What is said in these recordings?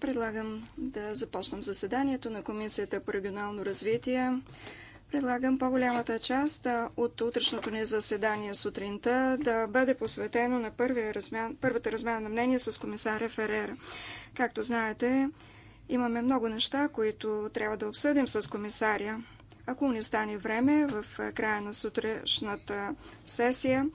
Предлагам да започнем заседанието на Комисията по регионално развитие. Предлагам по-голямата част от утрешното ни заседание сутринта да бъде посветено на първата размяна на мнение с комисаря Ферер. Както знаете, имаме много неща, които трябва да обсъдим с комисаря. Ако не стане време в края на сутрешната сесия,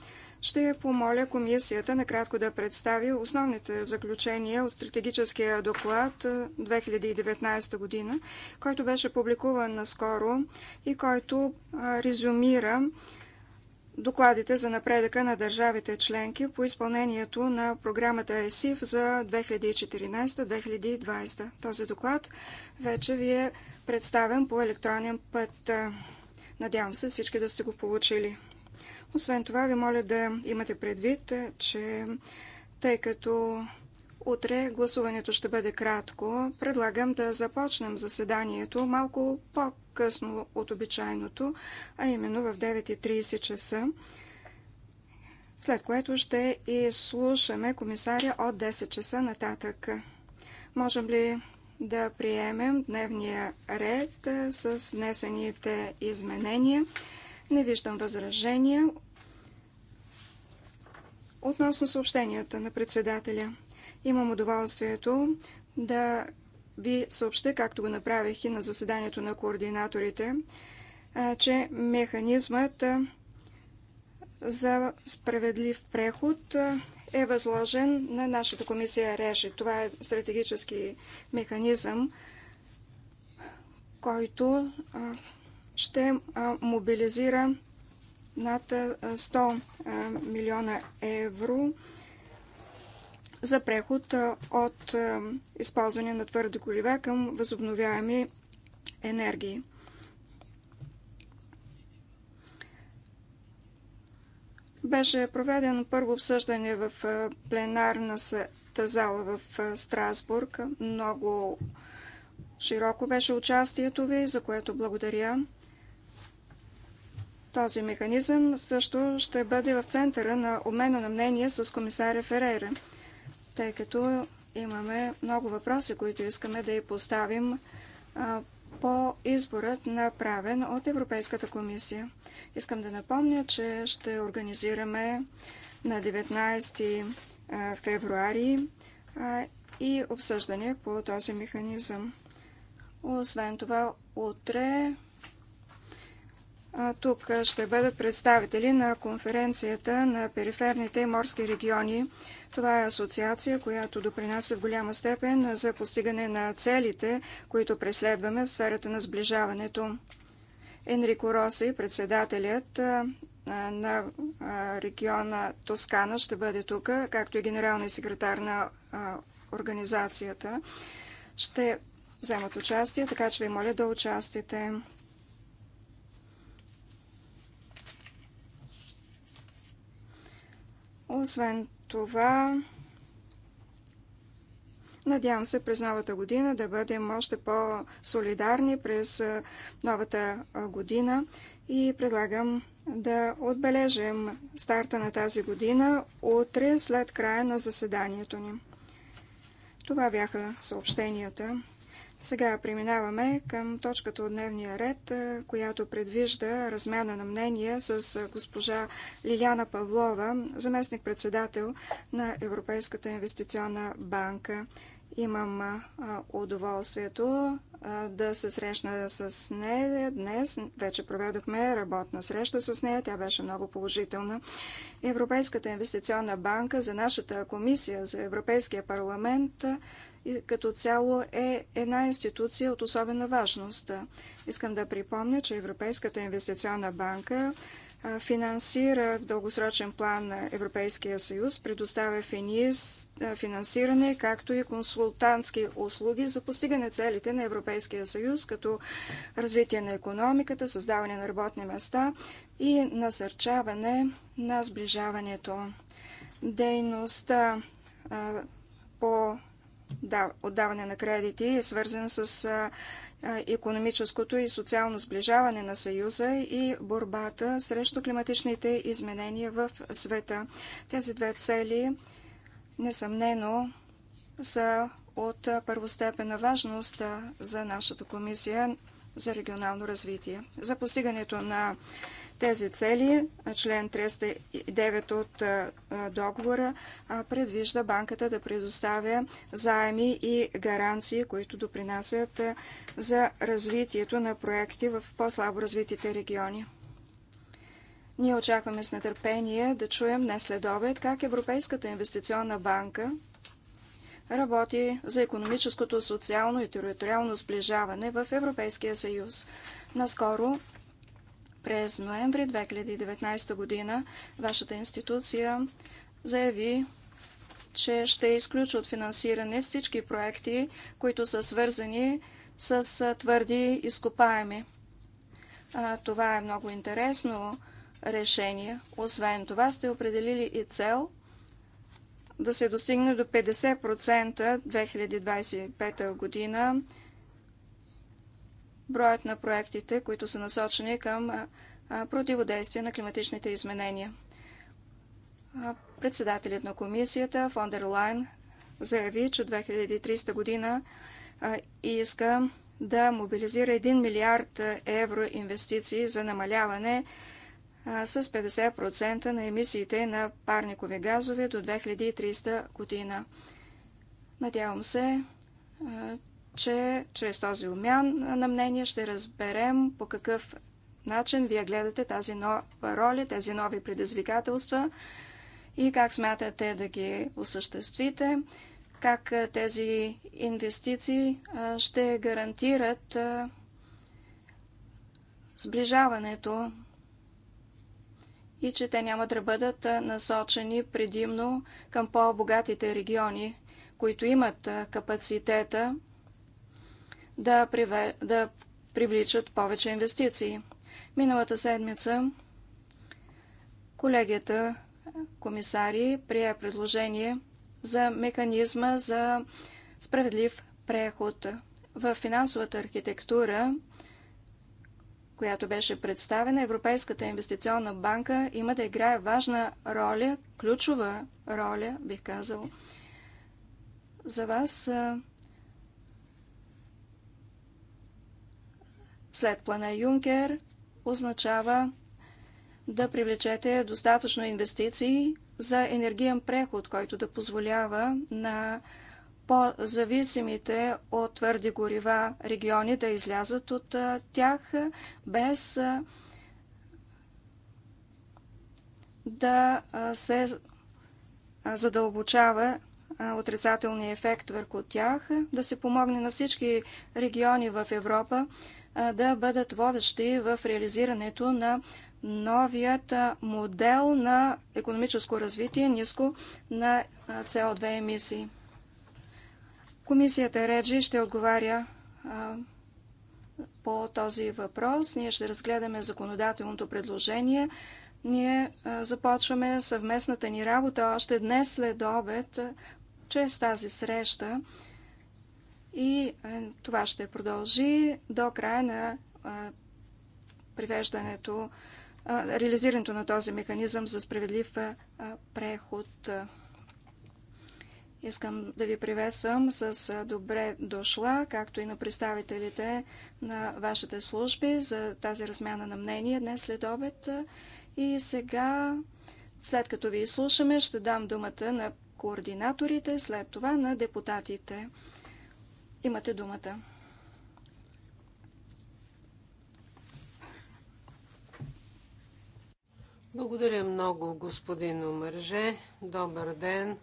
ще помоля комисията накратко да представи основните заключения от стратегическия доклад 2019 година, който беше публикуван наскоро и който резюмира докладите за напредъка на държавите членки по изпълнението на програмата ЕСИФ за 2014-2020. Този доклад вече ви е представен по електронен път. Надявам се всички да сте го получили. Освен това, ви моля да имате предвид, че тъй като утре гласуването ще бъде кратко, предлагам да започнем заседанието малко по-късно от обичайното, а именно в 9.30 часа, след което ще изслушаме комисаря от 10 часа нататък. Можем ли да приемем дневния ред с внесените изменения? Не виждам възражения относно съобщенията на председателя. Имам удоволствието да ви съобща, както го направих и на заседанието на координаторите, че механизмът за справедлив преход е възложен на нашата комисия РЕШЕ. Това е стратегически механизъм, който ще мобилизира над 100 милиона евро за преход от използване на твърди горива към възобновяеми енергии. Беше проведено първо обсъждане в пленарната зала в Страсбург. Много широко беше участието ви, за което благодаря. Този механизъм също ще бъде в центъра на обмена на мнение с комисаря Ферейра, тъй като имаме много въпроси, които искаме да й поставим по изборът, направен от Европейската комисия. Искам да напомня, че ще организираме на 19 февруари и обсъждане по този механизъм. Освен това, утре тук ще бъдат представители на конференцията на периферните морски региони. Това е асоциация, която допринася в голяма степен за постигане на целите, които преследваме в сферата на сближаването. Енрико Роси, председателят на региона Тоскана, ще бъде тук, както и генералния секретар на организацията. Ще вземат участие, така че ви моля да участите. Освен това, надявам се през новата година да бъдем още по-солидарни през новата година и предлагам да отбележим старта на тази година утре след края на заседанието ни. Това бяха съобщенията. Сега преминаваме към точката от дневния ред, която предвижда размяна на мнение с госпожа Лиляна Павлова, заместник-председател на Европейската инвестиционна банка. Имам удоволствието да се срещна с нея днес. Вече проведохме работна среща с нея. Тя беше много положителна. Европейската инвестиционна банка за нашата комисия за Европейския парламент – и като цяло е една институция от особена важност. Искам да припомня, че Европейската инвестиционна банка финансира в дългосрочен план на Европейския съюз, предоставя финансиране, както и консултантски услуги за постигане целите на Европейския съюз, като развитие на економиката, създаване на работни места и насърчаване на сближаването. Дейността по отдаване на кредити е свързан с економическото и социално сближаване на Съюза и борбата срещу климатичните изменения в света. Тези две цели несъмнено са от първостепенна важност за нашата комисия за регионално развитие. За постигането на тези цели, член 309 от договора, предвижда банката да предоставя заеми и гаранции, които допринасят за развитието на проекти в по-слабо развитите региони. Ние очакваме с нетърпение да чуем днес след обед как Европейската инвестиционна банка работи за економическото, социално и териториално сближаване в Европейския съюз. Наскоро през ноември 2019 година вашата институция заяви, че ще изключи от финансиране всички проекти, които са свързани с твърди изкопаеми. Това е много интересно решение. Освен това сте определили и цел да се достигне до 50% 2025 година броят на проектите, които са насочени към противодействие на климатичните изменения. Председателят на комисията Фондер Лайн заяви, че 2300 година иска да мобилизира 1 милиард евро инвестиции за намаляване с 50% на емисиите на парникови газове до 2300 година. Надявам се, че чрез този умян на мнение ще разберем по какъв начин вие гледате тази нова роля, тези нови предизвикателства и как смятате да ги осъществите, как тези инвестиции ще гарантират сближаването и че те няма да бъдат насочени предимно към по-богатите региони, които имат капацитета да, приве, да привличат повече инвестиции. Миналата седмица колегията комисари прие предложение за механизма за справедлив преход. В финансовата архитектура, която беше представена, Европейската инвестиционна банка има да играе важна роля, ключова роля, бих казал. За вас след плана Юнкер означава да привлечете достатъчно инвестиции за енергиен преход, който да позволява на по-зависимите от твърди горива региони да излязат от тях без да се задълбочава отрицателния ефект върху тях, да се помогне на всички региони в Европа да бъдат водещи в реализирането на новият модел на економическо развитие ниско на CO2 емисии. Комисията Реджи ще отговаря по този въпрос. Ние ще разгледаме законодателното предложение. Ние започваме съвместната ни работа още днес след обед, чрез тази среща и е, това ще продължи до края на е, привеждането, е, реализирането на този механизъм за справедлив преход. Искам да ви приветствам с добре дошла, както и на представителите на вашите служби за тази размяна на мнение днес след обед. И сега, след като ви изслушаме, ще дам думата на координаторите, след това на депутатите. Имате думата. Благодаря много, господин Омърже. Добър ден,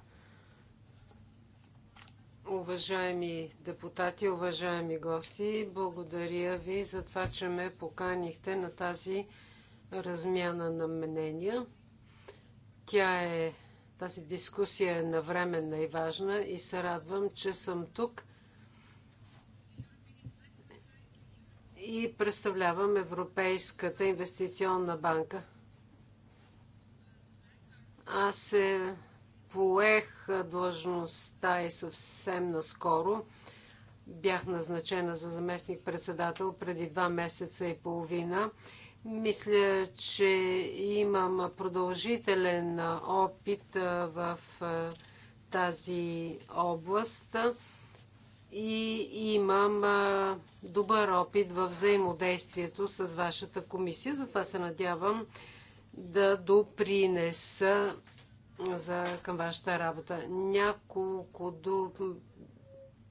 уважаеми депутати, уважаеми гости. Благодаря ви за това, че ме поканихте на тази размяна на мнения. Тя е, тази дискусия е навременна и важна и се радвам, че съм тук и представлявам Европейската инвестиционна банка. Аз се поех длъжността и съвсем наскоро. Бях назначена за заместник-председател преди два месеца и половина. Мисля, че имам продължителен опит в тази област и имам а, добър опит в взаимодействието с вашата комисия. Затова се надявам да допринеса за, към вашата работа. Няколко до,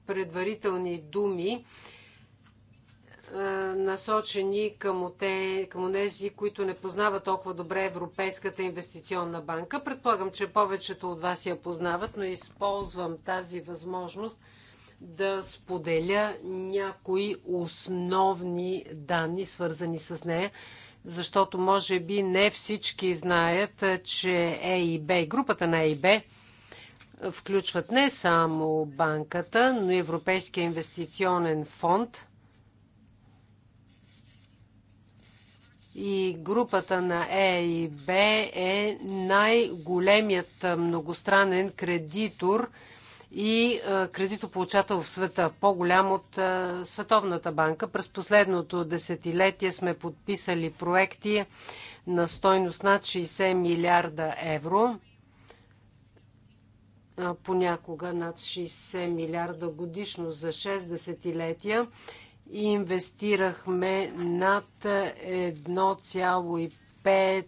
предварителни думи, а, насочени към, оте, към онези, които не познават толкова добре Европейската инвестиционна банка. Предполагам, че повечето от вас я познават, но използвам тази възможност – да споделя някои основни данни, свързани с нея, защото може би не всички знаят, че ЕИБ и групата на ЕИБ включват не само банката, но и Европейския инвестиционен фонд и групата на ЕИБ е най-големият многостранен кредитор – и кредитополучател в света, по-голям от Световната банка. През последното десетилетие сме подписали проекти на стойност над 60 милиарда евро, понякога над 60 милиарда годишно за 6 десетилетия и инвестирахме над 1,5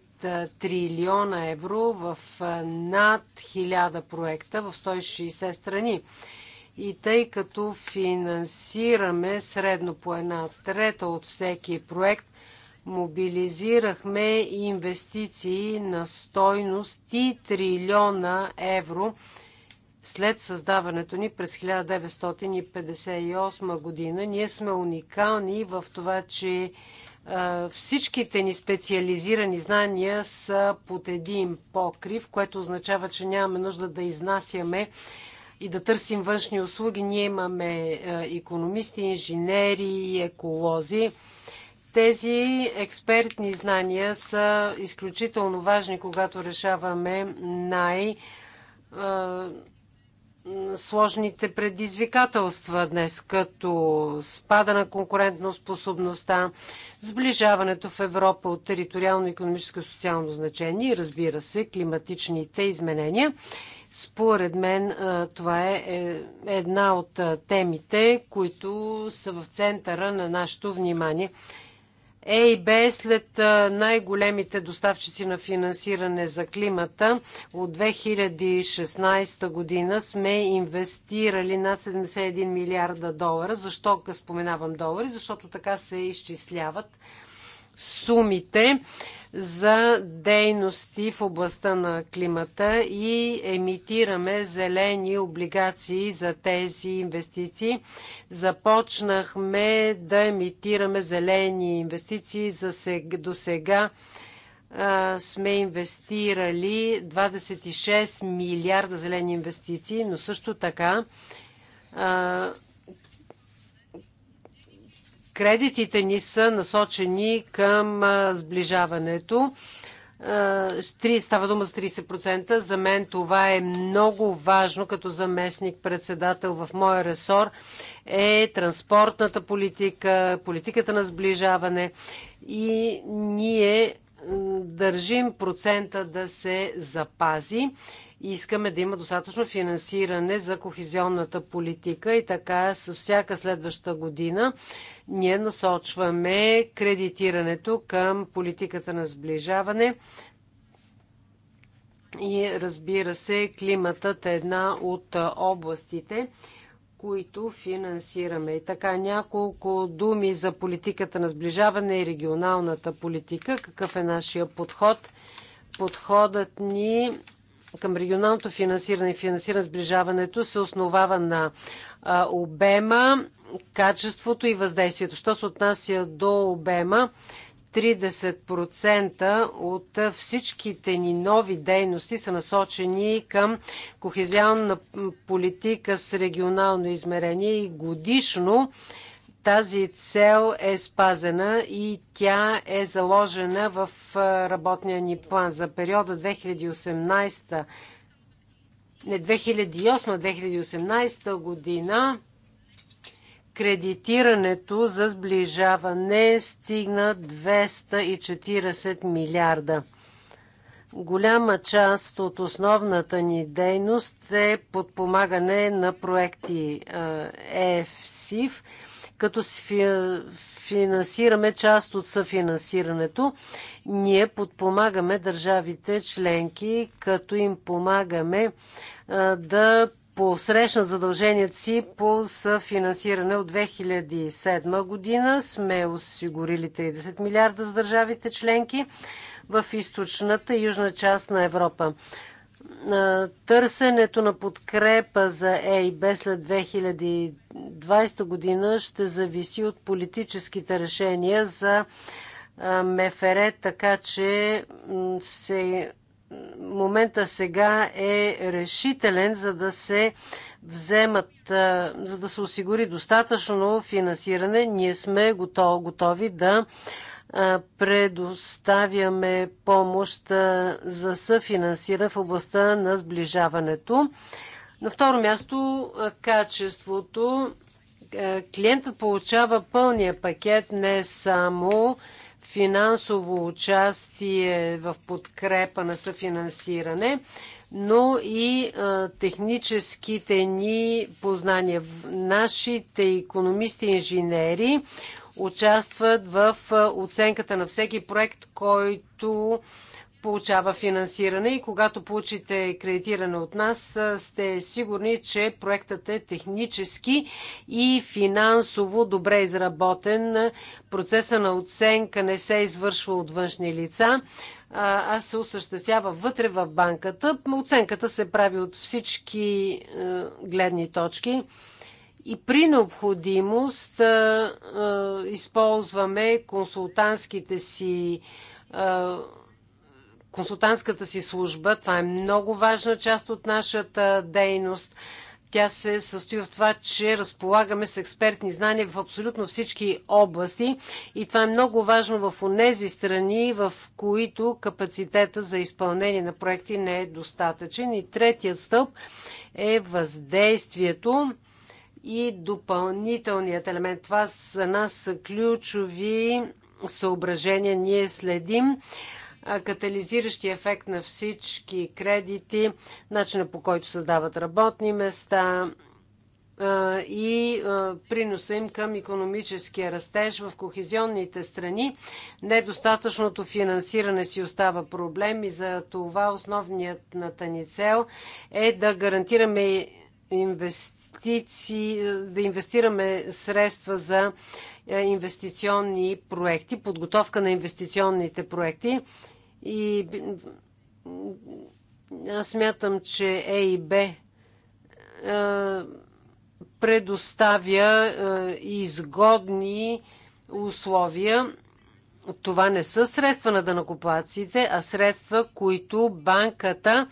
трилиона евро в над 1000 проекта в 160 страни. И тъй като финансираме средно по една трета от всеки проект, мобилизирахме инвестиции на стойност 3 трилиона евро след създаването ни през 1958 година. Ние сме уникални в това, че всичките ни специализирани знания са под един покрив, което означава, че нямаме нужда да изнасяме и да търсим външни услуги. Ние имаме економисти, инженери и еколози. Тези експертни знания са изключително важни, когато решаваме най- сложните предизвикателства днес, като спада на конкурентоспособността, сближаването в Европа от териториално, економическо и социално значение и разбира се, климатичните изменения. Според мен това е, е една от темите, които са в центъра на нашето внимание. ЕИБ е след най-големите доставчици на финансиране за климата от 2016 година сме инвестирали над 71 милиарда долара. Защо споменавам долари? Защото така се изчисляват сумите за дейности в областта на климата и емитираме зелени облигации за тези инвестиции. Започнахме да емитираме зелени инвестиции за сег... до сега сме инвестирали 26 милиарда зелени инвестиции, но също така а, кредитите ни са насочени към сближаването. Става дума за 30%. За мен това е много важно като заместник председател в моя ресор е транспортната политика, политиката на сближаване и ние държим процента да се запази. и Искаме да има достатъчно финансиране за кохезионната политика и така с всяка следваща година ние насочваме кредитирането към политиката на сближаване. И разбира се, климатът е една от областите които финансираме. И така, няколко думи за политиката на сближаване и регионалната политика. Какъв е нашия подход? Подходът ни към регионалното финансиране и финансиране сближаването се основава на а, обема, качеството и въздействието. Що се отнася до обема, 30% от всичките ни нови дейности са насочени към кохезионна политика с регионално измерение и годишно тази цел е спазена и тя е заложена в работния ни план за периода 2018 не 2008-2018 година кредитирането за сближаване стигна 240 милиарда. Голяма част от основната ни дейност е подпомагане на проекти ЕФСИФ, като финансираме част от съфинансирането. Ние подпомагаме държавите членки, като им помагаме да посрещнат задълженията си по съфинансиране от 2007 година. Сме осигурили 30 милиарда с държавите членки в източната и южна част на Европа. Търсенето на подкрепа за ЕИБ след 2020 година ще зависи от политическите решения за МФР, така че се момента сега е решителен, за да се вземат, за да се осигури достатъчно финансиране. Ние сме готови да предоставяме помощ за съфинансиране в областта на сближаването. На второ място, качеството. Е, клиентът получава пълния пакет, не само финансово участие в подкрепа на съфинансиране, но и а, техническите ни познания. Нашите економисти и инженери участват в оценката на всеки проект, който получава финансиране и когато получите кредитиране от нас, сте сигурни, че проектът е технически и финансово добре изработен. Процеса на оценка не се извършва от външни лица, а се осъществява вътре в банката. Оценката се прави от всички е, гледни точки и при необходимост е, е, използваме консултантските си консултантската си служба. Това е много важна част от нашата дейност. Тя се състои в това, че разполагаме с експертни знания в абсолютно всички области и това е много важно в онези страни, в които капацитета за изпълнение на проекти не е достатъчен. И третият стълб е въздействието и допълнителният елемент. Това за нас са ключови съображения. Ние следим катализиращи ефект на всички кредити, начина по който създават работни места и приноса им към економическия растеж в кохезионните страни. Недостатъчното финансиране си остава проблем и за това на ни цел е да гарантираме инвестиции, да инвестираме средства за е, инвестиционни проекти, подготовка на инвестиционните проекти. И аз смятам, че Е и Б е, предоставя е, изгодни условия. Това не са средства на данакоплаците, а средства, които банката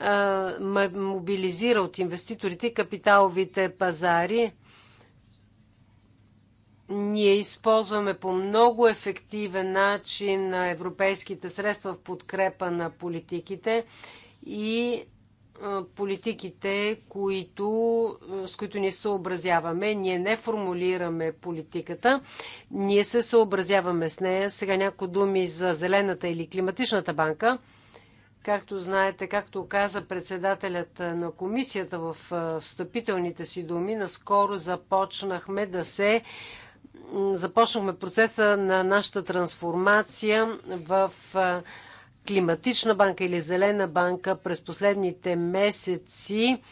е, мобилизира от инвеститорите и капиталовите пазари. Ние използваме по много ефективен начин на европейските средства в подкрепа на политиките и политиките, които, с които ние съобразяваме. Ние не формулираме политиката, ние се съобразяваме с нея. Сега някои думи за Зелената или Климатичната банка. Както знаете, както каза председателят на комисията в встъпителните си думи, наскоро започнахме да се започнахме процеса на нашата трансформация в климатична банка или зелена банка през последните месеци.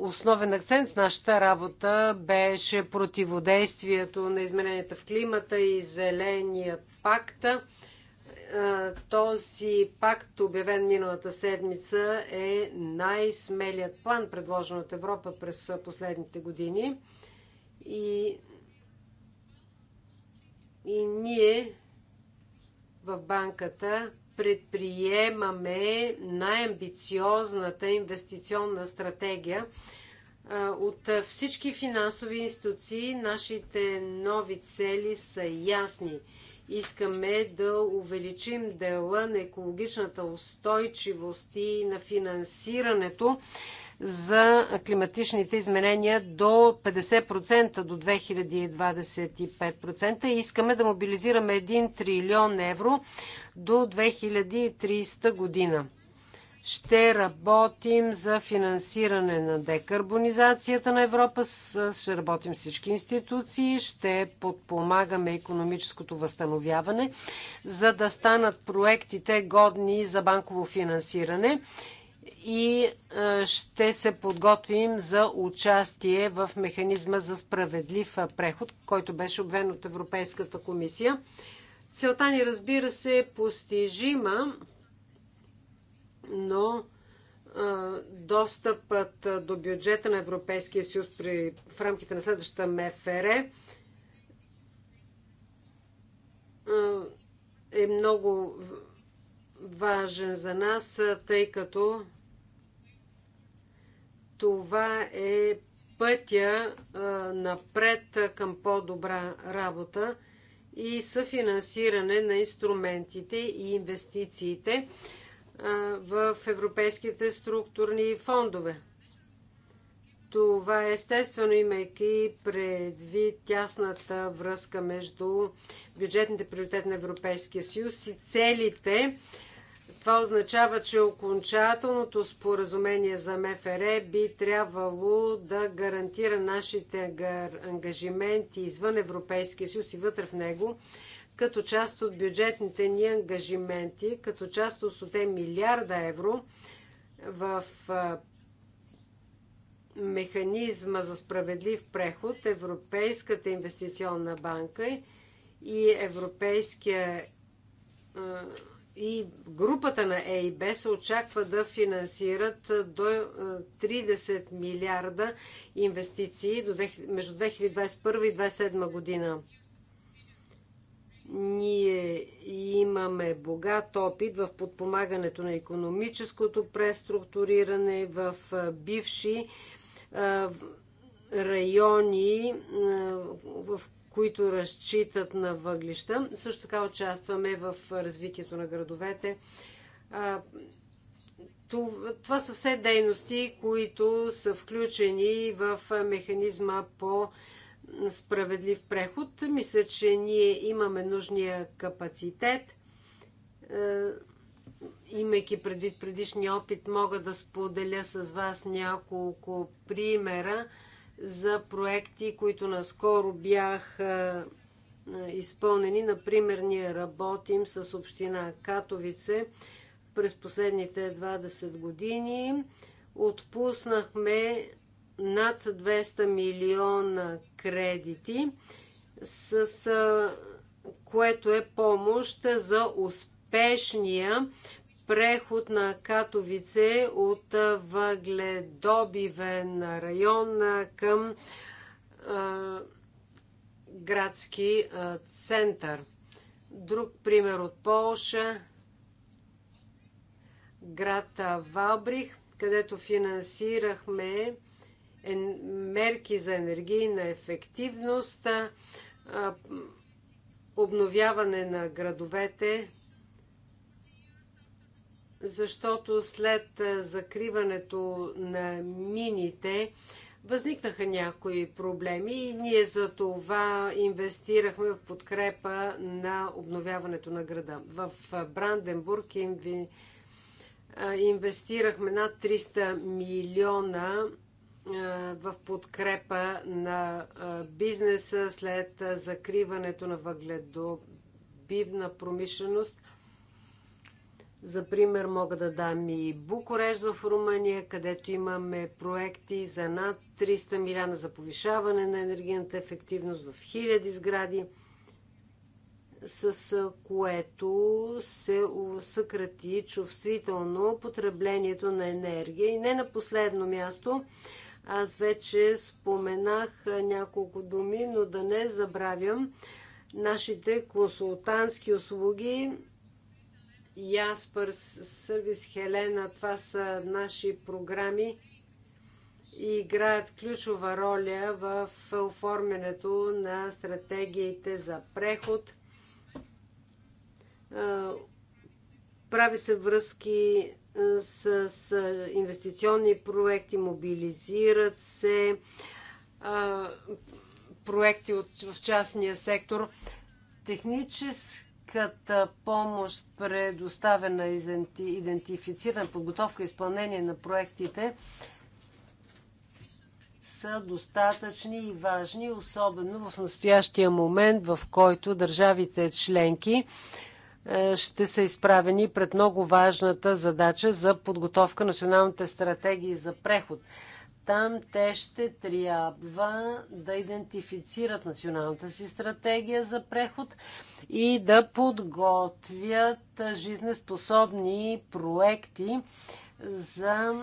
Основен акцент в нашата работа беше противодействието на измененията в климата и зеления пакт. Този пакт, обявен миналата седмица, е най-смелият план, предложен от Европа през последните години. И и ние в банката предприемаме най-амбициозната инвестиционна стратегия от всички финансови институции. Нашите нови цели са ясни. Искаме да увеличим дела на екологичната устойчивост и на финансирането за климатичните изменения до 50% до 2025%. Искаме да мобилизираме 1 трилион евро до 2030 година. Ще работим за финансиране на декарбонизацията на Европа, ще работим всички институции, ще подпомагаме економическото възстановяване, за да станат проектите годни за банково финансиране и е, ще се подготвим за участие в механизма за справедлив е, преход, който беше обвен от Европейската комисия. Целта ни, разбира се, е постижима, но е, достъпът до бюджета на Европейския съюз при, в рамките на следващата МФР е много важен за нас, тъй като това е пътя напред към по-добра работа и съфинансиране на инструментите и инвестициите в европейските структурни фондове. Това е естествено, имайки предвид тясната връзка между бюджетните приоритети на Европейския съюз и целите това означава, че окончателното споразумение за МФР би трябвало да гарантира нашите ангажименти извън Европейския съюз и вътре в него, като част от бюджетните ни ангажименти, като част от 100 милиарда евро в механизма за справедлив преход, Европейската инвестиционна банка и Европейския и групата на ЕИБ се очаква да финансират до 30 е, милиарда инвестиции между 2021 и 2027 година. Ние имаме богат опит в подпомагането на економическото преструктуриране в е, бивши е, райони, в които разчитат на въглища. Също така участваме в развитието на градовете. Това са все дейности, които са включени в механизма по справедлив преход. Мисля, че ние имаме нужния капацитет. Имайки предвид предишния опит, мога да споделя с вас няколко примера за проекти, които наскоро бяха изпълнени. Например, ние работим с община Катовице през последните 20 години. Отпуснахме над 200 милиона кредити, с което е помощ за успешния преход на Катовице от въгледобивен район към а, градски а, център. Друг пример от Полша град Валбрих, където финансирахме мерки за енергийна ефективност, обновяване на градовете, защото след закриването на мините възникнаха някои проблеми и ние за това инвестирахме в подкрепа на обновяването на града. В Бранденбург инвестирахме над 300 милиона в подкрепа на бизнеса след закриването на въгледобивна промишленост – за пример мога да дам и Букурещ в Румъния, където имаме проекти за над 300 милиона за повишаване на енергийната ефективност в хиляди сгради, с което се съкрати чувствително потреблението на енергия. И не на последно място, аз вече споменах няколко думи, но да не забравям нашите консултантски услуги Яспър, Сървис Хелена, това са наши програми и играят ключова роля в оформянето на стратегиите за преход. Прави се връзки с, инвестиционни проекти, мобилизират се проекти от, в частния сектор. Технически Техническата помощ, предоставена идентифицирана подготовка и изпълнение на проектите, са достатъчни и важни, особено в настоящия момент, в който държавите членки е, ще са изправени пред много важната задача за подготовка на националните стратегии за преход – там те ще трябва да идентифицират националната си стратегия за преход и да подготвят жизнеспособни проекти за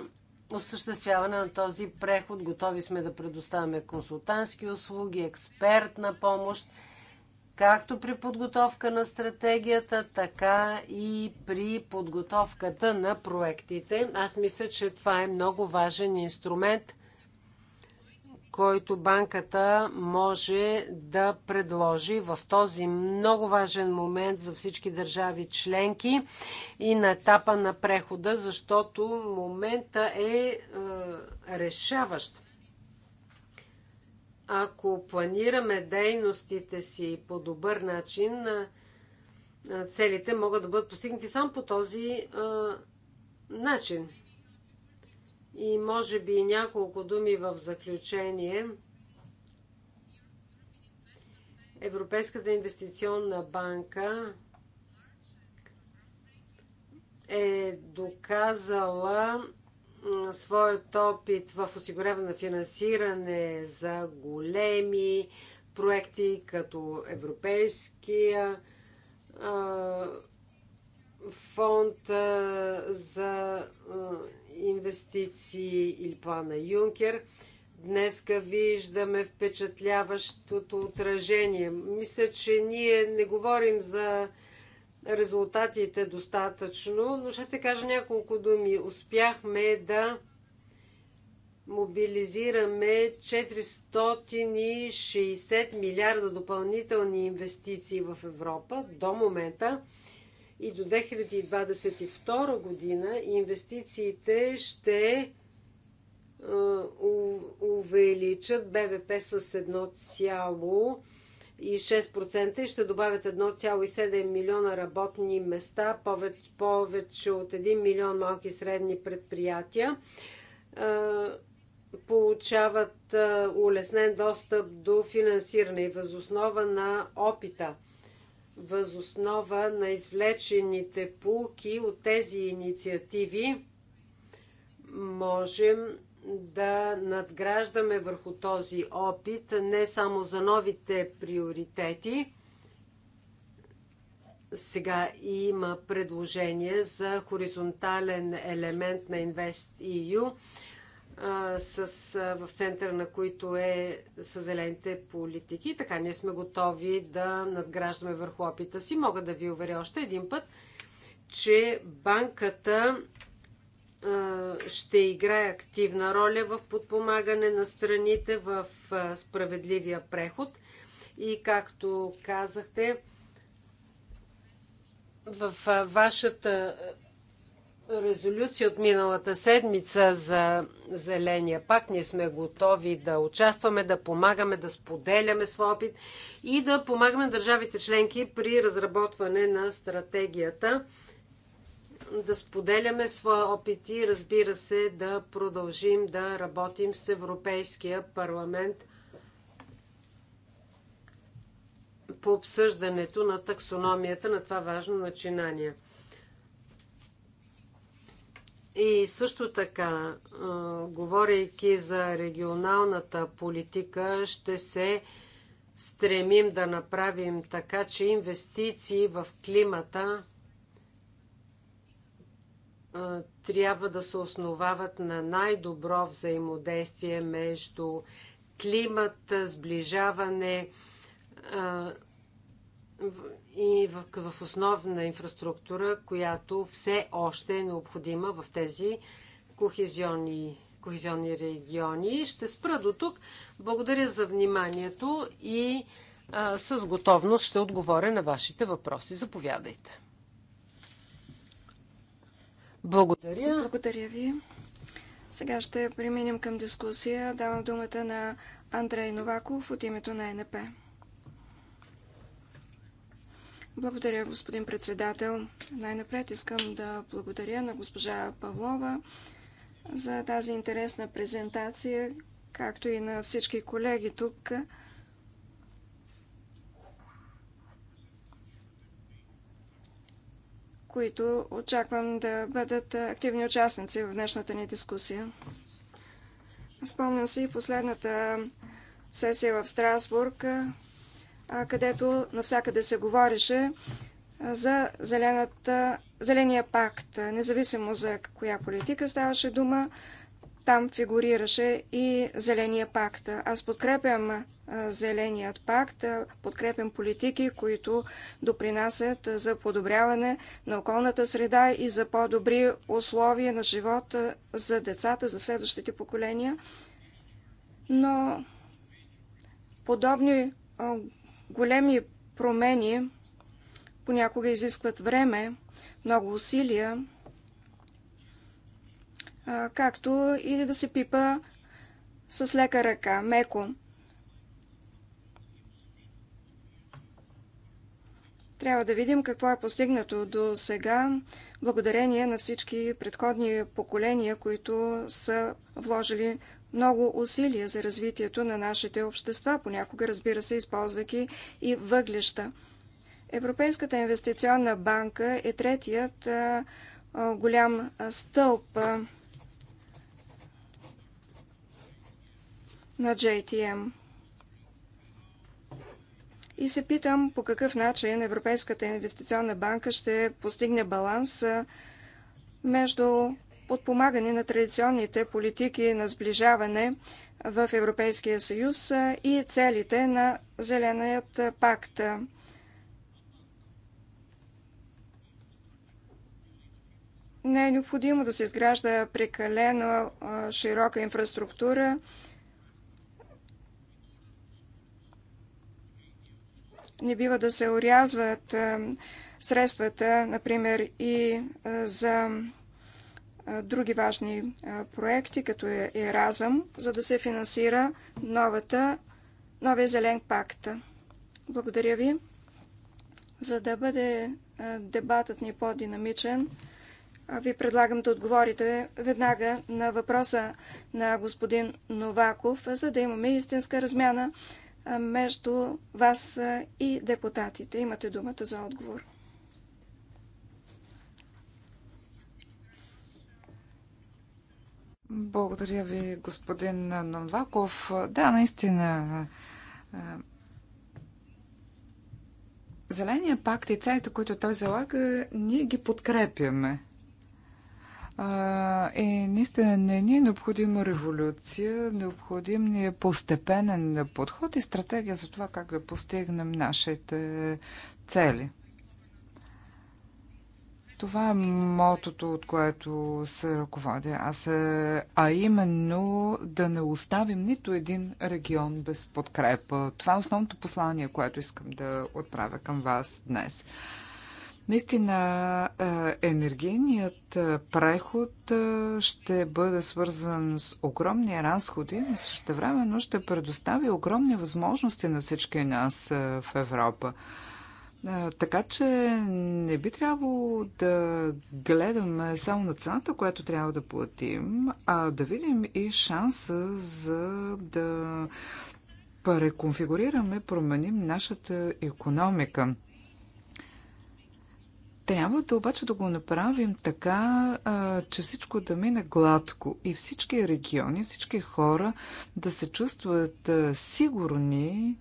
осъществяване на този преход. Готови сме да предоставяме консултантски услуги, експертна помощ както при подготовка на стратегията, така и при подготовката на проектите. Аз мисля, че това е много важен инструмент, който банката може да предложи в този много важен момент за всички държави членки и на етапа на прехода, защото момента е, е решаващ ако планираме дейностите си по добър начин, целите могат да бъдат постигнати само по този а, начин. И може би няколко думи в заключение. Европейската инвестиционна банка е доказала своят опит в осигуряване на финансиране за големи проекти, като Европейския фонд за инвестиции или плана Юнкер. Днеска виждаме впечатляващото отражение. Мисля, че ние не говорим за резултатите достатъчно, но ще те кажа няколко думи. Успяхме да мобилизираме 460 милиарда допълнителни инвестиции в Европа до момента и до 2022 година инвестициите ще е, увеличат БВП с 1,6% и ще добавят 1,7 милиона работни места, повече, повече от 1 милион малки и средни предприятия получават улеснен достъп до финансиране и възоснова на опита, възоснова на извлечените полки от тези инициативи можем да надграждаме върху този опит, не само за новите приоритети. Сега има предложение за хоризонтален елемент на InvestEU, с, в центъра на които е са зелените политики. Така ние сме готови да надграждаме върху опита си. Мога да ви уверя още един път, че банката ще играе активна роля в подпомагане на страните в справедливия преход. И както казахте, в вашата резолюция от миналата седмица за Зеления пак. Ние сме готови да участваме, да помагаме, да споделяме своя опит и да помагаме на държавите членки при разработване на стратегията да споделяме своя опит и разбира се да продължим да работим с Европейския парламент по обсъждането на таксономията на това важно начинание. И също така, говорейки за регионалната политика, ще се стремим да направим така, че инвестиции в климата трябва да се основават на най-добро взаимодействие между климат, сближаване и в, основна инфраструктура, която все още е необходима в тези кохезионни, кохезионни региони. Ще спра до тук. Благодаря за вниманието и с готовност ще отговоря на вашите въпроси. Заповядайте. Благодаря. Благодаря ви. Сега ще преминем към дискусия. Давам думата на Андрей Новаков от името на НП. Благодаря, господин председател. Най-напред искам да благодаря на госпожа Павлова за тази интересна презентация, както и на всички колеги тук, които очаквам да бъдат активни участници в днешната ни дискусия. Спомням си последната сесия в Страсбург, където навсякъде се говореше за зелената, зеления пакт. Независимо за коя политика ставаше дума, там фигурираше и Зеления пакт. Аз подкрепям Зеленият пакт, подкрепям политики, които допринасят за подобряване на околната среда и за по-добри условия на живот за децата, за следващите поколения. Но подобни големи промени понякога изискват време, много усилия както и да се пипа с лека ръка, меко. Трябва да видим какво е постигнато до сега, благодарение на всички предходни поколения, които са вложили много усилия за развитието на нашите общества, понякога, разбира се, използвайки и въглеща. Европейската инвестиционна банка е третият голям стълб на JTM. И се питам по какъв начин Европейската инвестиционна банка ще постигне баланс между подпомагане на традиционните политики на сближаване в Европейския съюз и целите на Зеленият пакт. Не е необходимо да се изгражда прекалено широка инфраструктура, не бива да се орязват е, средствата, например и е, за е, други важни проекти, като Еразъм, за да се финансира новата, новия зелен пакт. Благодаря ви. За да бъде дебатът ни по-динамичен, ви предлагам да отговорите веднага на въпроса на господин Новаков, за да имаме истинска размяна между вас и депутатите. Имате думата за отговор. Благодаря ви, господин Новаков. Да, наистина. Зеления пакт и целите, които той залага, ние ги подкрепяме е наистина не ни е необходима революция, необходим ни е постепенен подход и стратегия за това как да постигнем нашите цели. Това е мотото, от което се ръководя аз, е, а именно да не оставим нито един регион без подкрепа. Това е основното послание, което искам да отправя към вас днес. Наистина, енергийният преход ще бъде свързан с огромни разходи, но същевременно ще предостави огромни възможности на всички нас в Европа. Така че не би трябвало да гледаме само на цената, която трябва да платим, а да видим и шанса за да преконфигурираме, променим нашата економика. Трябва да обаче да го направим така, а, че всичко да мине гладко и всички региони, всички хора да се чувстват а, сигурни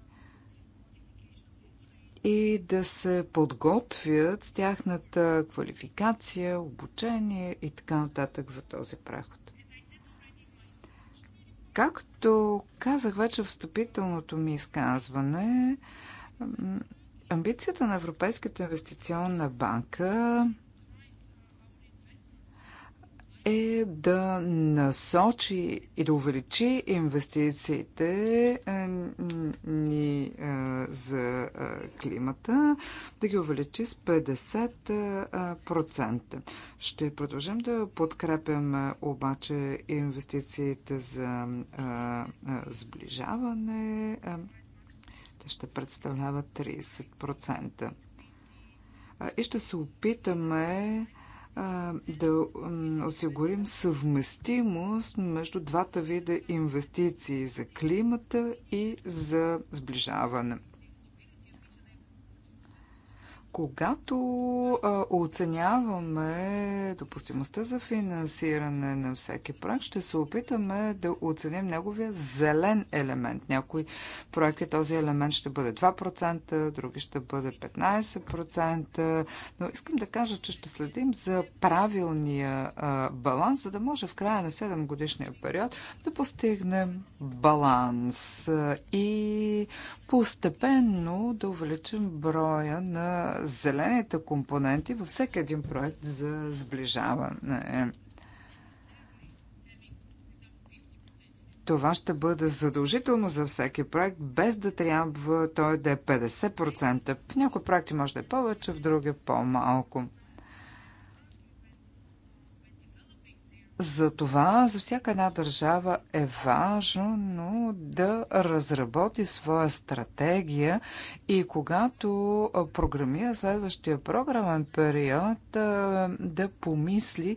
и да се подготвят с тяхната квалификация, обучение и така нататък за този преход. Както казах вече в встъпителното ми изказване, Амбицията на Европейската инвестиционна банка е да насочи и да увеличи инвестициите е, ни е, за е, климата, да ги увеличи с 50%. Ще продължим да подкрепяме обаче инвестициите за сближаване, те ще представляват 30%. И ще се опитаме да осигурим съвместимост между двата вида инвестиции за климата и за сближаване. Когато а, оценяваме допустимостта за финансиране на всеки проект, ще се опитаме да оценим неговия зелен елемент. Някои проекти този елемент ще бъде 2%, други ще бъде 15%, но искам да кажа, че ще следим за правилния а, баланс, за да може в края на 7 годишния период да постигнем баланс а, и постепенно да увеличим броя на зелените компоненти във всеки един проект за сближаване. Това ще бъде задължително за всеки проект, без да трябва той да е 50%. В някои проекти може да е повече, в други по-малко. За това за всяка една държава е важно да разработи своя стратегия и когато програмира следващия програмен период да помисли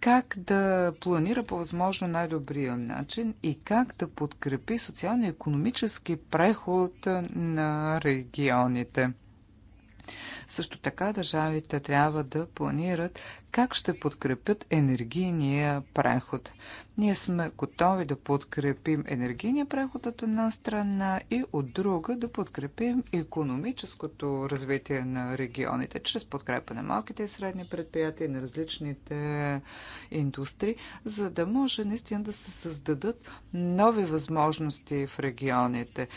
как да планира по възможно най-добрия начин и как да подкрепи социално-економически преход на регионите. Също така държавите трябва да планират как ще подкрепят енергийния преход. Ние сме готови да подкрепим енергийния преход от една страна и от друга да подкрепим економическото развитие на регионите, чрез подкрепа на малките и средни предприятия, на различните индустрии, за да може наистина да се създадат нови възможности в регионите,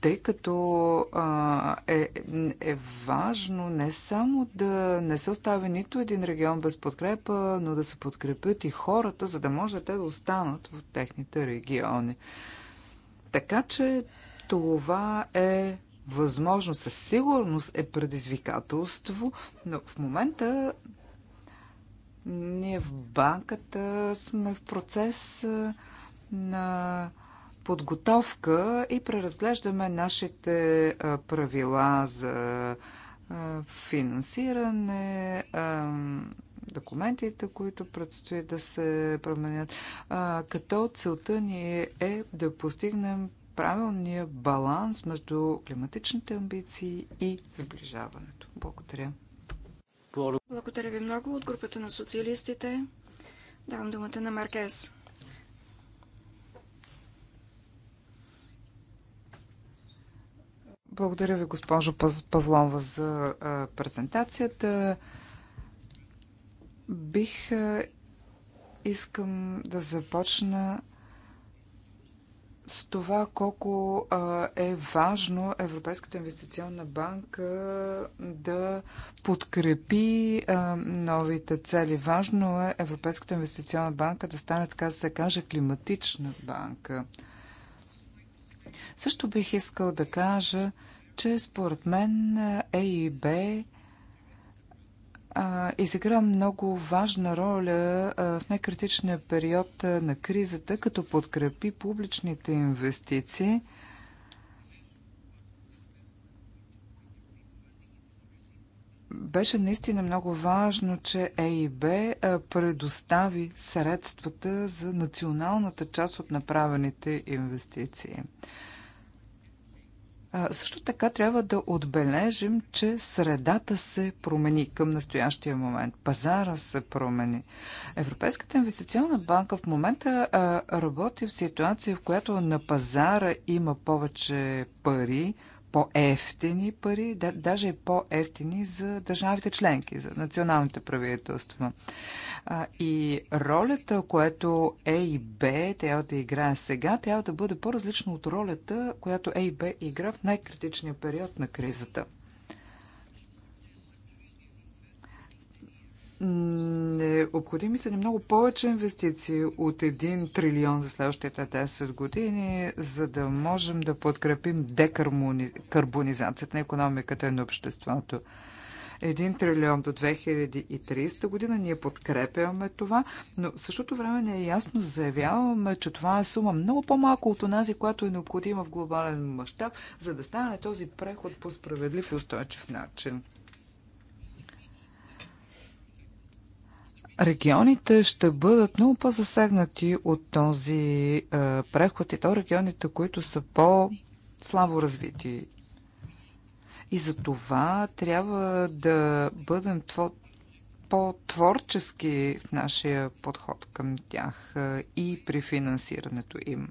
тъй като а, е, е важно не само да не се остави нито един регион без подкрепа, но да се подкрепят и хората, за да може те да останат в техните региони. Така че това е възможно, със сигурност е предизвикателство, но в момента ние в банката сме в процес на подготовка и преразглеждаме нашите правила за финансиране, документите, които предстои да се променят, като целта ни е да постигнем правилния баланс между климатичните амбиции и сближаването. Благодаря. Благодаря ви много от групата на социалистите. Давам думата на Маркес. Благодаря ви, госпожо Павлонова, за презентацията. Бих искам да започна с това колко е важно Европейската инвестиционна банка да подкрепи новите цели. Важно е Европейската инвестиционна банка да стане, така да се каже, климатична банка. Също бих искал да кажа, че според мен ЕИБ изигра много важна роля в некритичния период на кризата, като подкрепи публичните инвестиции. Беше наистина много важно, че ЕИБ предостави средствата за националната част от направените инвестиции. Също така трябва да отбележим, че средата се промени към настоящия момент. Пазара се промени. Европейската инвестиционна банка в момента работи в ситуация, в която на пазара има повече пари, по-ефтини пари, да, даже по-ефтини за държавите членки, за националните правителства. А, и ролята, която Е и Б трябва да играе сега, трябва да бъде по-различна от ролята, която Е и Б игра в най-критичния период на кризата. Необходими са ни много повече инвестиции от 1 трилион за следващите 10 години, за да можем да подкрепим декарбонизацията на економиката и на обществото. 1 трилион до 2030 година. Ние подкрепяме това, но в същото време не е ясно заявяваме, че това е сума много по-малко от онази, която е необходима в глобален мащаб, за да стане този преход по справедлив и устойчив начин. регионите ще бъдат много по-засегнати от този е, преход и то регионите, които са по-слабо развити. И за това трябва да бъдем тво, по-творчески в нашия подход към тях е, и при финансирането им.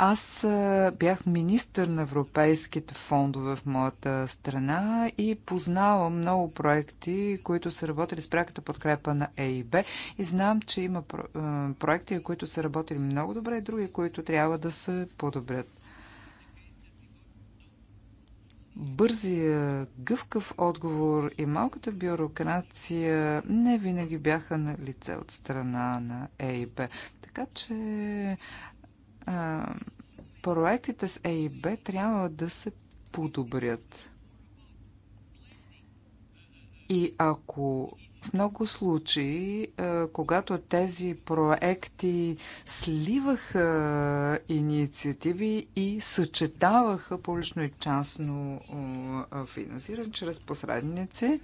Аз бях министър на европейските фондове в моята страна и познавам много проекти, които са работили с пряката подкрепа на ЕИБ и знам, че има проекти, които са работили много добре и други, които трябва да се подобрят. Бързия, гъвкав отговор и малката бюрокрация не винаги бяха на лице от страна на ЕИБ. Така че проектите с ЕИБ трябва да се подобрят. И ако в много случаи, когато тези проекти сливаха инициативи и съчетаваха публично и частно финансиране чрез посредници,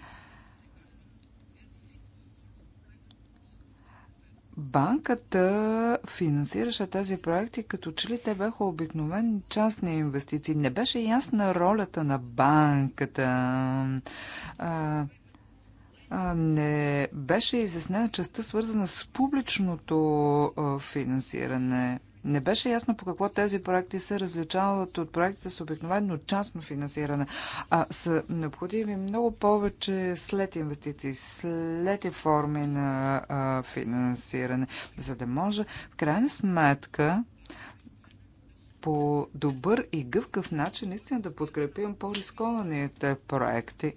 банката финансираше тези проекти, като че ли те бяха обикновени частни инвестиции. Не беше ясна ролята на банката. А, а, не беше изяснена частта, свързана с публичното а, финансиране. Не беше ясно по какво тези проекти се различават от проектите с обикновено частно финансиране. А са необходими много повече след инвестиции, след и форми на а, финансиране, за да може в крайна сметка по добър и гъвкав начин наистина да подкрепим по-рискованите проекти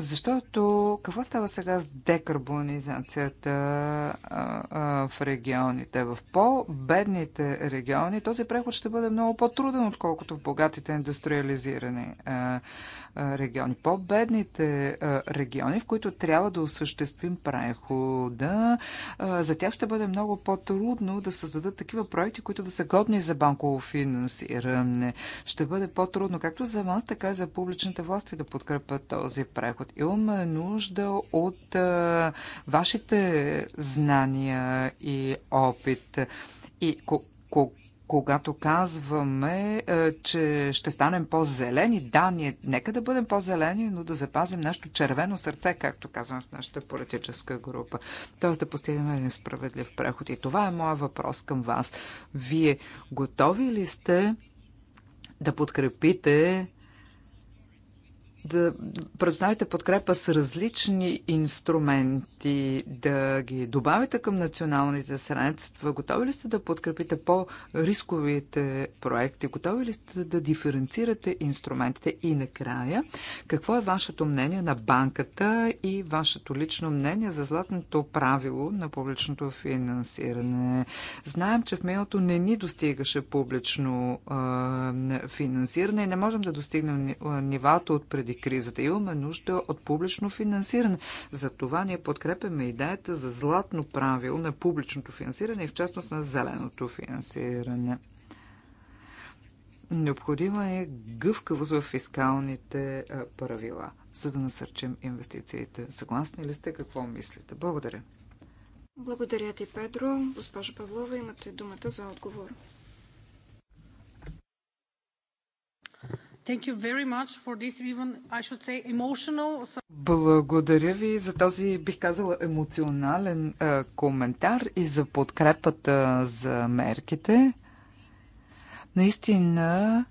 защото какво става сега с декарбонизацията а, а, в регионите? В по-бедните региони този преход ще бъде много по-труден, отколкото в богатите индустриализирани а, региони. По-бедните региони, в които трябва да осъществим прехода, за тях ще бъде много по-трудно да създадат такива проекти, които да са годни за банково финансиране. Ще бъде по-трудно както за вас, така и за публичните власти да подкрепят този преход живот. Имаме нужда от а, вашите знания и опит. И когато казваме, че ще станем по-зелени, да, ние, нека да бъдем по-зелени, но да запазим нашето червено сърце, както казвам в нашата политическа група. Тоест да постигнем един справедлив преход. И това е моят въпрос към вас. Вие готови ли сте да подкрепите да предоставите подкрепа с различни инструменти, да ги добавите към националните средства? Готови ли сте да подкрепите по-рисковите проекти? Готови ли сте да диференцирате инструментите? И накрая, какво е вашето мнение на банката и вашето лично мнение за златното правило на публичното финансиране? Знаем, че в миналото не ни достигаше публично финансиране и не можем да достигнем нивата от преди заради кризата. Имаме нужда от публично финансиране. За това ние подкрепяме идеята за златно правило на публичното финансиране и в частност на зеленото финансиране. Необходима е гъвкавост в фискалните правила, за да насърчим инвестициите. Съгласни ли сте? Какво мислите? Благодаря. Благодаря ти, Педро. Госпожо Павлова, имате думата за отговор. Благодаря ви за този, бих казала, емоционален е, коментар и за подкрепата за мерките. Наистина,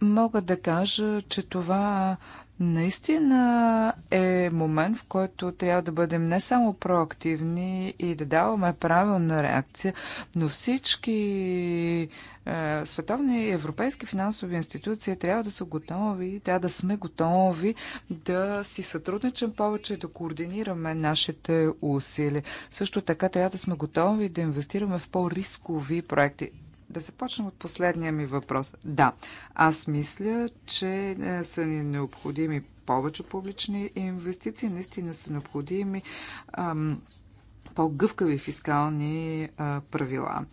мога да кажа, че това наистина е момент, в който трябва да бъдем не само проактивни и да даваме правилна реакция, но всички е, световни и европейски финансови институции трябва да са готови, трябва да сме готови да си сътрудничам повече и да координираме нашите усилия. Също така трябва да сме готови да инвестираме в по-рискови проекти. Да започнем от последния ми въпрос. Да, аз мисля, че е, са ни необходими повече публични инвестиции, наистина са необходими ам, по-гъвкави фискални а, правила.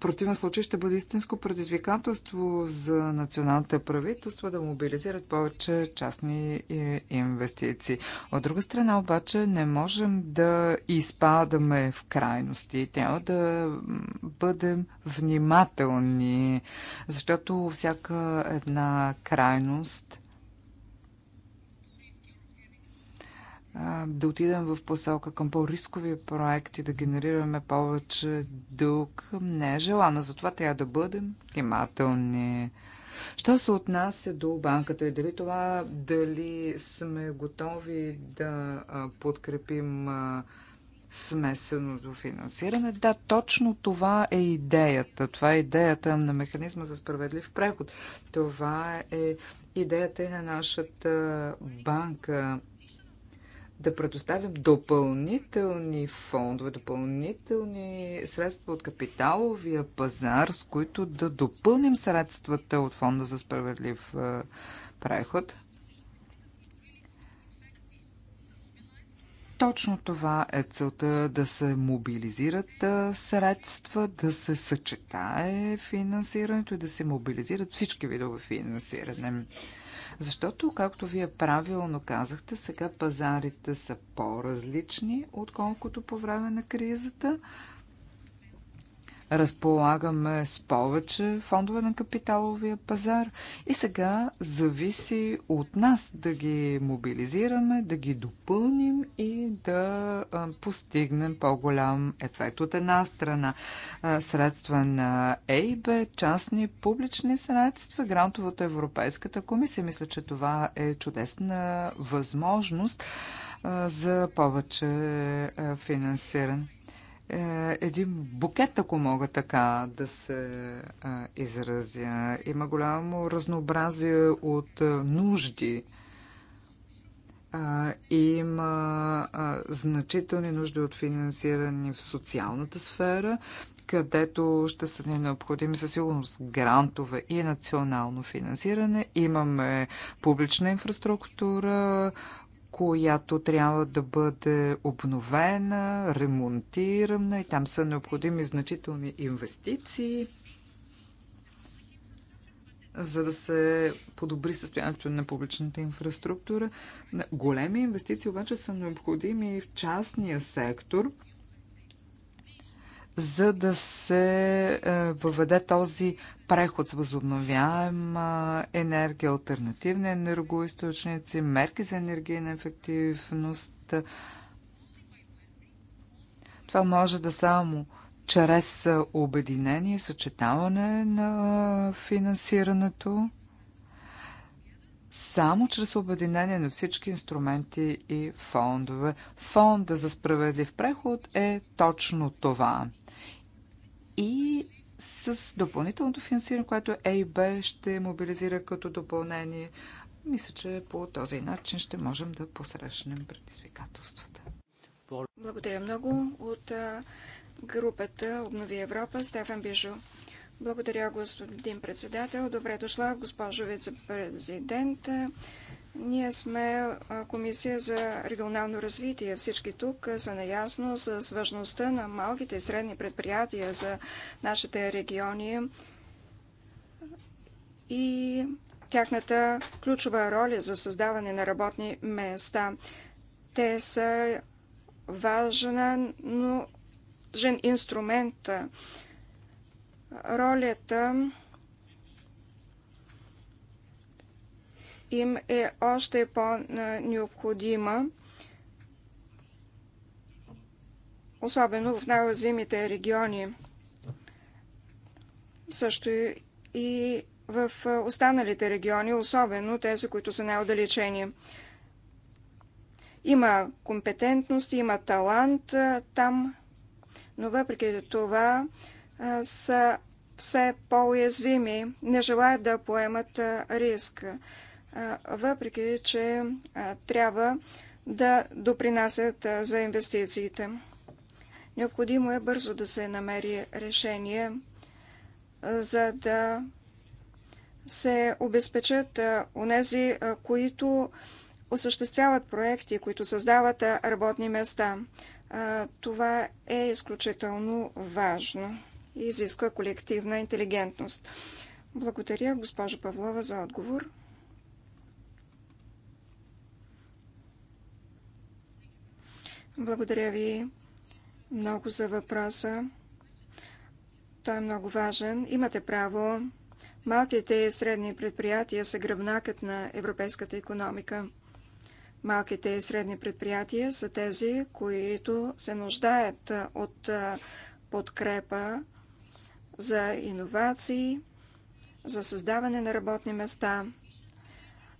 противен случай ще бъде истинско предизвикателство за националните правителства да мобилизират повече частни е, инвестиции. От друга страна обаче не можем да изпадаме в крайности. Трябва да бъдем внимателни, защото всяка една крайност да отидем в посока към по-рискови проекти, да генерираме повече дълг, не е желана. Затова трябва да бъдем внимателни. Що се отнася до банката и дали това, дали сме готови да подкрепим смесеното финансиране. Да, точно това е идеята. Това е идеята на механизма за справедлив преход. Това е идеята и на нашата банка да предоставим допълнителни фондове, допълнителни средства от капиталовия пазар, с които да допълним средствата от фонда за справедлив е, преход. Точно това е целта да се мобилизират е, средства, да се съчетае финансирането и да се мобилизират всички видове финансиране. Защото, както вие правилно казахте, сега пазарите са по-различни, отколкото по време на кризата разполагаме с повече фондове на капиталовия пазар и сега зависи от нас да ги мобилизираме, да ги допълним и да постигнем по-голям ефект. От една страна средства на ЕИБ, частни публични средства, грантово от Европейската комисия. Мисля, че това е чудесна възможност за повече финансиране. Е, един букет, ако мога така да се а, е, изразя. Има голямо разнообразие от а, е, нужди. А, има а, значителни нужди от финансиране в социалната сфера, където ще са ни необходими със сигурност грантове и национално финансиране. Имаме публична инфраструктура, която трябва да бъде обновена, ремонтирана и там са необходими значителни инвестиции, за да се подобри състоянието на публичната инфраструктура. Големи инвестиции обаче са необходими и в частния сектор – за да се е, въведе този преход с възобновяема е, енергия, альтернативни енергоисточници, мерки за енергийна ефективност. Това може да само чрез е, обединение съчетаване на финансирането, само чрез обединение на всички инструменти и фондове. Фонда за справедлив преход е точно това – и с допълнителното финансиране, което ЕИБ ще мобилизира като допълнение. Мисля, че по този начин ще можем да посрещнем предизвикателствата. Благодаря много от групата Обнови Европа, Стефан Бижо. Благодаря, господин председател. Добре дошла, госпожо вице-президент. Ние сме Комисия за регионално развитие. Всички тук са наясно с важността на малките и средни предприятия за нашите региони и тяхната ключова роля за създаване на работни места. Те са важен, но жен инструмент. Ролята им е още по-необходима, особено в най-уязвимите региони. Също и в останалите региони, особено тези, които са най-отдалечени. Има компетентност, има талант там, но въпреки това са все по-уязвими, не желаят да поемат риск въпреки че трябва да допринасят за инвестициите. Необходимо е бързо да се намери решение, за да се обезпечат онези, които осъществяват проекти, които създават работни места. Това е изключително важно и изисква колективна интелигентност. Благодаря, госпожа Павлова, за отговор. Благодаря ви много за въпроса. Той е много важен. Имате право. Малките и средни предприятия са гръбнакът на европейската економика. Малките и средни предприятия са тези, които се нуждаят от подкрепа за иновации, за създаване на работни места –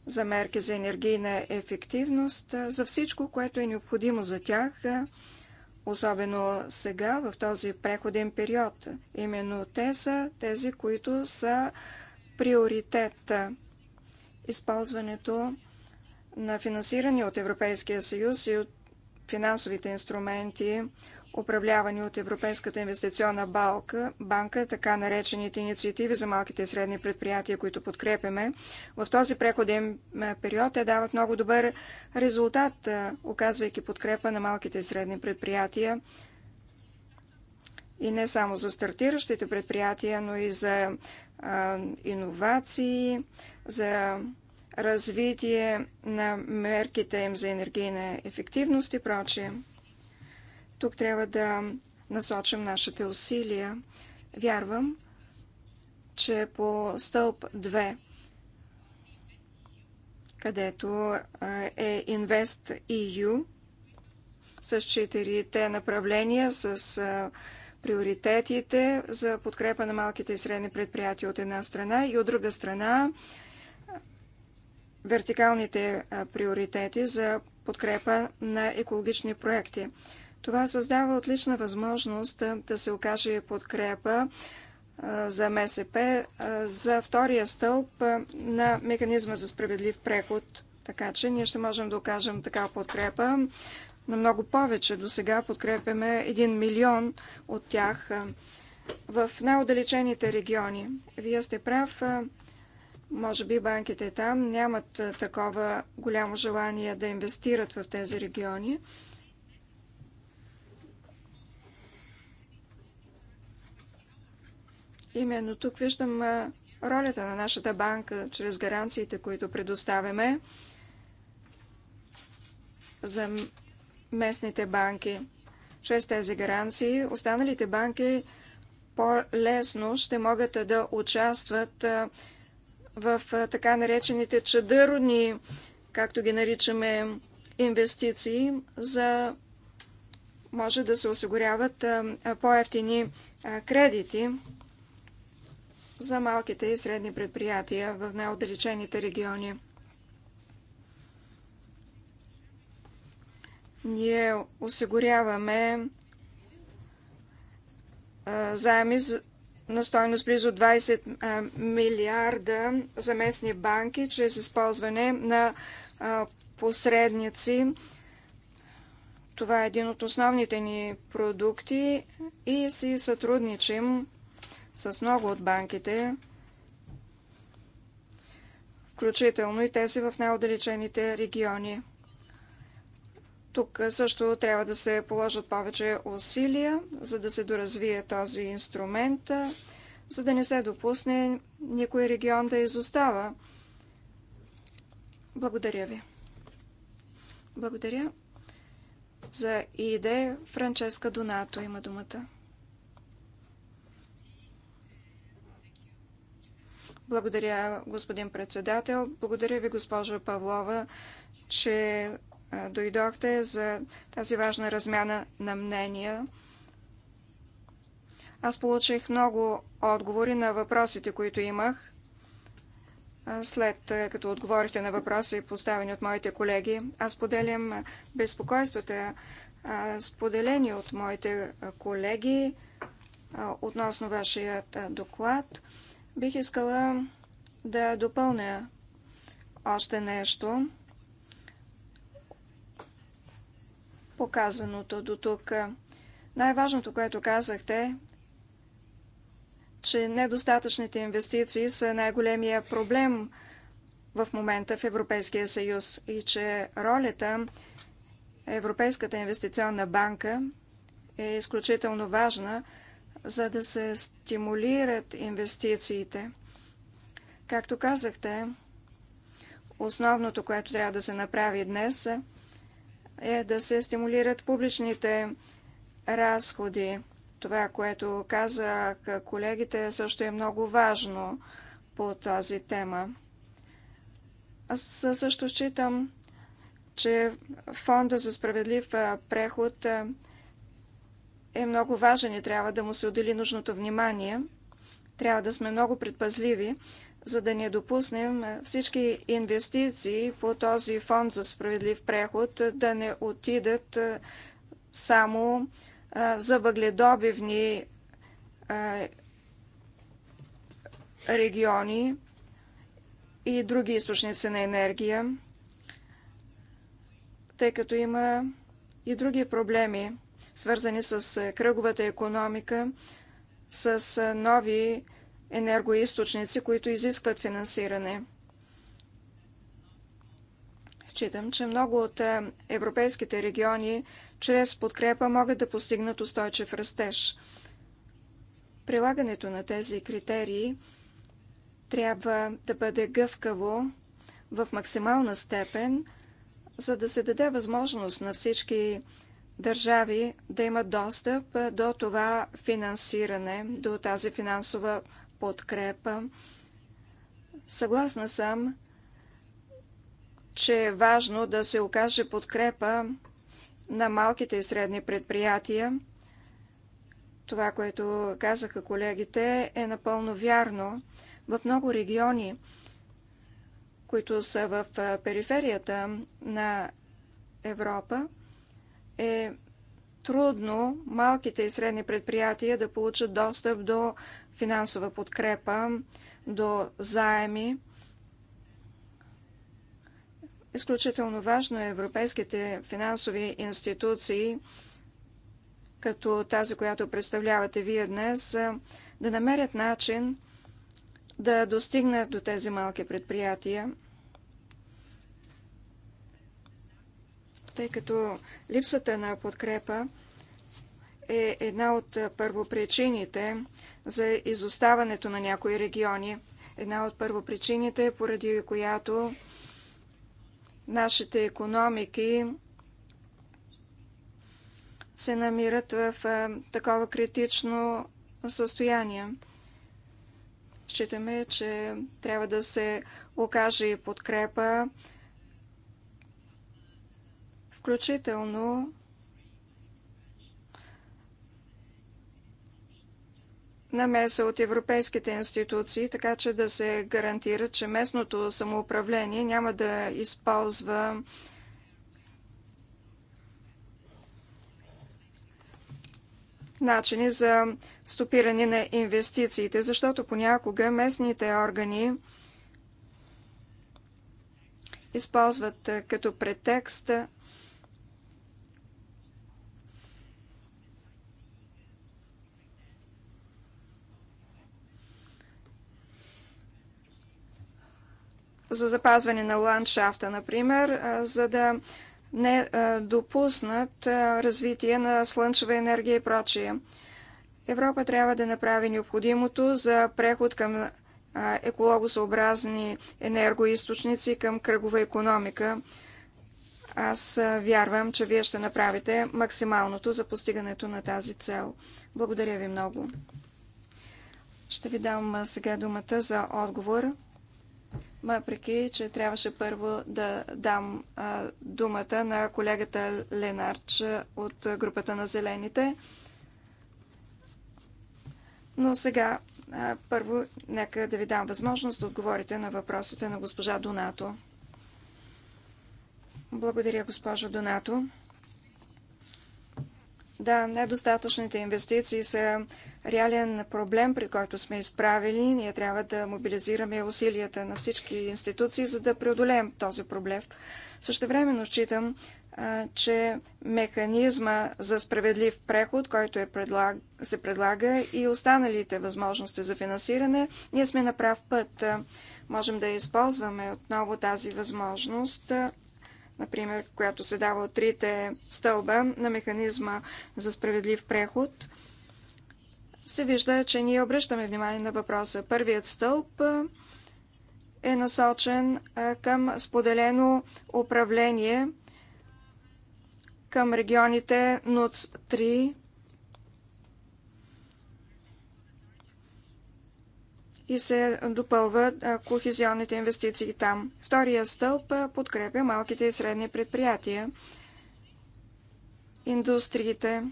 за мерки за енергийна ефективност, за всичко, което е необходимо за тях, особено сега, в този преходен период. Именно те са тези, които са приоритет. Използването на финансиране от Европейския съюз и от финансовите инструменти, управлявани от Европейската инвестиционна банка, банка, така наречените инициативи за малките и средни предприятия, които подкрепяме. В този преходен период те дават много добър резултат, оказвайки подкрепа на малките и средни предприятия. И не само за стартиращите предприятия, но и за а, иновации, за развитие на мерките им за енергийна ефективност и прочее. Тук трябва да насочим нашите усилия. Вярвам, че по стълб 2, където е Invest EU, с четирите направления, с приоритетите за подкрепа на малките и средни предприятия от една страна и от друга страна вертикалните приоритети за подкрепа на екологични проекти. Това създава отлична възможност да се окаже подкрепа за МСП за втория стълб на механизма за справедлив преход. Така че ние ще можем да окажем така подкрепа на много повече. До сега подкрепяме 1 милион от тях в най-отдалечените региони. Вие сте прав, може би банките там нямат такова голямо желание да инвестират в тези региони. Именно тук виждам ролята на нашата банка чрез гаранциите, които предоставяме за местните банки. Чрез тези гаранции останалите банки по-лесно ще могат да участват в така наречените чадърни, както ги наричаме, инвестиции, за може да се осигуряват по-ефтини кредити за малките и средни предприятия в най-отдалечените региони. Ние осигуряваме заеми на стойност близо 20 милиарда за местни банки, чрез използване на посредници. Това е един от основните ни продукти и си сътрудничим с много от банките, включително и тези в най-отдалечените региони. Тук също трябва да се положат повече усилия, за да се доразвие този инструмент, за да не се допусне никой регион да изостава. Благодаря ви. Благодаря. За ИД Франческа Донато има думата. Благодаря, господин председател. Благодаря ви, госпожо Павлова, че дойдохте за тази важна размяна на мнения. Аз получих много отговори на въпросите, които имах. След като отговорихте на въпроси, поставени от моите колеги, аз поделям безпокойствата, споделени от моите колеги относно вашият доклад. Бих искала да допълня още нещо показаното до тук. Най-важното, което казахте, че недостатъчните инвестиции са най-големия проблем в момента в Европейския съюз и че ролята Европейската инвестиционна банка е изключително важна, за да се стимулират инвестициите. Както казахте, основното, което трябва да се направи днес, е да се стимулират публичните разходи. Това, което казах колегите, също е много важно по тази тема. Аз също считам, че Фонда за справедлив преход е много важен и трябва да му се отдели нужното внимание. Трябва да сме много предпазливи, за да не допуснем всички инвестиции по този фонд за справедлив преход да не отидат само за въгледобивни региони и други източници на енергия, тъй като има и други проблеми свързани с е, кръговата економика, с е, нови енергоисточници, които изискват финансиране. Читам, че много от е, европейските региони чрез подкрепа могат да постигнат устойчив растеж. Прилагането на тези критерии трябва да бъде гъвкаво в максимална степен, за да се даде възможност на всички държави да имат достъп до това финансиране, до тази финансова подкрепа. Съгласна съм, че е важно да се окаже подкрепа на малките и средни предприятия. Това, което казаха колегите, е напълно вярно. В много региони, които са в периферията на Европа, е трудно малките и средни предприятия да получат достъп до финансова подкрепа, до заеми. Изключително важно е европейските финансови институции, като тази, която представлявате вие днес, да намерят начин да достигнат до тези малки предприятия. тъй като липсата на подкрепа е една от първопричините за изоставането на някои региони. Една от първопричините, поради която нашите економики се намират в такова критично състояние. Считаме, че трябва да се окаже и подкрепа включително намеса от европейските институции, така че да се гарантира, че местното самоуправление няма да използва начини за стопиране на инвестициите, защото понякога местните органи използват като претекст за запазване на ландшафта, например, за да не допуснат развитие на слънчева енергия и прочие. Европа трябва да направи необходимото за преход към екологосъобразни енергоисточници, към кръгова економика. Аз вярвам, че вие ще направите максималното за постигането на тази цел. Благодаря ви много. Ще ви дам сега думата за отговор въпреки че трябваше първо да дам а, думата на колегата Ленарч от групата на Зелените. Но сега а, първо нека да ви дам възможност да отговорите на въпросите на госпожа Донато. Благодаря, госпожо Донато. Да, недостатъчните инвестиции са реален проблем, при който сме изправили. Ние трябва да мобилизираме усилията на всички институции, за да преодолеем този проблем. Същевременно считам, че механизма за справедлив преход, който е предлаг... се предлага и останалите възможности за финансиране, ние сме на прав път. Можем да използваме отново тази възможност, например, която се дава от трите стълба на механизма за справедлив преход – се вижда, че ние обръщаме внимание на въпроса. Първият стълб е насочен към споделено управление към регионите НУЦ-3 и се допълват кохезионните инвестиции там. Втория стълб подкрепя малките и средни предприятия, индустриите,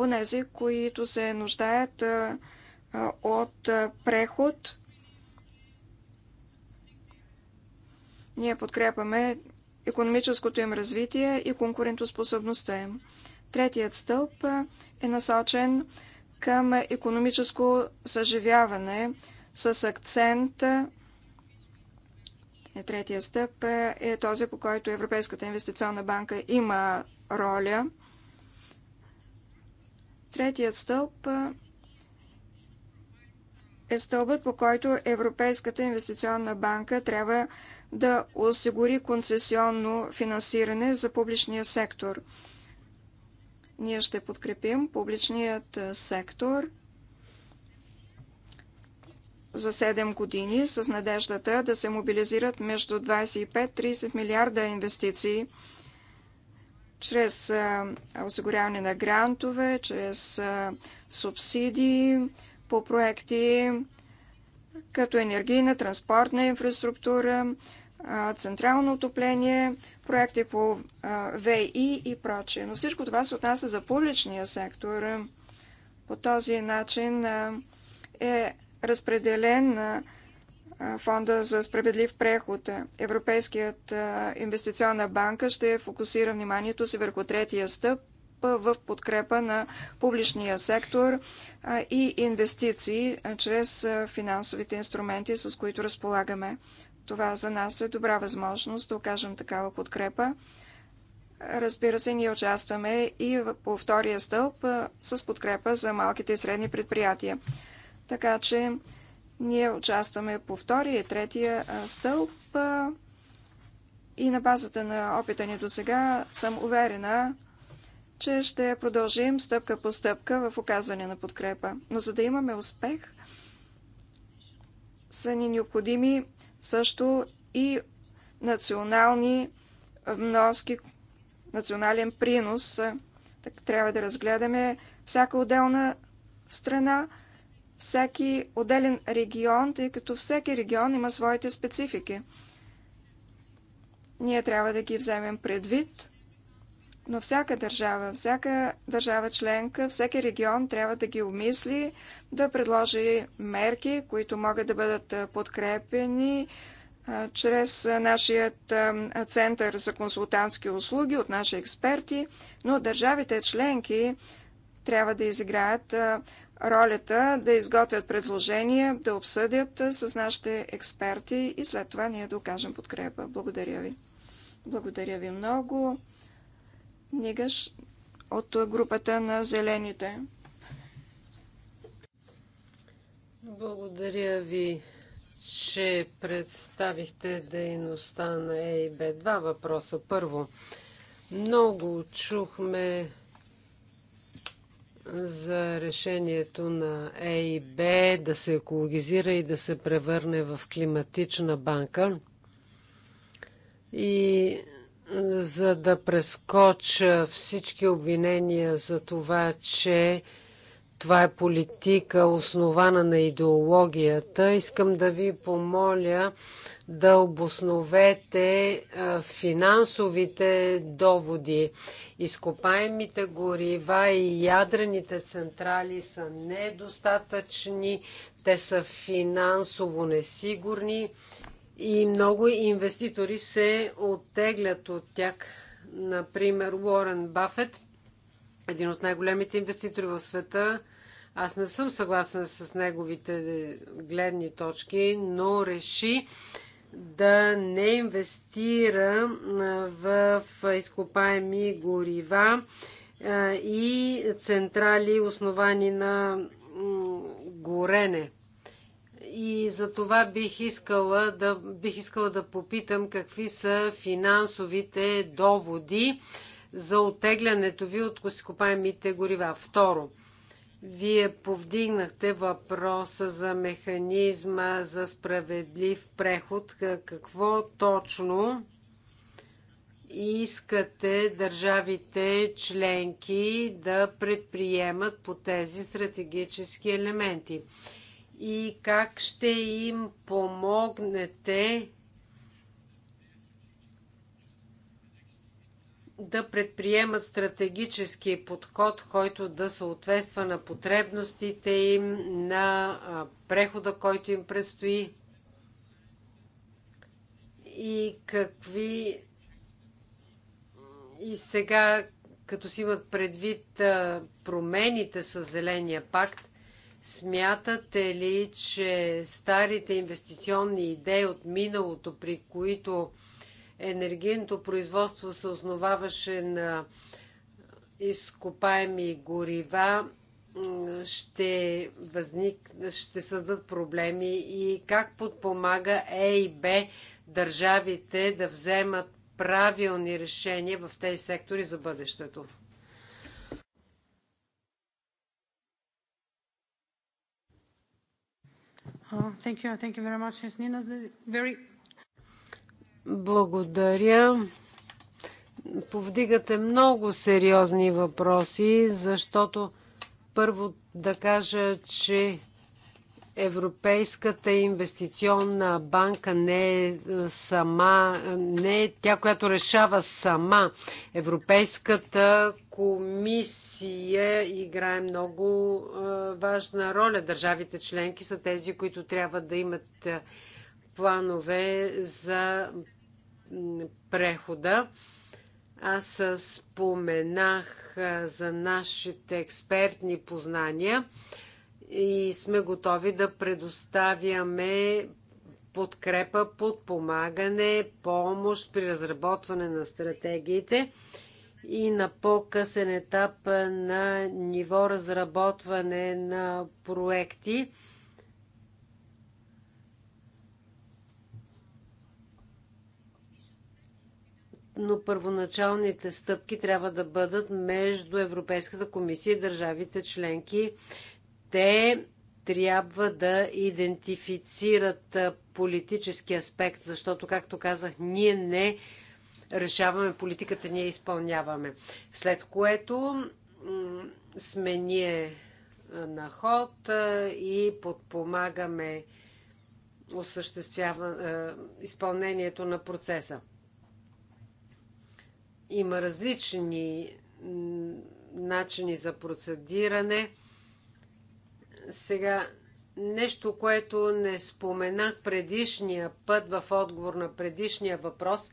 онези, които се нуждаят от преход. Ние подкрепаме економическото им развитие и конкурентоспособността им. Третият стълб е насочен към економическо съживяване с акцент. Третия стъп е този, по който Европейската инвестиционна банка има роля – Третият стълб е стълбът, по който Европейската инвестиционна банка трябва да осигури концесионно финансиране за публичния сектор. Ние ще подкрепим публичният сектор за 7 години с надеждата да се мобилизират между 25-30 милиарда инвестиции – чрез осигуряване на грантове, чрез субсидии по проекти като енергийна, транспортна инфраструктура, централно отопление, проекти по ВИ и прочее. Но всичко това се отнася за публичния сектор. По този начин е разпределен Фонда за справедлив преход. Европейският инвестиционна банка ще фокусира вниманието си върху третия стъп в подкрепа на публичния сектор и инвестиции чрез финансовите инструменти, с които разполагаме. Това за нас е добра възможност да окажем такава подкрепа. Разбира се, ние участваме и по втория стълб с подкрепа за малките и средни предприятия. Така че ние участваме по втория и третия стълб и на базата на опита ни до сега съм уверена, че ще продължим стъпка по стъпка в оказване на подкрепа. Но за да имаме успех, са ни необходими също и национални вноски, национален принос. Так, трябва да разгледаме всяка отделна страна, всеки отделен регион, тъй като всеки регион има своите специфики. Ние трябва да ги вземем предвид, но всяка държава, всяка държава членка, всеки регион трябва да ги умисли, да предложи мерки, които могат да бъдат подкрепени чрез нашият център за консултантски услуги от наши експерти, но държавите членки трябва да изиграят ролята да изготвят предложения, да обсъдят с нашите експерти и след това ние да окажем подкрепа. Благодаря ви. Благодаря ви много. Нигаш от групата на зелените. Благодаря ви, че представихте дейността на ЕИБ. Два въпроса. Първо, много чухме за решението на ЕИБ да се екологизира и да се превърне в климатична банка. И е, за да прескоча всички обвинения за това, че това е политика основана на идеологията. Искам да ви помоля да обосновете финансовите доводи. Изкопаемите горива и ядрените централи са недостатъчни, те са финансово несигурни и много инвеститори се оттеглят от тях. Например, Уорен Бафет – един от най-големите инвеститори в света, аз не съм съгласна с неговите гледни точки, но реши да не инвестира в изкопаеми горива и централи, основани на горене. И за това бих искала да, бих искала да попитам какви са финансовите доводи за оттеглянето ви от изкопаемите горива. Второ, вие повдигнахте въпроса за механизма за справедлив преход. Какво точно искате държавите членки да предприемат по тези стратегически елементи? И как ще им помогнете да предприемат стратегически подход, който да съответства на потребностите им, на прехода, който им предстои и какви и сега, като си имат предвид промените с Зеления пакт, смятате ли, че старите инвестиционни идеи от миналото, при които енергийното производство се основаваше на изкопаеми горива, ще, възник, ще създадат проблеми и как подпомага Е и Б държавите да вземат правилни решения в тези сектори за бъдещето. Uh, thank you. Thank you very much, Ms. Nina. Very благодаря. Повдигате много сериозни въпроси, защото първо да кажа, че Европейската инвестиционна банка не е сама, не е тя, която решава сама. Европейската комисия играе много важна роля. Държавите членки са тези, които трябва да имат планове за прехода. Аз споменах за нашите експертни познания и сме готови да предоставяме подкрепа, подпомагане, помощ при разработване на стратегиите и на по-късен етап на ниво разработване на проекти но първоначалните стъпки трябва да бъдат между Европейската комисия и държавите членки. Те трябва да идентифицират политически аспект, защото, както казах, ние не решаваме политиката, ние изпълняваме. След което сме ние на ход и подпомагаме осъществява, изпълнението на процеса. Има различни начини за процедиране. Сега нещо, което не споменах предишния път в отговор на предишния въпрос.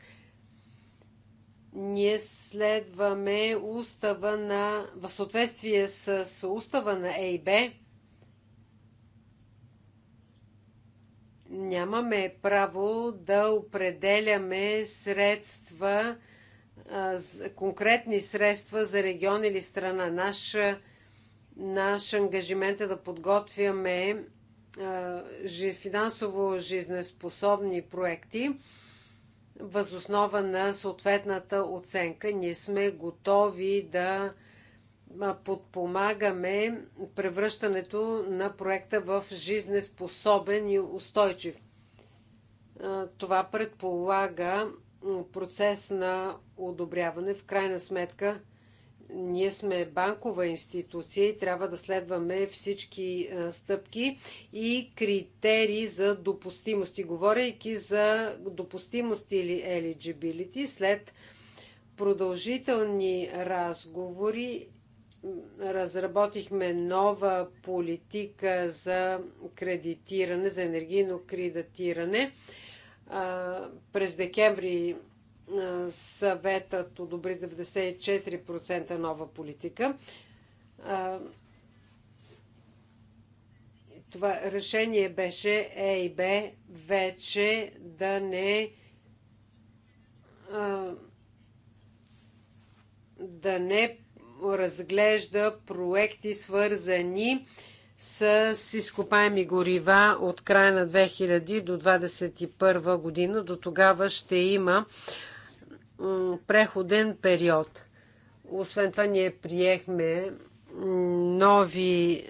Ние следваме устава на, в съответствие с устава на ЕИБ, нямаме право да определяме средства, конкретни средства за регион или страна. Наш, наш ангажимент е да подготвяме финансово жизнеспособни проекти възоснова на съответната оценка. Ние сме готови да подпомагаме превръщането на проекта в жизнеспособен и устойчив. Това предполага процес на одобряване. В крайна сметка, ние сме банкова институция и трябва да следваме всички стъпки и критерии за допустимости. Говорейки за допустимост или eligibility, след продължителни разговори разработихме нова политика за кредитиране, за енергийно кредитиране. През декември съветът одобри 94% нова политика. Това решение беше е Б вече да не да не разглежда проекти свързани с с изкопаеми горива от края на 2000 до 2021 година. До тогава ще има преходен период. Освен това, ние приехме нови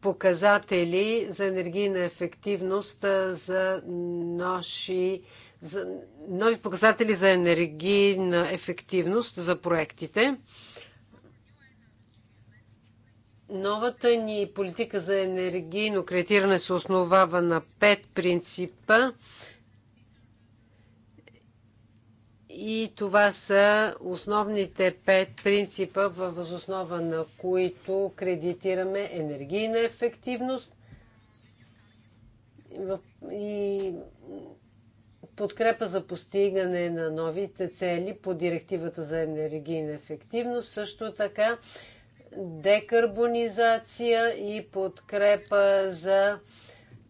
показатели за енергийна ефективност за наши за нови показатели за енергийна ефективност за проектите. Новата ни политика за енергийно кредитиране се основава на пет принципа и това са основните пет принципа, във възоснова на които кредитираме енергийна ефективност и подкрепа за постигане на новите цели по директивата за енергийна ефективност. Също така декарбонизация и подкрепа за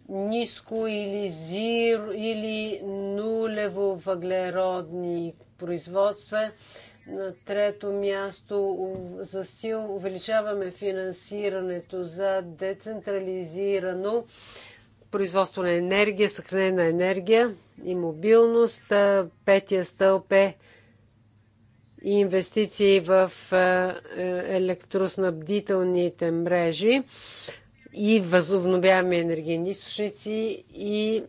ниско или, зир, или нулево въглеродни производства. На трето място засил, увеличаваме финансирането за децентрализирано производство на енергия, съхранена енергия и мобилност. Петия стълб е инвестиции в е, е, електроснабдителните мрежи и възобновяеми енергийни източници и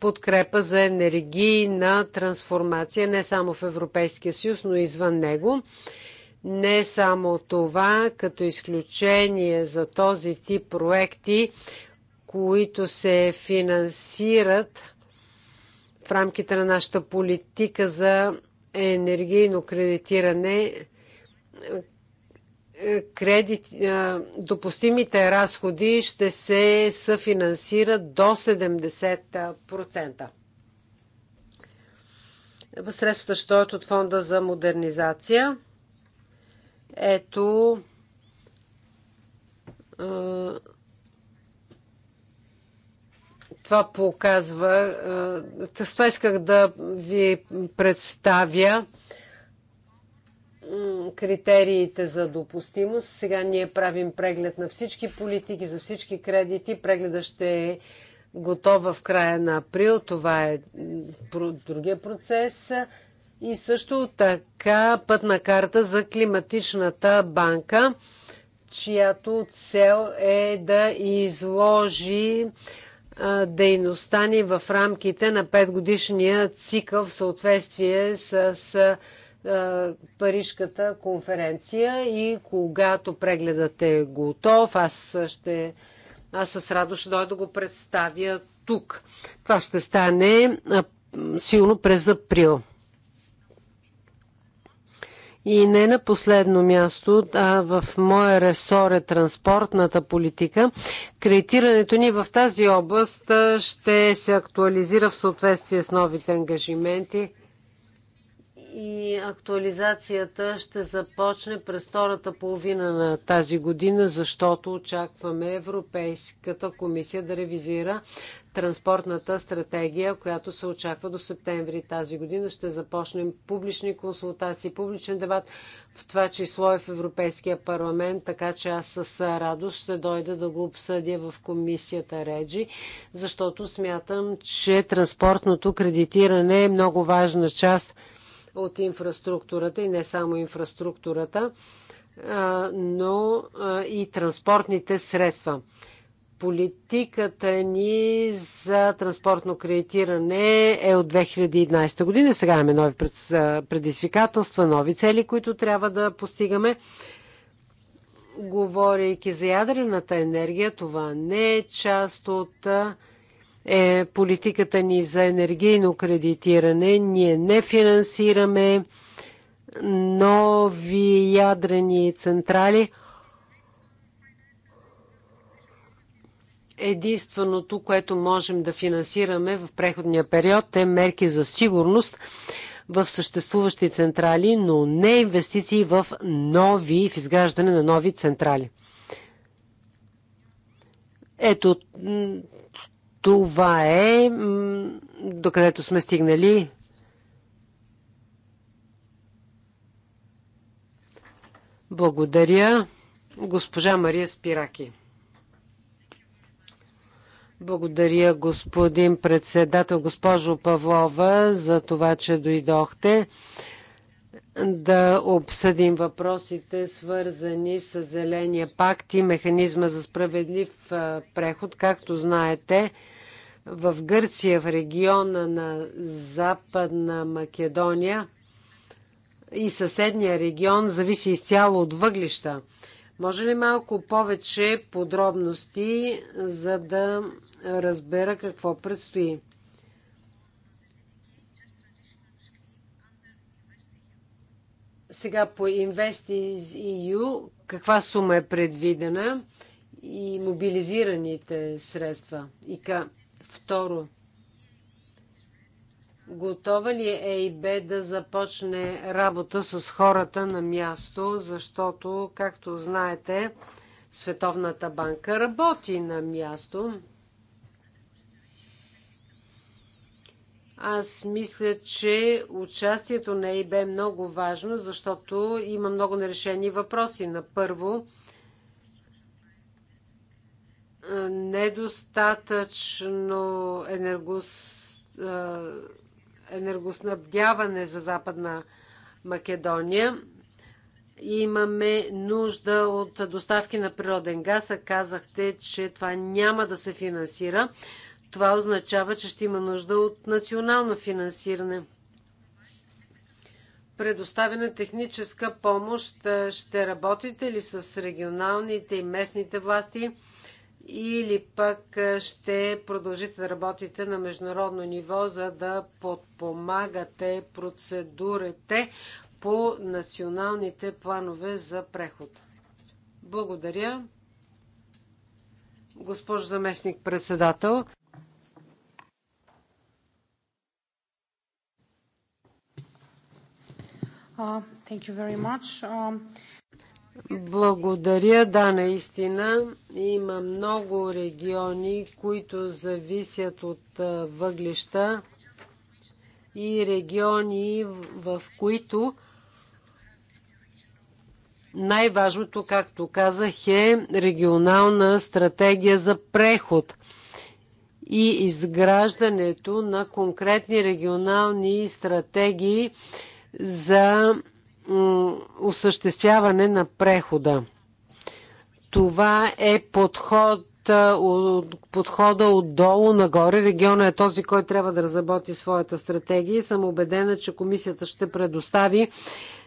подкрепа за енергийна трансформация не само в Европейския съюз, но и извън него. Не само това, като изключение за този тип проекти, които се финансират в рамките на нашата политика за енергийно кредитиране, е, кредит, е, допустимите разходи ще се съфинансират до 70%. Средствата ще дойдат от фонда за модернизация. Ето е, това показва. С е, това исках да ви представя критериите за допустимост. Сега ние правим преглед на всички политики, за всички кредити. Прегледа ще е готов в края на април. Това е другия процес. И също така пътна карта за климатичната банка, чиято цел е да изложи дейността ни в рамките на 5-годишния цикъл в съответствие с Парижката конференция и когато прегледът е готов, аз ще аз с радост ще дойда да го представя тук. Това ще стане силно през април. И не на последно място, а в моя ресор е транспортната политика. Кредитирането ни в тази област ще се актуализира в съответствие с новите ангажименти и актуализацията ще започне през втората половина на тази година, защото очакваме Европейската комисия да ревизира транспортната стратегия, която се очаква до септември тази година. Ще започнем публични консултации, публичен дебат, в това число и в Европейския парламент, така че аз с радост ще дойда да го обсъдя в комисията Реджи, защото смятам, че транспортното кредитиране е много важна част от инфраструктурата и не само инфраструктурата, но и транспортните средства. Политиката ни за транспортно кредитиране е от 2011 година. Сега имаме нови предизвикателства, нови цели, които трябва да постигаме. Говорейки за ядрената енергия, това не е част от е политиката ни за енергийно кредитиране. Ние не финансираме нови ядрени централи – единственото, което можем да финансираме в преходния период е мерки за сигурност в съществуващи централи, но не инвестиции в нови, в изграждане на нови централи. Ето, това е докъдето сме стигнали. Благодаря, госпожа Мария Спираки. Благодаря, господин председател, госпожо Павлова, за това, че дойдохте да обсъдим въпросите, свързани с Зеления пакт и механизма за справедлив преход. Както знаете, в Гърция, в региона на Западна Македония и съседния регион зависи изцяло от въглища. Може ли малко повече подробности, за да разбера какво предстои? Сега по InvestEU, каква сума е предвидена и мобилизираните средства? И ка... второ, Готова ли е ЕИБ да започне работа с хората на място, защото, както знаете, Световната банка работи на място. Аз мисля, че участието на ЕИБ е много важно, защото има много нерешени въпроси. На първо, недостатъчно енергос енергоснабдяване за Западна Македония. Имаме нужда от доставки на природен газ, а казахте, че това няма да се финансира. Това означава, че ще има нужда от национално финансиране. Предоставена техническа помощ ще работите ли с регионалните и местните власти? или пък ще продължите да работите на международно ниво, за да подпомагате процедурите по националните планове за преход. Благодаря. Госпожо заместник председател. Uh, thank you very much. Um, благодаря, да, наистина. Има много региони, които зависят от въглища и региони, в които най-важното, както казах, е регионална стратегия за преход и изграждането на конкретни регионални стратегии за осъществяване на прехода. Това е подход подхода отдолу нагоре. Региона е този, който трябва да разработи своята стратегия и съм убедена, че комисията ще предостави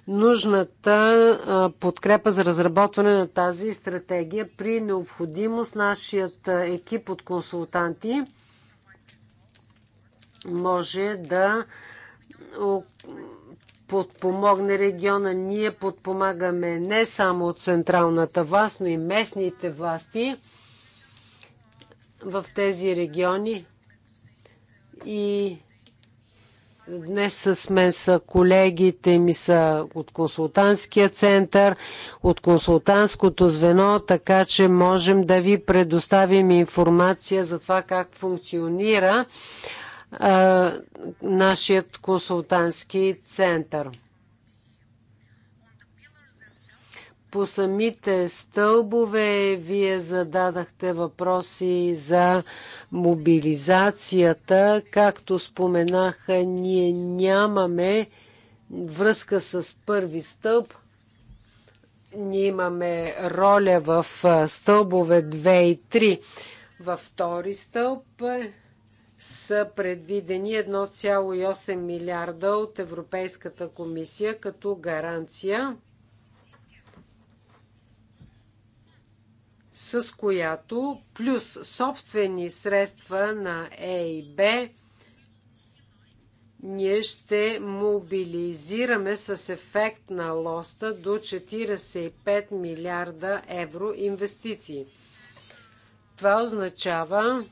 нужната подкрепа за разработване на тази стратегия. При необходимост нашият екип от консултанти може да подпомогне региона. Ние подпомагаме не само от централната власт, но и местните власти в тези региони. И Днес с мен са колегите ми са от консултантския център, от консултантското звено, така че можем да ви предоставим информация за това как функционира а, нашият консултантски център. По самите стълбове вие зададахте въпроси за мобилизацията. Както споменаха, ние нямаме връзка с първи стълб. Ние имаме роля в стълбове 2 и 3. Във втори стълб е са предвидени 1,8 милиарда от Европейската комисия като гаранция, с която плюс собствени средства на ЕИБ ние ще мобилизираме с ефект на лоста до 45 милиарда евро инвестиции. Това означава,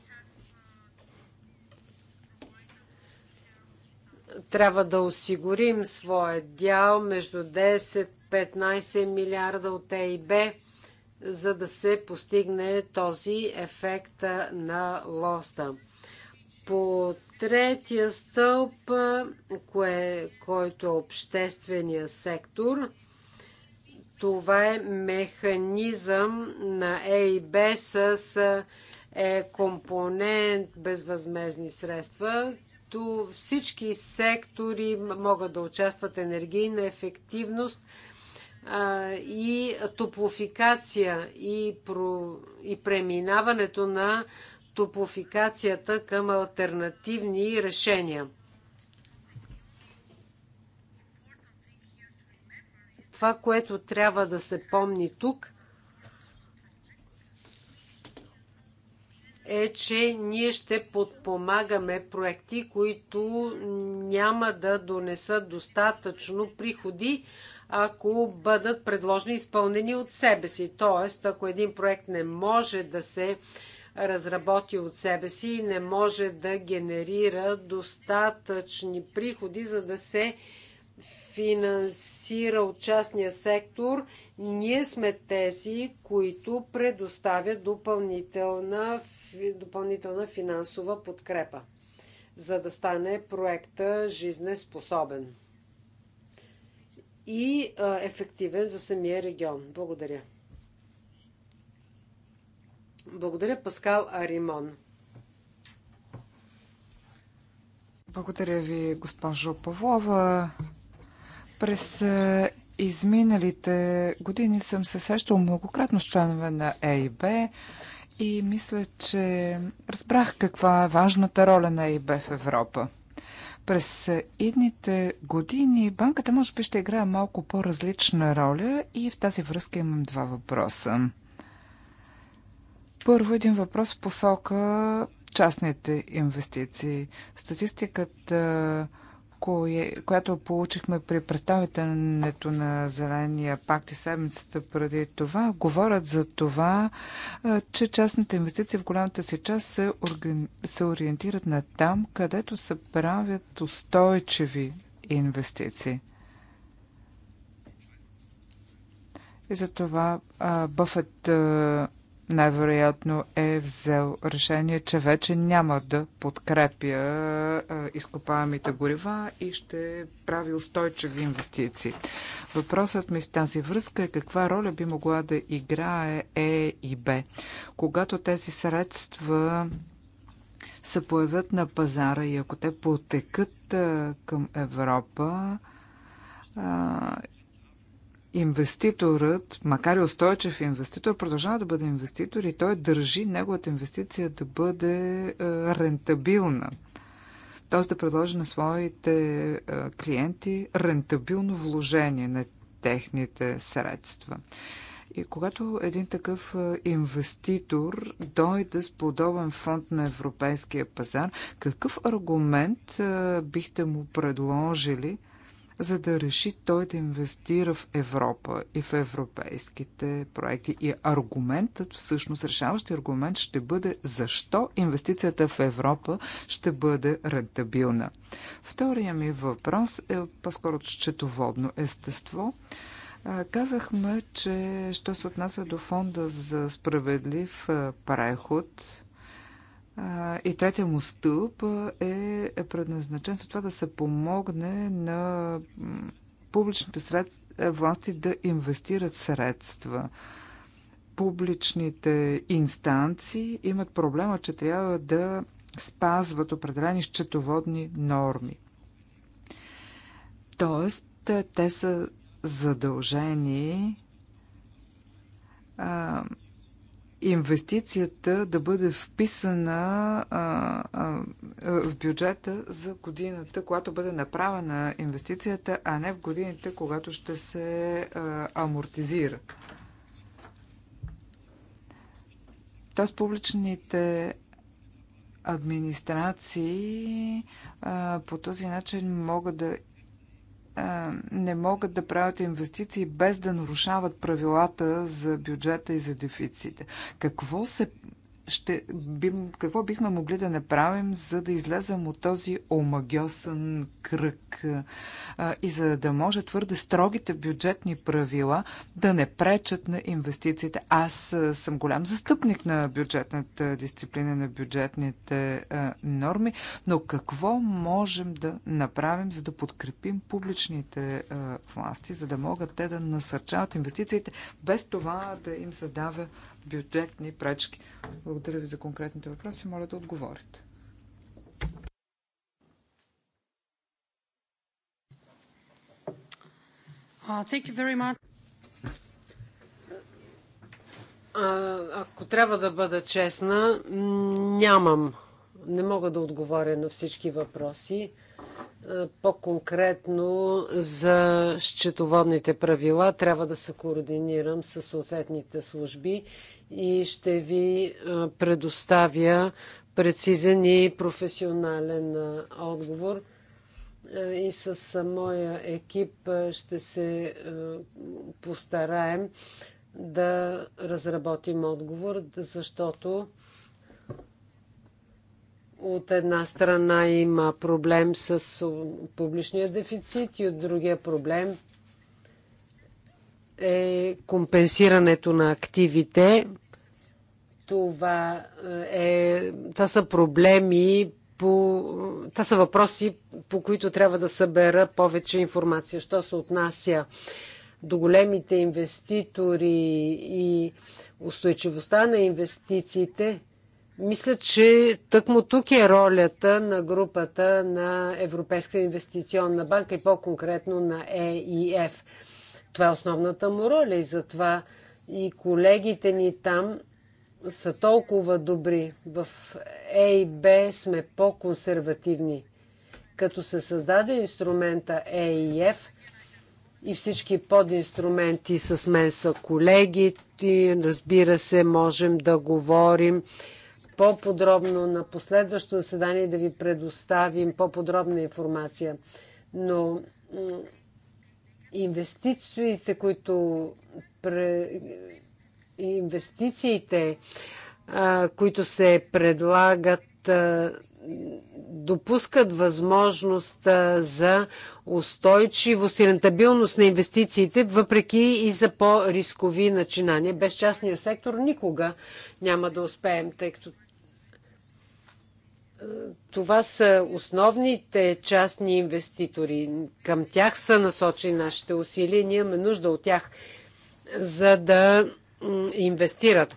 Трябва да осигурим своя дял между 10-15 милиарда от ЕИБ, за да се постигне този ефект на лоста. По третия стълб, кое, който е обществения сектор, това е механизъм на ЕИБ с е компонент безвъзмезни средства, като всички сектори могат да участват енергийна ефективност и топлофикация и, про, и преминаването на топлофикацията към альтернативни решения. Това, което трябва да се помни тук, е, че ние ще подпомагаме проекти, които няма да донесат достатъчно приходи, ако бъдат предложени изпълнени от себе си. Тоест, ако един проект не може да се разработи от себе си и не може да генерира достатъчни приходи, за да се финансира от частния сектор, ние сме тези, които предоставят допълнителна допълнителна финансова подкрепа, за да стане проекта жизнеспособен и ефективен за самия регион. Благодаря. Благодаря, Паскал Аримон. Благодаря ви, госпожо Павлова. През изминалите години съм се срещал многократно с членове на ЕИБ, и мисля, че разбрах каква е важната роля на ИБ в Европа. През идните години банката може би ще играе малко по-различна роля и в тази връзка имам два въпроса. Първо един въпрос в посока частните инвестиции. Статистиката кое, която получихме при представителянето на Зеления пакт и седмицата преди това, говорят за това, че частните инвестиции в голямата си част се, органи... се ориентират на там, където се правят устойчиви инвестиции. И за това Бъфът най-вероятно е взел решение, че вече няма да подкрепя изкопаемите горива и ще прави устойчиви инвестиции. Въпросът ми в тази връзка е каква роля би могла да играе Е и Б, когато тези средства се появят на пазара и ако те потекат към Европа, инвеститорът, макар и устойчив инвеститор, продължава да бъде инвеститор и той държи неговата инвестиция да бъде е, рентабилна. Т.е. да предложи на своите е, клиенти рентабилно вложение на техните средства. И когато един такъв е, инвеститор дойде с подобен фонд на европейския пазар, какъв аргумент бихте му предложили – за да реши той да инвестира в Европа и в европейските проекти. И аргументът, всъщност решаващ аргумент ще бъде защо инвестицията в Европа ще бъде рентабилна. Втория ми въпрос е по-скоро счетоводно естество. Казахме, че що се отнася до фонда за справедлив преход, и третия му стълб е предназначен за това да се помогне на публичните сред... Е, власти да инвестират средства. Публичните инстанции имат проблема, че трябва да спазват определени счетоводни норми. Тоест, те са задължени а, инвестицията да бъде вписана в бюджета за годината, когато бъде направена инвестицията, а не в годините, когато ще се амортизира. Тоест публичните администрации по този начин могат да не могат да правят инвестиции без да нарушават правилата за бюджета и за дефиците. Какво се ще, би, какво бихме могли да направим, за да излезем от този омагьосан кръг а, и за да може твърде строгите бюджетни правила да не пречат на инвестициите. Аз а, съм голям застъпник на бюджетната дисциплина, на бюджетните а, норми, но какво можем да направим, за да подкрепим публичните а, власти, за да могат те да насърчават инвестициите, без това да им създава бюджетни пречки? Благодаря ви за конкретните въпроси. Моля да отговорите. Ако трябва да бъда честна, нямам. Не мога да отговоря на всички въпроси. Е, по-конкретно за счетоводните правила трябва да се координирам с съответните служби и ще ви е, предоставя прецизен и професионален е, отговор. И с моя екип ще се постараем да разработим отговор, защото от една страна има проблем с публичния дефицит и от другия проблем е компенсирането на активите. Това, е, това са проблеми, по, това са въпроси, по които трябва да събера повече информация. Що се отнася до големите инвеститори и устойчивостта на инвестициите, мисля, че тъкмо тук е ролята на групата на Европейска инвестиционна банка и по-конкретно на ЕИФ. Това е основната му роля и затова и колегите ни там са толкова добри. В ЕИБ и сме по-консервативни. Като се създаде инструмента ЕИФ и и всички подинструменти с мен са колеги, разбира се, можем да говорим по-подробно на последващо заседание да ви предоставим по-подробна информация. Но инвестициите, които инвестициите, които се предлагат, допускат възможност за устойчивост и рентабилност на инвестициите, въпреки и за по-рискови начинания. Без частния сектор никога няма да успеем, тъй като това са основните частни инвеститори. Към тях са насочени нашите усилия. Ние имаме нужда от тях, за да инвестират.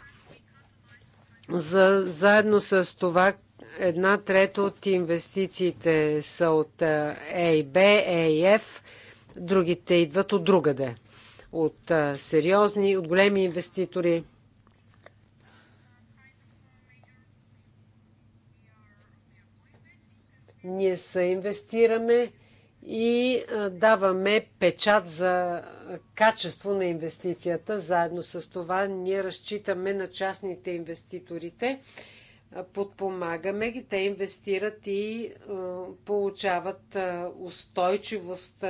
За, заедно с това, една трета от инвестициите са от ЕИБ, ЕИФ, другите идват от другаде. От сериозни, от големи инвеститори. Ние инвестираме и даваме печат за качество на инвестицията. Заедно с това ние разчитаме на частните инвеститорите, подпомагаме ги, те инвестират и получават устойчивост,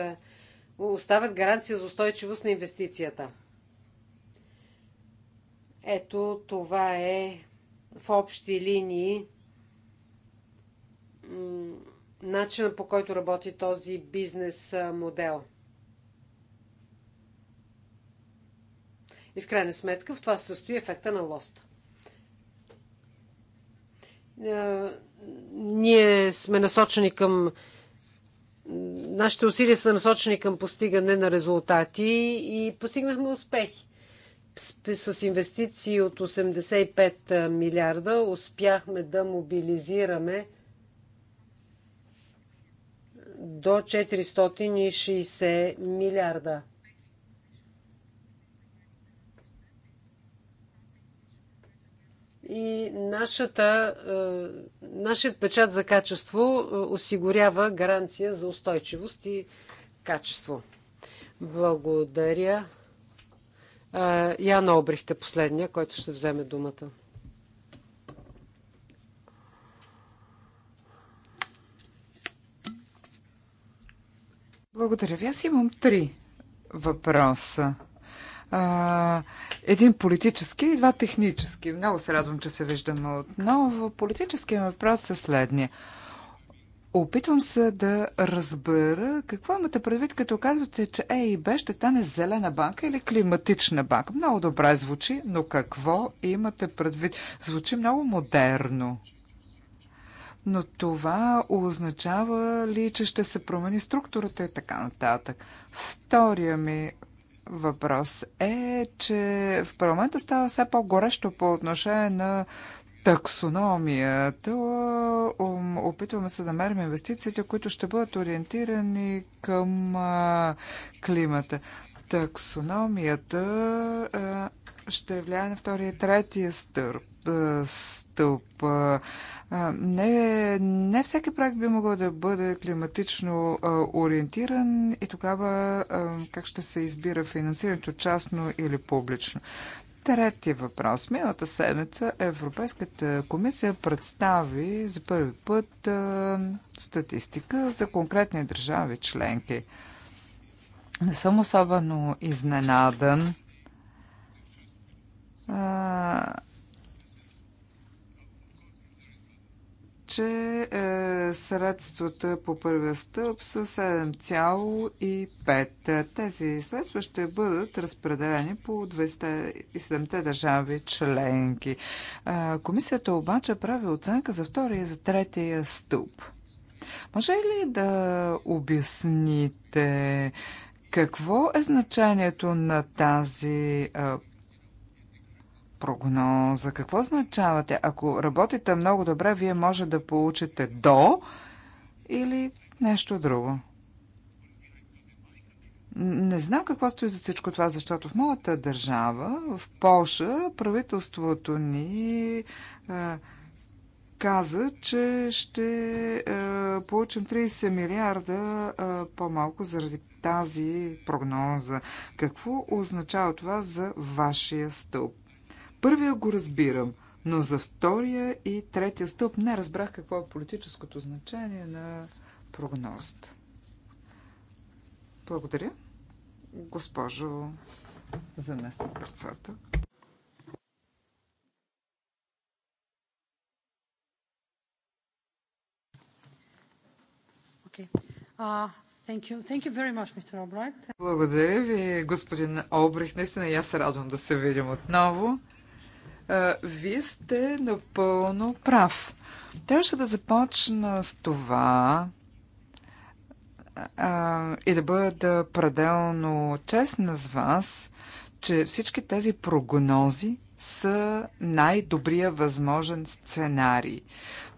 остават гаранция за устойчивост на инвестицията. Ето това е в общи линии начина по който работи този бизнес модел. И в крайна сметка в това се състои ефекта на лоста. Ние сме насочени към нашите усилия са насочени към постигане на резултати и постигнахме успехи. С инвестиции от 85 милиарда успяхме да мобилизираме до 460 милиарда. И нашата, е, нашият печат за качество е, осигурява гаранция за устойчивост и качество. Благодаря. Е, Яна Обрихте последния, който ще вземе думата. Благодаря ви. Аз имам три въпроса. А, един политически и два технически. Много се радвам, че се виждаме отново. Политическият въпрос е следния. Опитвам се да разбера какво имате предвид, като казвате, че ЕИБ ще стане зелена банка или климатична банка. Много добре звучи, но какво имате предвид? Звучи много модерно но това означава ли, че ще се промени структурата и така нататък? Втория ми въпрос е, че в парламента става все по-горещо по отношение на таксономията. Опитваме се да мерим инвестициите, които ще бъдат ориентирани към климата. Таксономията ще влияе на втория и третия стълб. стълб. Не, не всеки проект би могъл да бъде климатично ориентиран и тогава как ще се избира финансирането частно или публично. Трети въпрос. Миналата седмица Европейската комисия представи за първи път статистика за конкретни държави членки. Не съм особено изненадан. че е, средствата по първия стълб са 7,5. Тези средства ще бъдат разпределени по 27-те държави членки. Е, комисията обаче прави оценка за втория и за третия стълб. Може ли да обясните какво е значението на тази е, прогноза. Какво означавате? Ако работите много добре, вие може да получите до или нещо друго. Не знам какво стои за всичко това, защото в моята държава, в Польша, правителството ни е, каза, че ще е, получим 30 милиарда по-малко заради тази прогноза. Какво означава това за вашия стълб? първия го разбирам, но за втория и третия стълб не разбрах какво е политическото значение на прогнозата. Благодаря. Госпожо заместник председател. Uh, Благодаря ви, господин Обрих. Наистина и аз се радвам да се видим отново. Вие сте напълно прав. Трябваше да започна с това а, и да бъда пределно честна с вас, че всички тези прогнози са най-добрия възможен сценарий.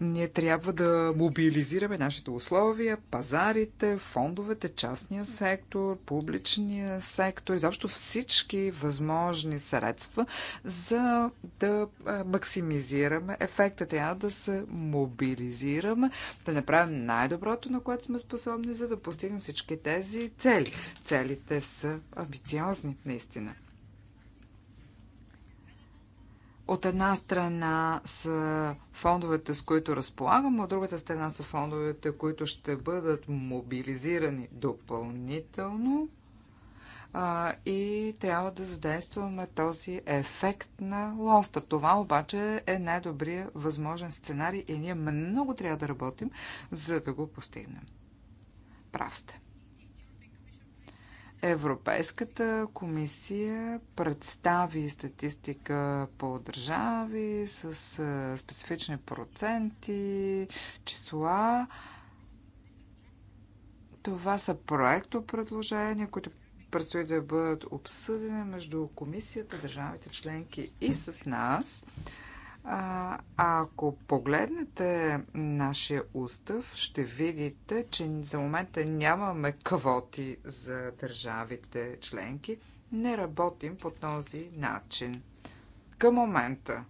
Ние трябва да мобилизираме нашите условия, пазарите, фондовете, частния сектор, публичния сектор, изобщо всички възможни средства, за да максимизираме ефекта. Трябва да се мобилизираме, да направим най-доброто, на което сме способни, за да постигнем всички тези цели. Целите са амбициозни, наистина. От една страна са фондовете, с които разполагам, от другата страна са фондовете, които ще бъдат мобилизирани допълнително а, и трябва да задействаме този ефект на лоста. Това обаче е най-добрият възможен сценарий и ние много трябва да работим, за да го постигнем. Прав сте. Европейската комисия представи статистика по държави с специфични проценти, числа. Това са проекто предложения, които предстои да бъдат обсъдени между комисията, държавите членки и с нас. А, ако погледнете нашия устав, ще видите, че за момента нямаме квоти за държавите членки. Не работим по този начин. Към момента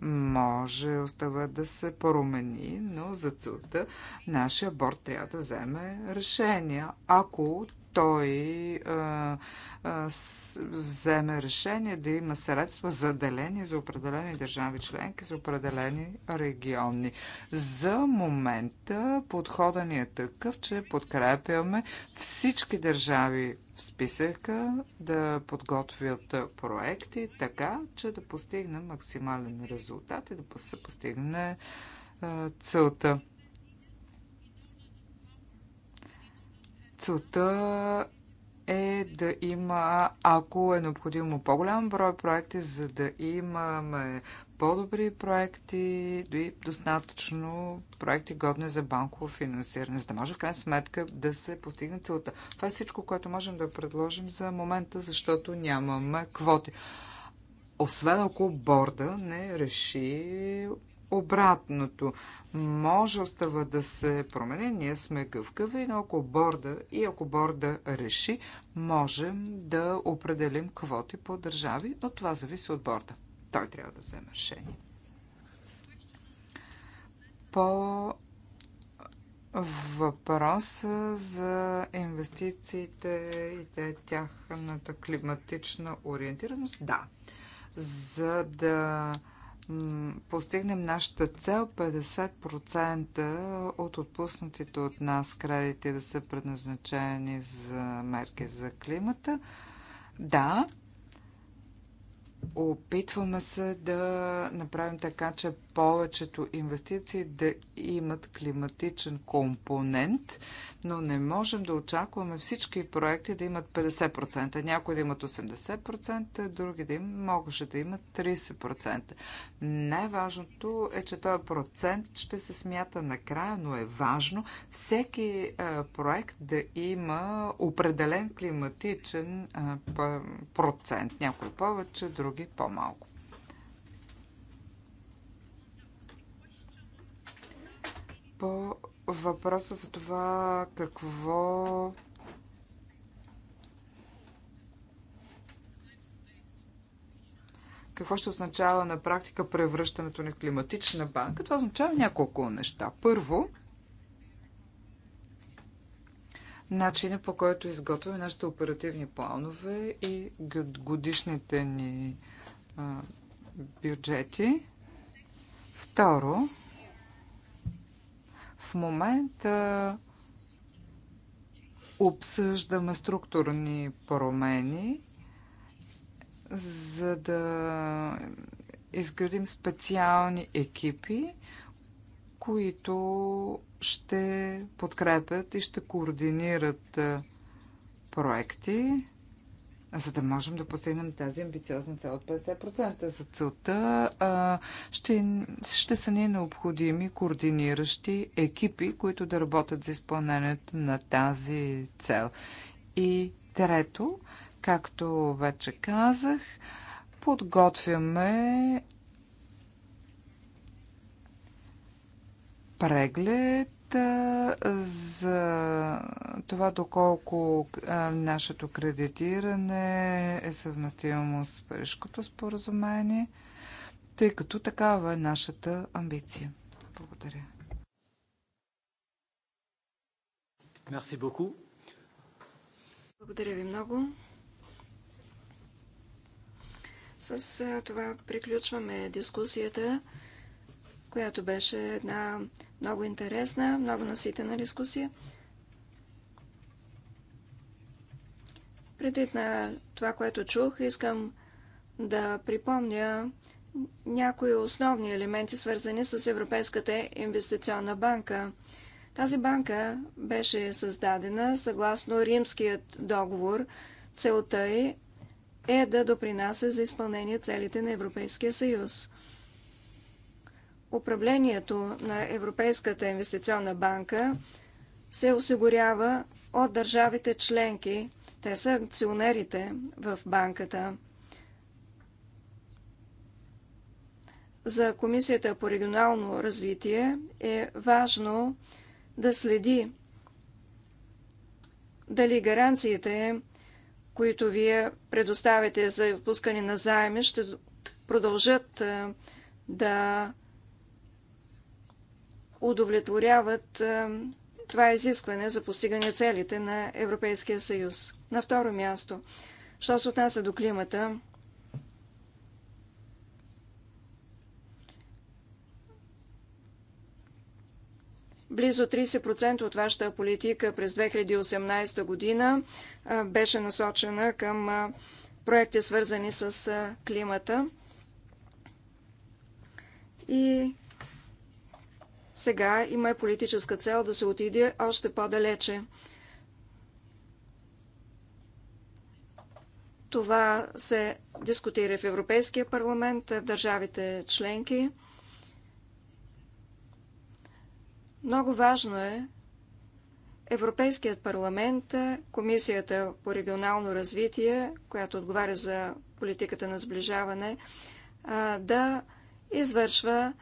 може остава да се промени, но за целта нашия борт трябва да вземе решение. ако той а, а, с, вземе решение да има средства заделени за определени държави членки, за определени региони. За момента подходът ни е такъв, че подкрепяме всички държави в списъка да подготвят проекти така, че да постигнем максимален резултат и да се постигне а, целта. Целта е да има, ако е необходимо, по-голям брой проекти, за да имаме по-добри проекти, и достатъчно проекти годни за банково финансиране, за да може в крайна сметка да се постигне целта. Това е всичко, което можем да предложим за момента, защото нямаме квоти. Освен ако борда не реши обратното. Може остава да се промени, ние сме гъвкави, но ако борда и ако борда реши, можем да определим квоти по държави, но това зависи от борда. Той трябва да вземе решение. По въпроса за инвестициите и тяхната климатична ориентираност, да. За да постигнем нашата цел 50% от отпуснатите от нас кредити да са предназначени за мерки за климата. Да, опитваме се да направим така, че повечето инвестиции да имат климатичен компонент, но не можем да очакваме всички проекти да имат 50%. Някои да имат 80%, други да имат, могаше да имат 30%. Най-важното е, че този процент ще се смята накрая, но е важно всеки е, проект да има определен климатичен е, процент. Някои повече, други по-малко. по въпроса за това какво какво ще означава на практика превръщането на климатична банка? Това означава няколко неща. Първо, начина по който изготвяме нашите оперативни планове и годишните ни бюджети. Второ, в момента обсъждаме структурни промени, за да изградим специални екипи, които ще подкрепят и ще координират проекти за да можем да постигнем тази амбициозна цел от 50%. За целта а, ще, ще са ни необходими координиращи екипи, които да работят за изпълнението на тази цел. И трето, както вече казах, подготвяме преглед за това доколко нашето кредитиране е съвместимо с Парижското споразумение, тъй като такава е нашата амбиция. Благодаря. Мерси боку. Благодаря ви много. С това приключваме дискусията, която беше една много интересна, много наситена дискусия. Предвид на това, което чух, искам да припомня някои основни елементи, свързани с Европейската инвестиционна банка. Тази банка беше създадена съгласно Римският договор. Целта е, е да допринася за изпълнение целите на Европейския съюз управлението на Европейската инвестиционна банка се осигурява от държавите членки. Те са акционерите в банката. За Комисията по регионално развитие е важно да следи дали гаранциите, които вие предоставите за отпускане на заеми, ще продължат да удовлетворяват е, това изискване за постигане целите на Европейския съюз. На второ място, що се отнася до климата, Близо 30% от вашата политика през 2018 година е, беше насочена към е, проекти, свързани с климата. И сега има политическа цел да се отиде още по-далече. Това се дискутира в Европейския парламент, в държавите членки. Много важно е Европейският парламент, Комисията по регионално развитие, която отговаря за политиката на сближаване, да извършва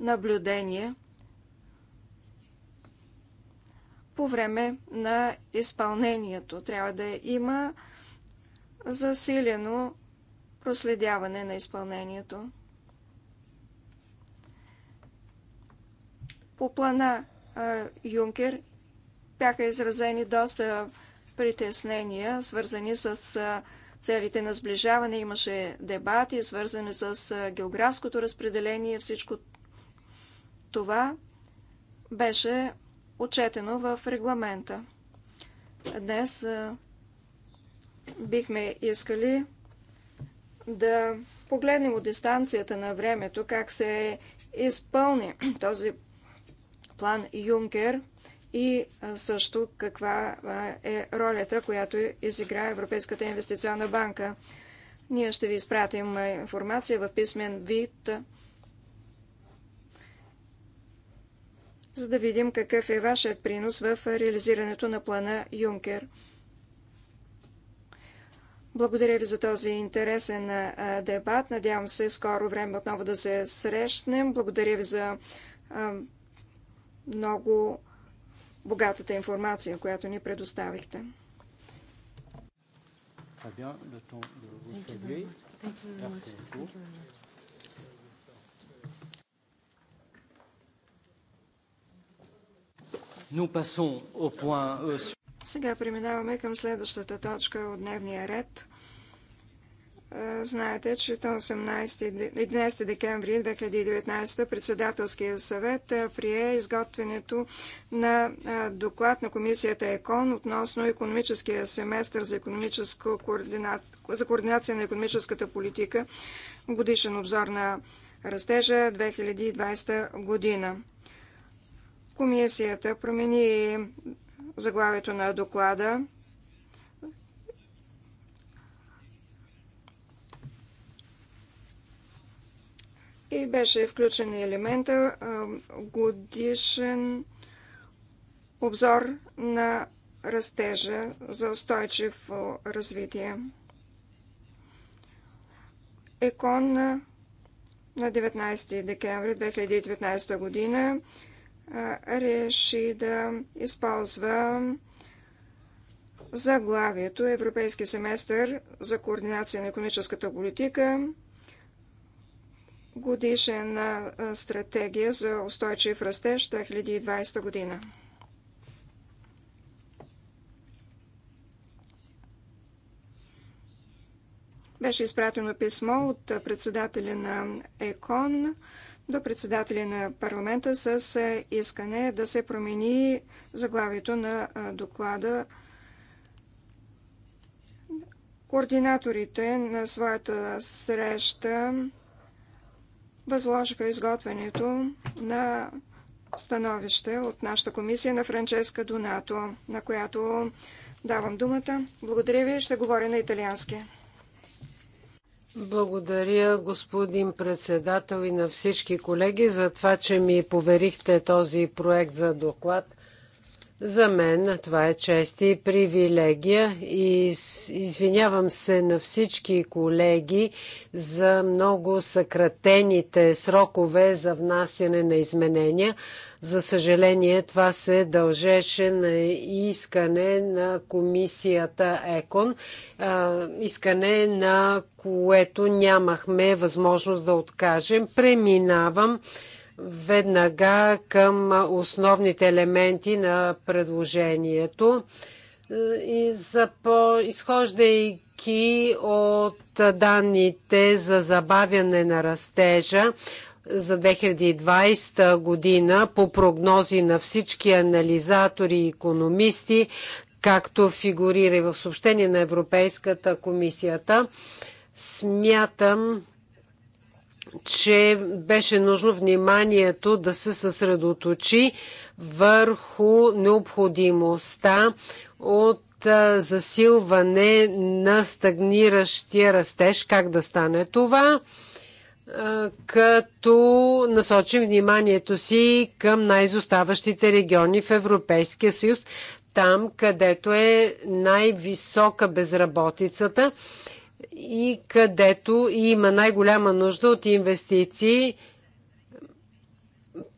наблюдение по време на изпълнението. Трябва да има засилено проследяване на изпълнението. По плана Юнкер бяха изразени доста притеснения, свързани с целите на сближаване. Имаше дебати, свързани с географското разпределение. Всичко това беше отчетено в регламента. Днес бихме искали да погледнем от дистанцията на времето как се изпълни този план Юнкер и също каква е ролята, която изигра Европейската инвестиционна банка. Ние ще ви изпратим информация в писмен вид за да видим какъв е вашият принос в реализирането на плана Юнкер. Благодаря ви за този интересен дебат. Надявам се скоро време отново да се срещнем. Благодаря ви за много богатата информация, която ни предоставихте. Très bien, le temps de vous saluer. Merci beaucoup. Euh, Сега преминаваме към следващата точка от дневния ред. Е, знаете, че на 11 декември 2019 председателския съвет е, прие изготвянето на е, доклад на комисията ЕКОН относно економическия семестър за, за координация на економическата политика, годишен обзор на растежа 2020 година. Комисията промени заглавието на доклада. И беше включен елемента годишен обзор на растежа за устойчиво развитие. ЕКОН на 19 декември 2019 година реши да използва заглавието Европейски семестър за координация на економическата политика, годишна стратегия за устойчив растеж 2020 година. Беше изпратено писмо от председателя на ЕКОН до председателя на парламента с е, искане да се промени заглавието на е, доклада. Координаторите на своята среща възложиха изготвянето на становище от нашата комисия на Франческа Донато, на която давам думата. Благодаря ви, ще говоря на италиански. Благодаря, господин председател и на всички колеги за това, че ми поверихте този проект за доклад. За мен това е чест и привилегия и извинявам се на всички колеги за много съкратените срокове за внасяне на изменения. За съжаление, това се дължеше на искане на комисията ЕКОН, искане на което нямахме възможност да откажем. Преминавам веднага към основните елементи на предложението и за по, изхождайки от данните за забавяне на растежа за 2020 година по прогнози на всички анализатори и економисти, както фигурира и в съобщение на Европейската комисията, смятам, че беше нужно вниманието да се съсредоточи върху необходимостта от засилване на стагниращия растеж. Как да стане това? като насочим вниманието си към най-изоставащите региони в Европейския съюз, там където е най-висока безработицата и където има най-голяма нужда от инвестиции.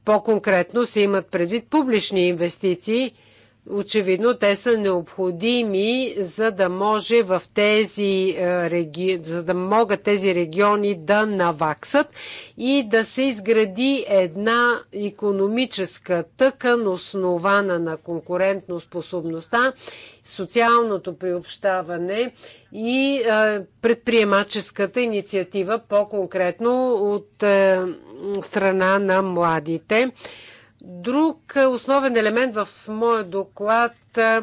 По-конкретно се имат предвид публични инвестиции – Очевидно, те са необходими, за да може в тези е, реги... за да могат тези региони да наваксат и да се изгради една економическа тъкан, основана на конкурентноспособността, социалното приобщаване и е, предприемаческата инициатива, по-конкретно от е, страна на младите. Друг е, основен елемент в моя доклад е,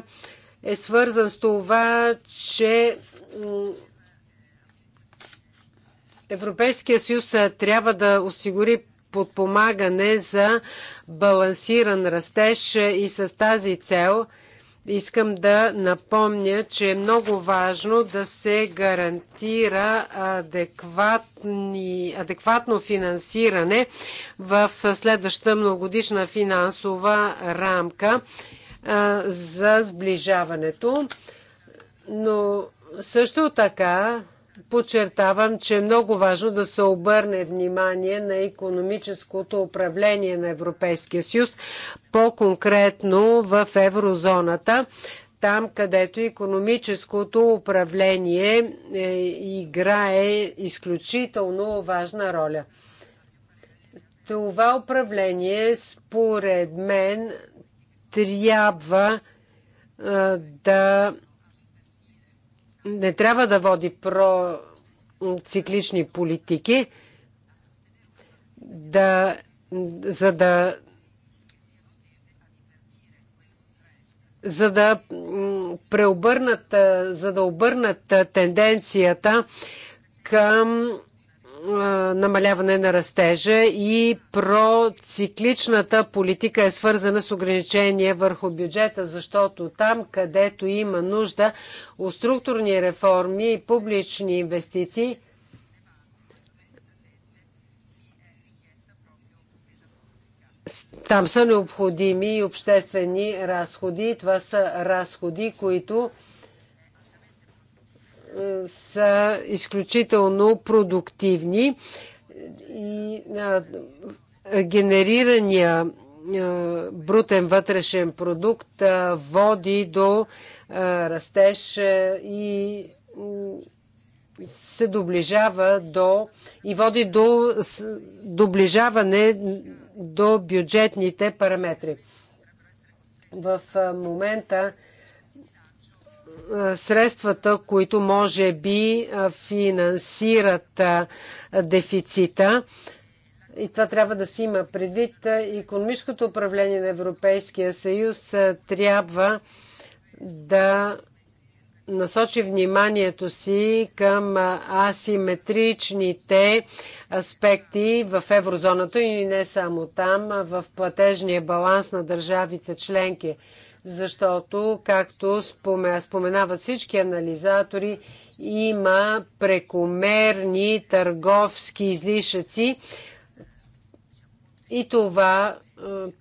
е свързан с това, че Европейския съюз е, трябва да осигури подпомагане за балансиран растеж и с тази цел – Искам да напомня, че е много важно да се гарантира адекватни, адекватно финансиране в следваща многогодишна финансова рамка за сближаването. Но също така подчертавам, че е много важно да се обърне внимание на економическото управление на Европейския съюз, по-конкретно в еврозоната, там където економическото управление е, играе изключително важна роля. Това управление, според мен, трябва да не трябва да води про циклични политики, да, за да за да преобърнат, за да обърнат тенденцията към намаляване на растежа и процикличната политика е свързана с ограничение върху бюджета, защото там, където има нужда от структурни реформи и публични инвестиции, там са необходими и обществени разходи. Това са разходи, които са изключително продуктивни и генерирания брутен вътрешен продукт води до растеж и се доближава до и води до доближаване до бюджетните параметри. В момента е, средствата, които може би е, финансират е, дефицита. И това трябва да си има предвид. Економическото управление на Европейския съюз трябва да насочи вниманието си към асиметричните аспекти в еврозоната и не само там, в платежния баланс на държавите членки защото, както споменават всички анализатори, има прекомерни търговски излишъци и това е,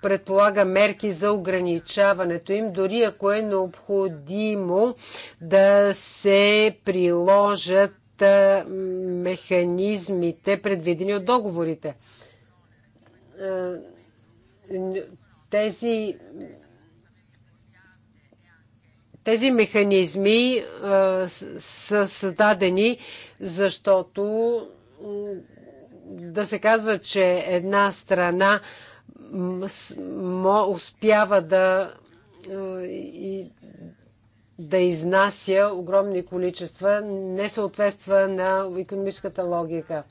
предполага мерки за ограничаването им, дори ако е необходимо да се приложат е, механизмите, предвидени от договорите. Е, тези тези механизми а, е, са създадени, защото да се казва, че една страна успява да, е, да изнася огромни количества, не съответства на економическата логика.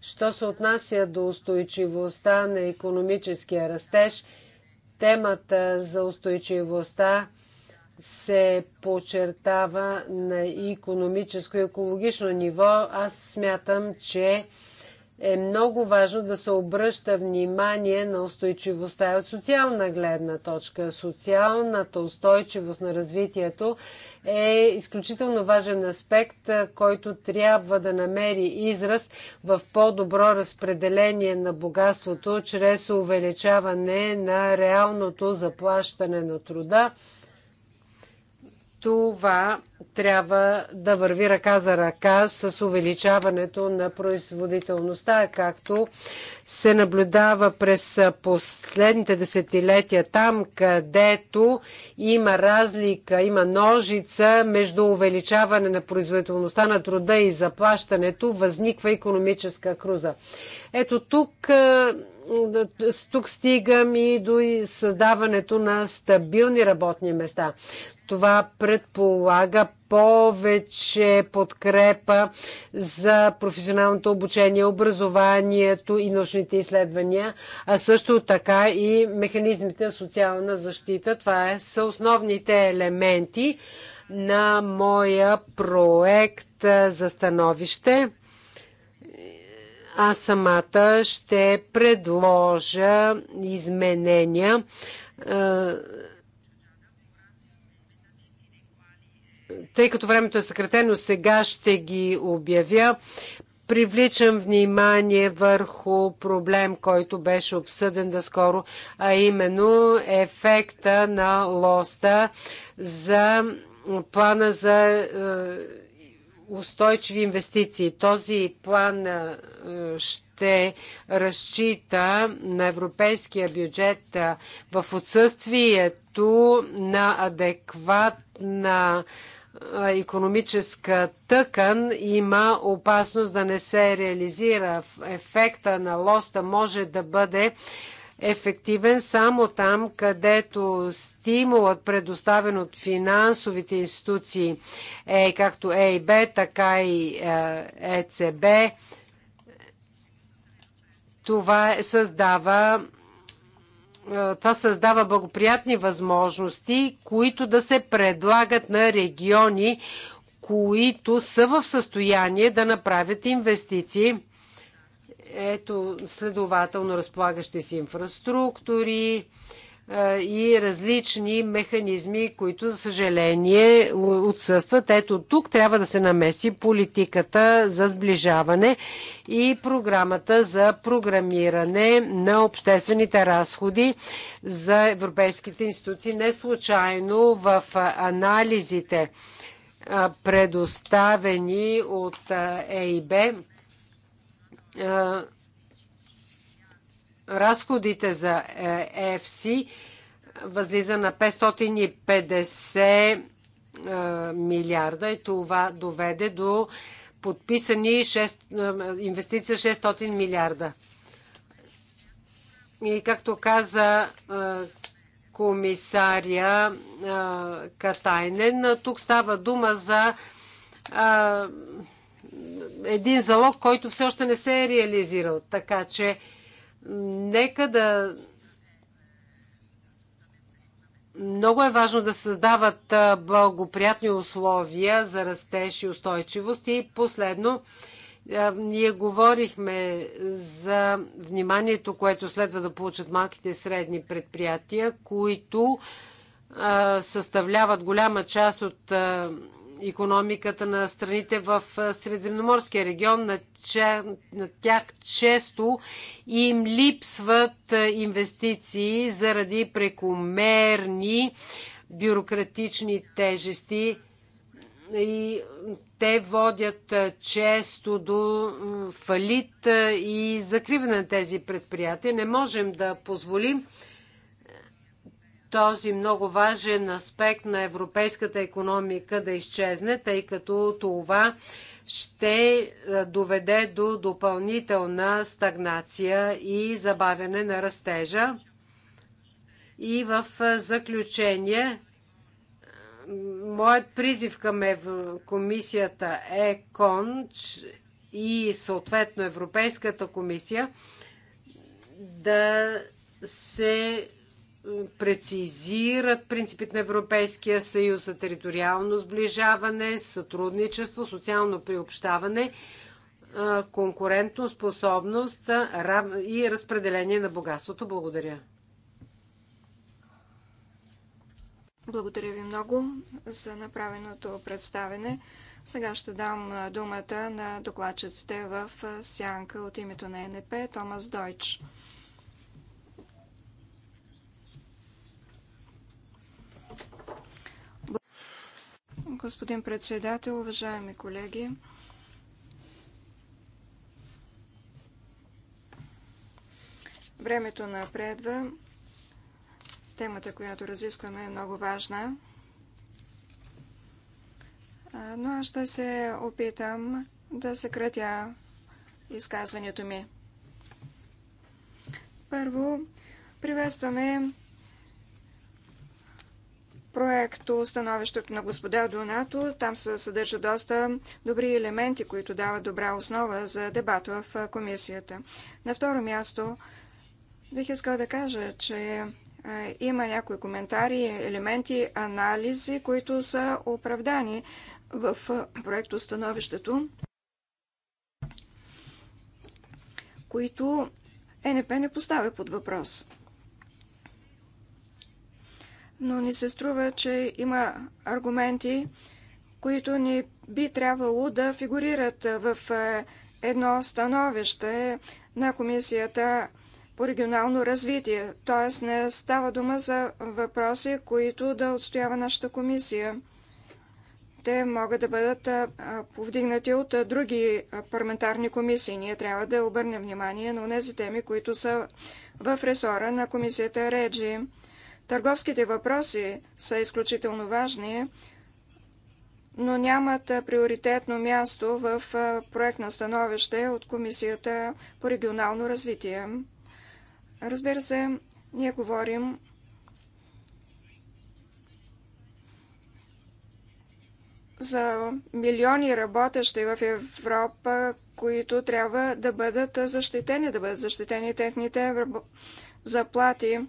Що се отнася до устойчивостта на економическия растеж, темата за устойчивостта се подчертава на економическо и екологично ниво. Аз смятам, че е много важно да се обръща внимание на устойчивостта и от социална гледна точка. Социалната устойчивост на развитието е изключително важен аспект, който трябва да намери израз в по-добро разпределение на богатството чрез увеличаване на реалното заплащане на труда това трябва да върви ръка за ръка с увеличаването на производителността, както се наблюдава през последните десетилетия там, където има разлика, има ножица между увеличаване на производителността на труда и заплащането, възниква економическа круза. Ето тук е, тук стигам и до създаването на стабилни работни места. Това предполага повече подкрепа за професионалното обучение, образованието и научните изследвания, а също така и механизмите на социална защита. Това е, са основните елементи на моя проект за становище. Аз самата ще предложа изменения тъй като времето е съкратено, сега ще ги обявя. Привличам внимание върху проблем, който беше обсъден да скоро, а именно ефекта на лоста за плана за е, устойчиви инвестиции. Този план ще разчита на европейския бюджет в отсъствието на адекватна економическа тъкан има опасност да не се реализира. Ефекта на лоста може да бъде ефективен само там, където стимулът, предоставен от финансовите институции, е както ЕИБ, така и ЕЦБ, е това е, създава е, това създава благоприятни възможности, които да се предлагат на региони, които са в състояние да направят инвестиции. Ето, следователно разполагащи си инфраструктури е, и различни механизми, които, за съжаление, отсъстват. Ето тук трябва да се намеси политиката за сближаване и програмата за програмиране на обществените разходи за европейските институции. Не случайно в анализите предоставени от ЕИБ е, разходите за EFC е, възлиза на 550 е, милиарда и това доведе до подписани 6, инвестиция 600 милиарда. И както каза комисаря Катайнен, тук става дума за един залог, който все още не се е реализирал. Така че нека да. Много е важно да създават благоприятни условия за растеж и устойчивост. И последно, ние говорихме за вниманието, което следва да получат малките и средни предприятия, които съставляват голяма част от економиката на страните в Средиземноморския регион. На, че, на тях често им липсват инвестиции заради прекомерни бюрократични тежести и те водят често до фалит и закриване на тези предприятия. Не можем да позволим този много важен аспект на европейската економика да изчезне, тъй като това ще е, доведе до допълнителна стагнация и забавяне на растежа. И в е, заключение, е, моят призив към комисията ЕКОН и съответно Европейската комисия да се прецизират принципите на Европейския съюз за териториално сближаване, сътрудничество, социално приобщаване, конкурентно способност и разпределение на богатството. Благодаря. Благодаря ви много за направеното представене. Сега ще дам думата на докладчиците в Сянка от името на НП Томас Дойч. господин председател, уважаеми колеги. Времето напредва. Темата, която разискваме, е много важна. Но аз ще се опитам да съкратя изказването ми. Първо, приветстваме проекто становището на господа Донато. Там се съдържа доста добри елементи, които дават добра основа за дебата в комисията. На второ място бих искал да кажа, че има някои коментари, елементи, анализи, които са оправдани в проекто становището, които ЕНП не поставя под въпрос но ни се струва, че има аргументи, които ни би трябвало да фигурират в е, едно становище на Комисията по регионално развитие. т.е. не става дума за въпроси, които да отстоява нашата комисия. Те могат да бъдат е, повдигнати от е, други парламентарни комисии. Ние трябва да обърнем внимание на тези теми, които са в ресора на комисията Реджи. Търговските въпроси са изключително важни, но нямат приоритетно място в проект на становище от Комисията по регионално развитие. Разбира се, ние говорим за милиони работещи в Европа, които трябва да бъдат защитени, да бъдат защитени техните заплати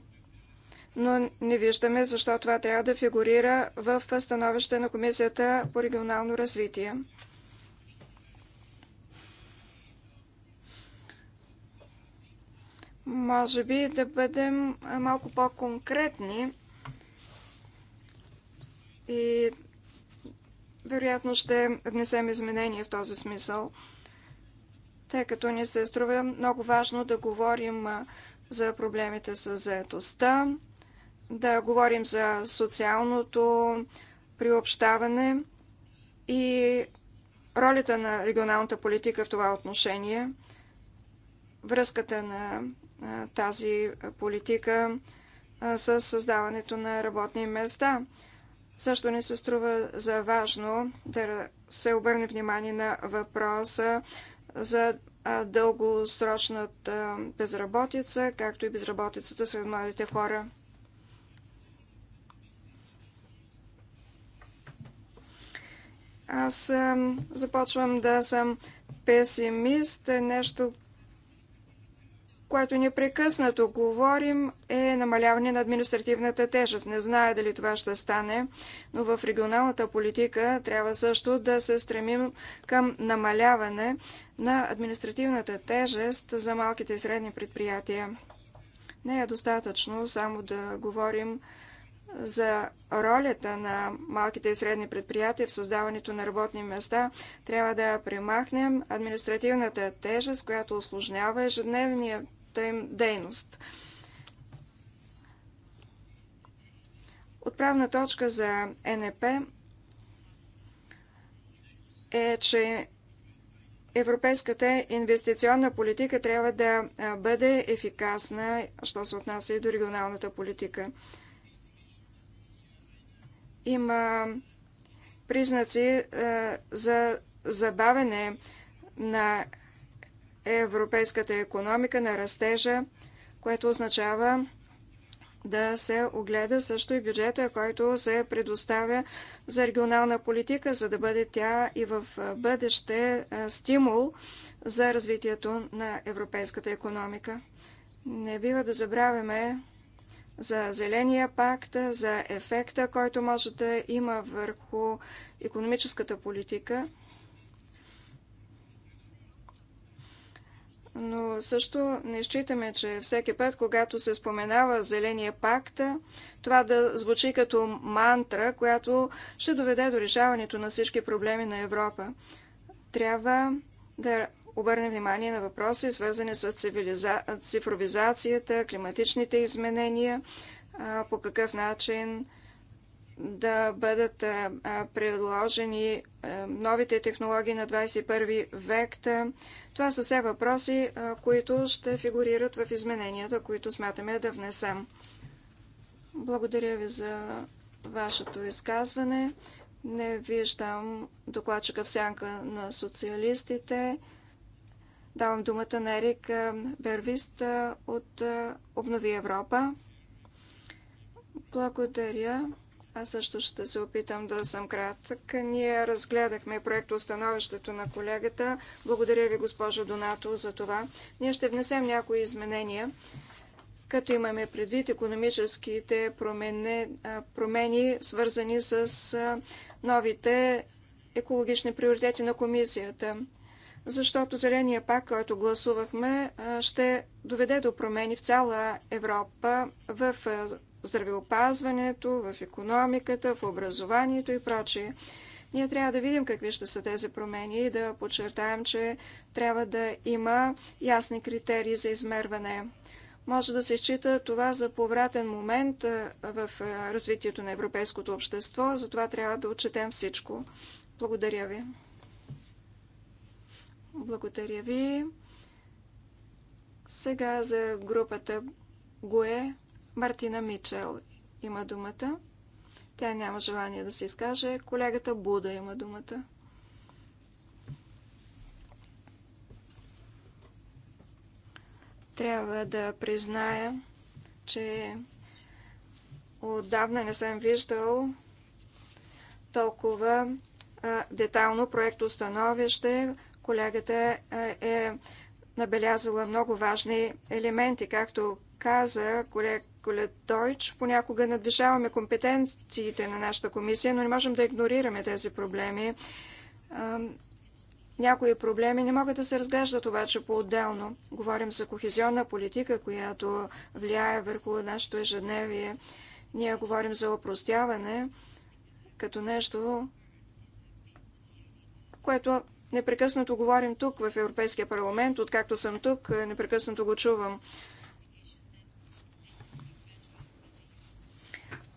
но не виждаме защо това трябва да фигурира в становище на Комисията по регионално развитие. Може би да бъдем малко по-конкретни и вероятно ще внесем изменения в този смисъл, тъй като ни се струва много важно да говорим за проблемите с заетостта, да говорим за социалното приобщаване и ролята на регионалната политика в това отношение, връзката на тази политика с създаването на работни места. Също не се струва за важно да се обърне внимание на въпроса за дългосрочната безработица, както и безработицата сред младите хора. Аз започвам да съм песимист. Нещо, което непрекъснато говорим, е намаляване на административната тежест. Не зная дали това ще стане, но в регионалната политика трябва също да се стремим към намаляване на административната тежест за малките и средни предприятия. Не е достатъчно само да говорим за ролята на малките и средни предприятия в създаването на работни места, трябва да премахнем административната тежест, която осложнява ежедневната им дейност. Отправна точка за НП е, че Европейската инвестиционна политика трябва да бъде ефикасна, що се отнася и до регионалната политика има признаци е, за забавене на европейската економика, на растежа, което означава да се огледа също и бюджета, който се предоставя за регионална политика, за да бъде тя и в бъдеще е, стимул за развитието на европейската економика. Не бива да забравяме, за Зеления пакт, за ефекта, който може да има върху економическата политика. но също не считаме, че всеки път, когато се споменава Зеления пакт, това да звучи като мантра, която ще доведе до решаването на всички проблеми на Европа. Трябва да обърне внимание на въпроси, свързани с цивилиза... цифровизацията, климатичните изменения, по какъв начин да бъдат предложени новите технологии на 21 век. Това са все въпроси, които ще фигурират в измененията, които смятаме да внесем. Благодаря ви за вашето изказване. Не виждам докладчика в сянка на социалистите. Давам думата на Ерик Бервист от Обнови Европа. Благодаря. Аз също ще се опитам да съм кратък. Ние разгледахме проектостановището на колегата. Благодаря ви, госпожо Донато, за това. Ние ще внесем някои изменения, като имаме предвид економическите промени, промени свързани с новите екологични приоритети на комисията защото Зеления пак, който гласувахме, ще доведе до промени в цяла Европа в здравеопазването, в економиката, в образованието и прочие. Ние трябва да видим какви ще са тези промени и да подчертаем, че трябва да има ясни критерии за измерване. Може да се счита това за повратен момент в развитието на европейското общество, затова трябва да отчетем всичко. Благодаря ви. Благодаря ви. Сега за групата ГОЕ Мартина Мичел има думата. Тя няма желание да се изкаже. Колегата Буда има думата. Трябва да призная, че отдавна не съм виждал толкова детално проекто становище, Колегата е набелязала много важни елементи, както каза колега Дойч, понякога надвишаваме компетенциите на нашата комисия, но не можем да игнорираме тези проблеми. Някои проблеми не могат да се разглеждат обаче по-отделно. Говорим за кохезионна политика, която влияе върху нашето ежедневие. Ние говорим за опростяване като нещо, което Непрекъснато говорим тук в Европейския парламент, откакто съм тук, е, непрекъснато го чувам.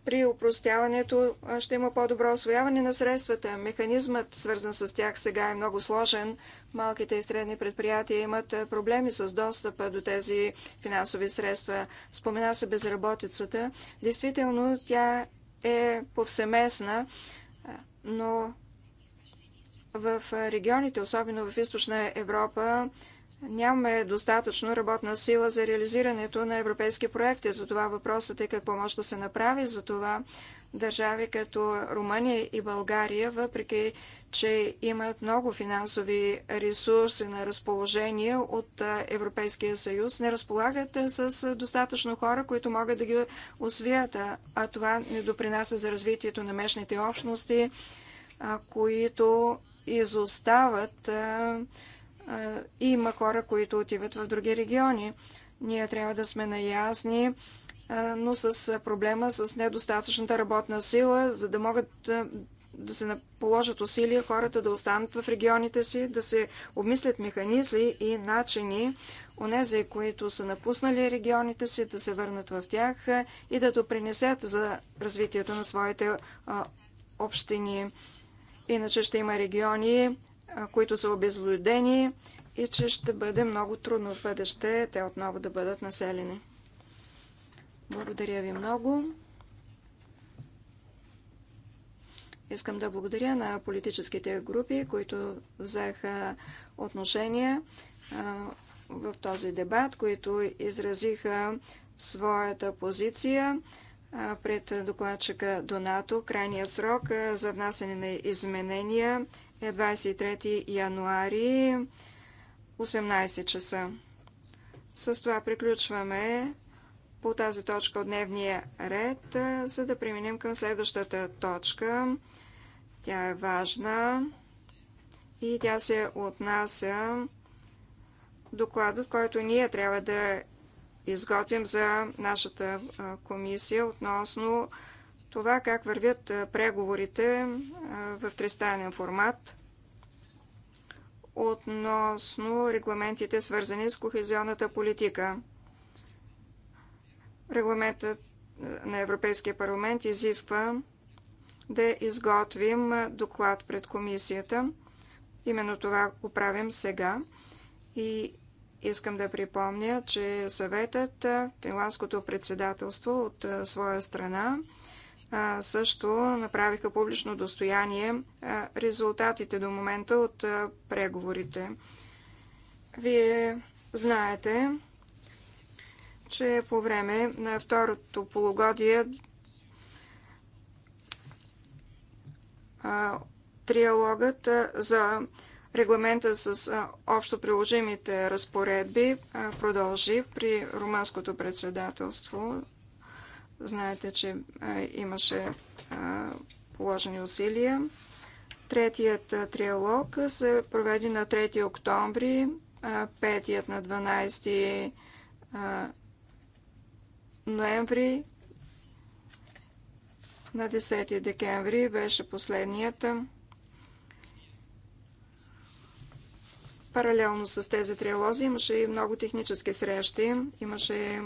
При упростяването ще има по-добро освояване на средствата. Механизмът, свързан с тях сега, е много сложен. Малките и средни предприятия имат проблеми с достъпа до тези финансови средства. Спомена се безработицата. Действително, тя е повсеместна, но в регионите, особено в източна Европа, нямаме достатъчно работна сила за реализирането на европейски проекти. Затова въпросът е какво може да се направи. Затова държави като Румъния и България, въпреки че имат много финансови ресурси на разположение от Европейския съюз, не разполагат с достатъчно хора, които могат да ги освият. А това не допринася за развитието на мешните общности, които изостават. има хора, които отиват в други региони. Ние трябва да сме наясни, но с проблема с недостатъчната работна сила, за да могат да се положат усилия хората да останат в регионите си, да се обмислят механизми и начини, онези, които са напуснали регионите си, да се върнат в тях и да допринесат за развитието на своите общини. Иначе ще има региони, които са обезлюдени и че ще бъде много трудно в бъдеще те отново да бъдат населени. Благодаря ви много. Искам да благодаря на политическите групи, които взеха отношение в този дебат, които изразиха своята позиция пред докладчика До НАТО, Крайният срок за внасяне на изменения е 23 януари 18 часа. С това приключваме по тази точка от дневния ред, за да преминем към следващата точка. Тя е важна и тя се отнася докладът, който ние трябва да изготвим за нашата комисия относно това как вървят преговорите в тристранен формат относно регламентите, свързани с кохезионната политика. Регламентът на Европейския парламент изисква да изготвим доклад пред комисията. Именно това го правим сега и Искам да припомня, че съветът, финландското председателство от своя страна, също направиха публично достояние резултатите до момента от преговорите. Вие знаете, че по време на второто полугодие триалогът за Регламента с общо приложимите разпоредби продължи при румънското председателство. Знаете, че имаше положени усилия. Третият триалог се проведе на 3 октомври, петият на 12 ноември, на 10 декември беше последният. Паралелно с тези триалози имаше и много технически срещи, имаше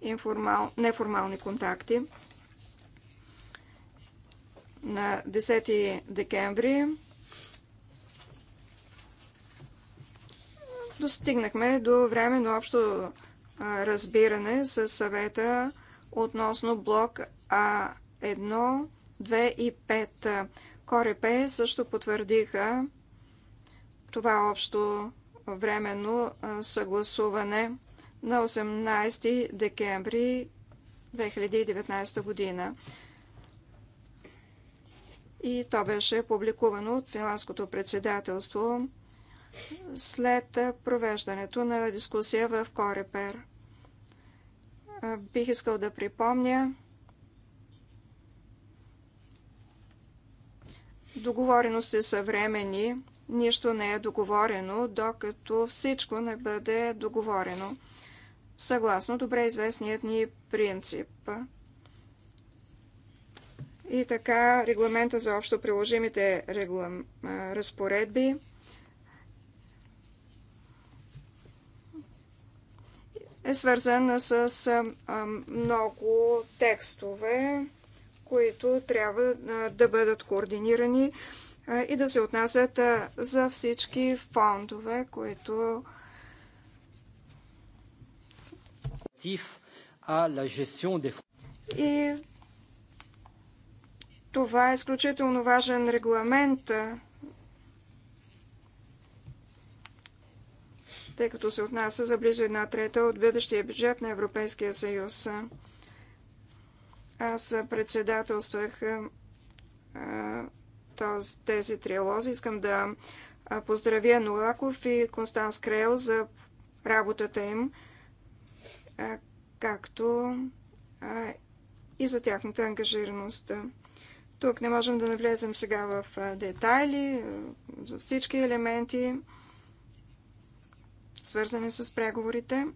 информал, неформални контакти. На 10 декември достигнахме до време на общо разбиране с съвета относно блок А1, 2 и 5. Корепе също потвърдиха това общо временно съгласуване на 18 декември 2019 година. И то беше публикувано от финландското председателство след провеждането на дискусия в Корепер. Бих искал да припомня договорености са времени, нищо не е договорено, докато всичко не бъде договорено, съгласно добре известният ни принцип. И така, регламента за общо приложимите реглам... разпоредби е свързан с много текстове, които трябва да бъдат координирани и да се отнасят за всички фондове, които и това е изключително важен регламент, тъй като се отнася за близо една трета от бъдещия бюджет на Европейския съюз. Аз председателствах този, тези триалози. Искам да поздравя Нолаков и Констанс Крел за работата им, както и за тяхната ангажираност. Тук не можем да навлезем сега в детайли, за всички елементи, свързани с преговорите.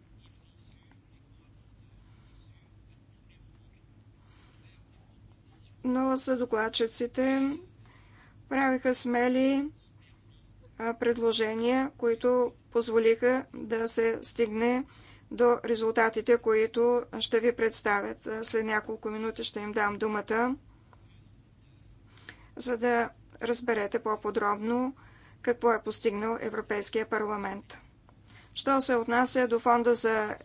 Но за докладчиците правиха смели предложения, които позволиха да се стигне до резултатите, които ще ви представят. След няколко минути ще им дам думата, за да разберете по-подробно какво е постигнал Европейския парламент. Що се отнася до Фонда за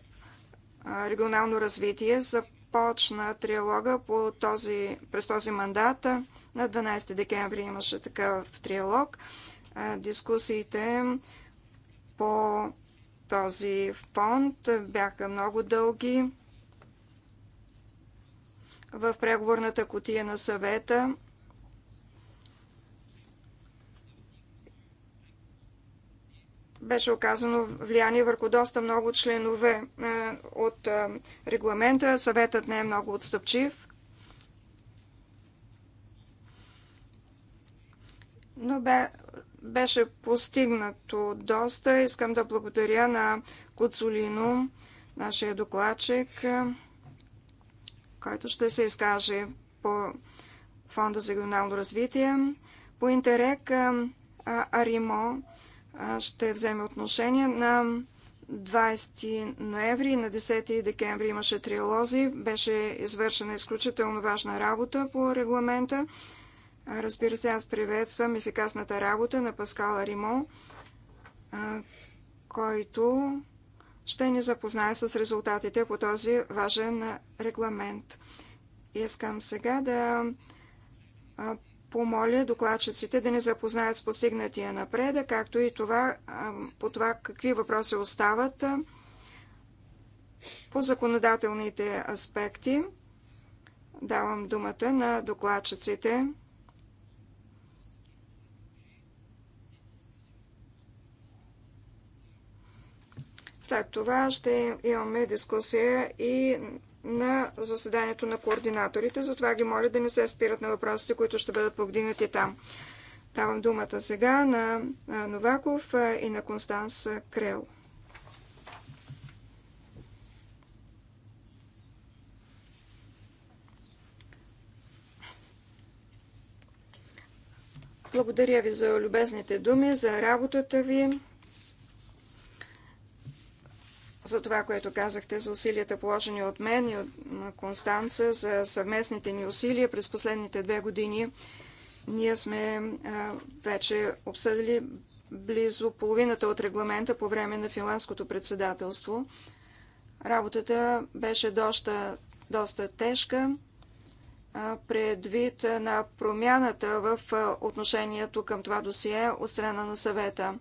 регионално развитие, започна триалога по този, през този мандат. На 12 декември имаше такъв триалог. Дискусиите по този фонд бяха много дълги. В преговорната котия на съвета беше оказано влияние върху доста много членове от регламента. Съветът не е много отстъпчив. но бе, беше постигнато доста. Искам да благодаря на Коцулино, нашия докладчик, който ще се изкаже по Фонда за регионално развитие. По Интерек Аримо ще вземе отношение на 20 ноември и на 10 декември имаше триалози. Беше извършена изключително важна работа по регламента. Разбира се, аз приветствам ефикасната работа на Паскала Римо, който ще ни запознае с резултатите по този важен регламент. Искам сега да помоля докладчиците да ни запознаят с постигнатия напредък, както и това, по това какви въпроси остават по законодателните аспекти. Давам думата на докладчиците. След това ще имаме дискусия и на заседанието на координаторите, затова ги моля да не се спират на въпросите, които ще бъдат повдигнати там. Давам думата сега на Новаков и на Констанс Крел. Благодаря ви за любезните думи, за работата ви за това, което казахте за усилията положени от мен и от Констанца, за съвместните ни усилия през последните две години. Ние сме а, вече обсъдили близо половината от регламента по време на финландското председателство. Работата беше доста, доста тежка а, предвид на промяната в отношението към това досие от страна на съвета.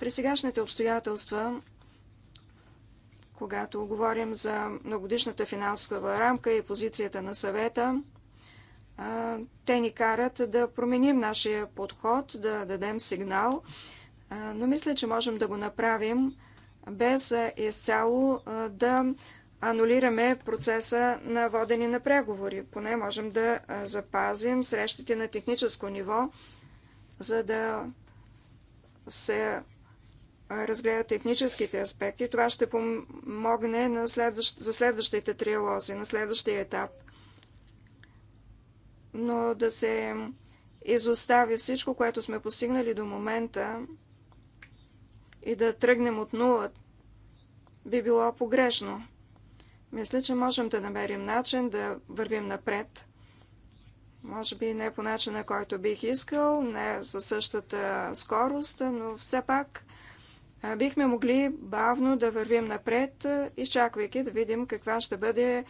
При сегашните обстоятелства когато говорим за многодишната финансова рамка и позицията на съвета, те ни карат да променим нашия подход, да дадем сигнал, но мисля, че можем да го направим без изцяло да анулираме процеса на водени на преговори. Поне можем да запазим срещите на техническо ниво, за да се разгледа техническите аспекти. Това ще помогне на следващ, за следващите триалози, на следващия етап. Но да се изостави всичко, което сме постигнали до момента и да тръгнем от нула, би било погрешно. Мисля, че можем да намерим начин да вървим напред. Може би не по начина, който бих искал, не със същата скорост, но все пак бихме могли бавно да вървим напред, изчаквайки да видим каква ще бъде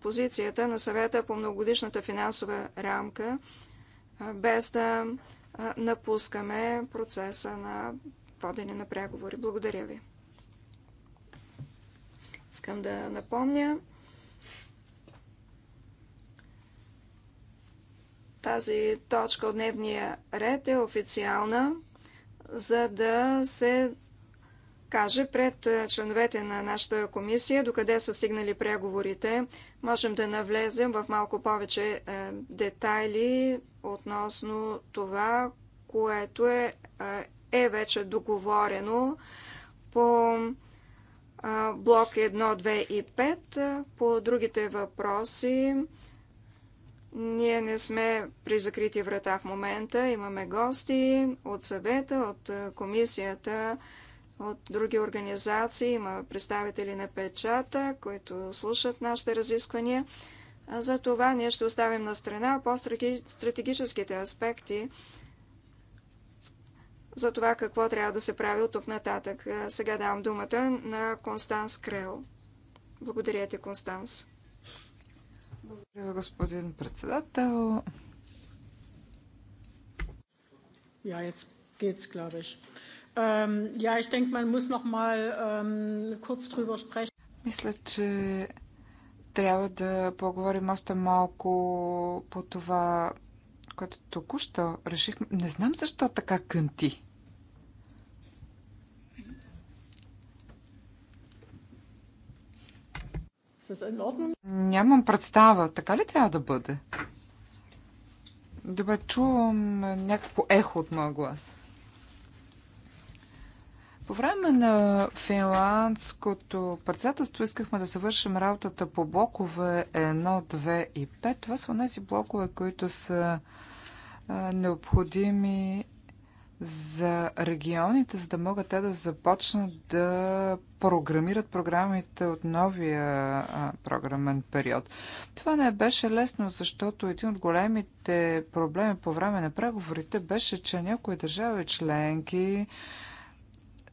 позицията на съвета по многогодишната финансова рамка, без да напускаме процеса на водене на преговори. Благодаря ви. Искам да напомня тази точка от дневния ред е официална, за да се каже пред е, членовете на нашата комисия, докъде са стигнали преговорите. Можем да навлезем в малко повече е, детайли относно това, което е, е, е вече договорено по блок 1, 2 и 5. По другите въпроси ние не сме при закрити врата в момента. Имаме гости от съвета, от комисията, от други организации, има представители на печата, които слушат нашите разисквания. За това ние ще оставим на страна по-стратегическите аспекти за това какво трябва да се прави от тук нататък. Сега давам думата на Констанс Крел. Благодаря ти, Констанс. Благодаря, господин председател. Я, ец, geht's, Ähm, ähm, Мисля, че трябва да поговорим още малко по това, което току-що решихме. Не знам защо така кънти. Нямам представа. Така ли трябва да бъде? Добре, чувам някакво ехо от моя глас. По време на финландското председателство искахме да завършим работата по блокове 1, 2 и 5. Това са тези блокове, които са необходими за регионите, за да могат те да започнат да програмират програмите от новия програмен период. Това не беше лесно, защото един от големите проблеми по време на преговорите беше, че някои държави членки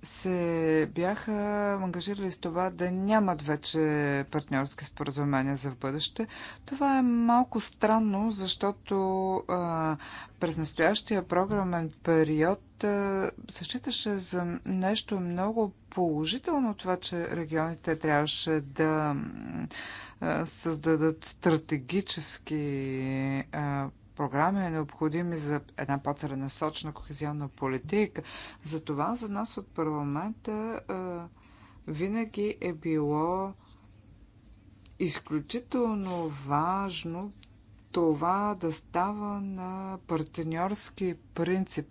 се бяха ангажирали с това да нямат вече партньорски споразумения за в бъдеще. Това е малко странно, защото а, през настоящия програмен период а, се считаше за нещо много положително това, че регионите трябваше да а, създадат стратегически а, програми е необходими за една по-целенасочна кохезионна политика. Затова за нас от парламента винаги е било изключително важно това да става на партньорски принцип,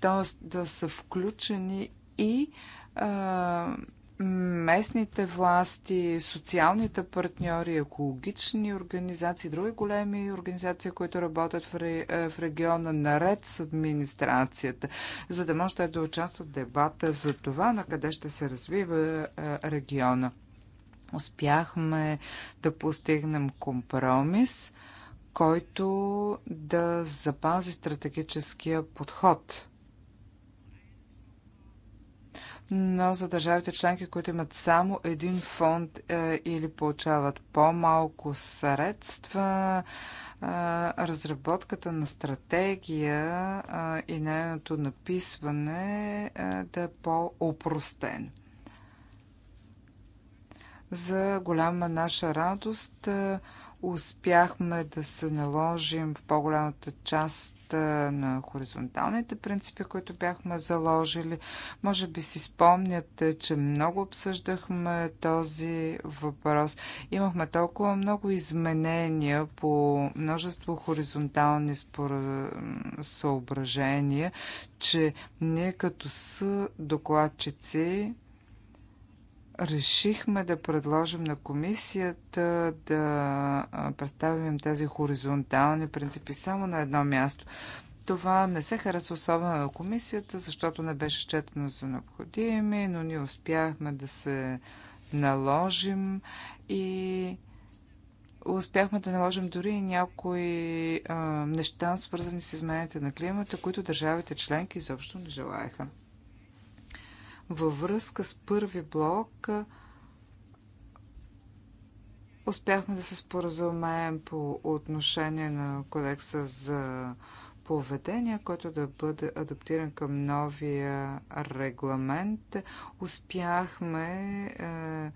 т.е. да са включени и а, местните власти, социалните партньори, екологични организации, други големи организации, които работят в, ре, е, в региона, наред с администрацията, за да може да участват в дебата за това на къде ще се развива е, региона. Успяхме да постигнем компромис, който да запази стратегическия подход но за държавите членки, които имат само един фонд е, или получават по-малко средства, е, разработката на стратегия е, и нейното написване да е по опростен За голяма наша радост, успяхме да се наложим в по-голямата част на хоризонталните принципи, които бяхме заложили. Може би си спомняте, че много обсъждахме този въпрос. Имахме толкова много изменения по множество хоризонтални съображения, че ние като с докладчици решихме да предложим на комисията да представим тези хоризонтални принципи само на едно място. Това не се хареса особено на комисията, защото не беше счетено за необходими, но ние успяхме да се наложим и успяхме да наложим дори някои а, неща, свързани с измените на климата, които държавите членки изобщо не желаяха. Във връзка с първи блок успяхме да се споразумеем по отношение на кодекса за поведение, който да бъде адаптиран към новия регламент. Успяхме е,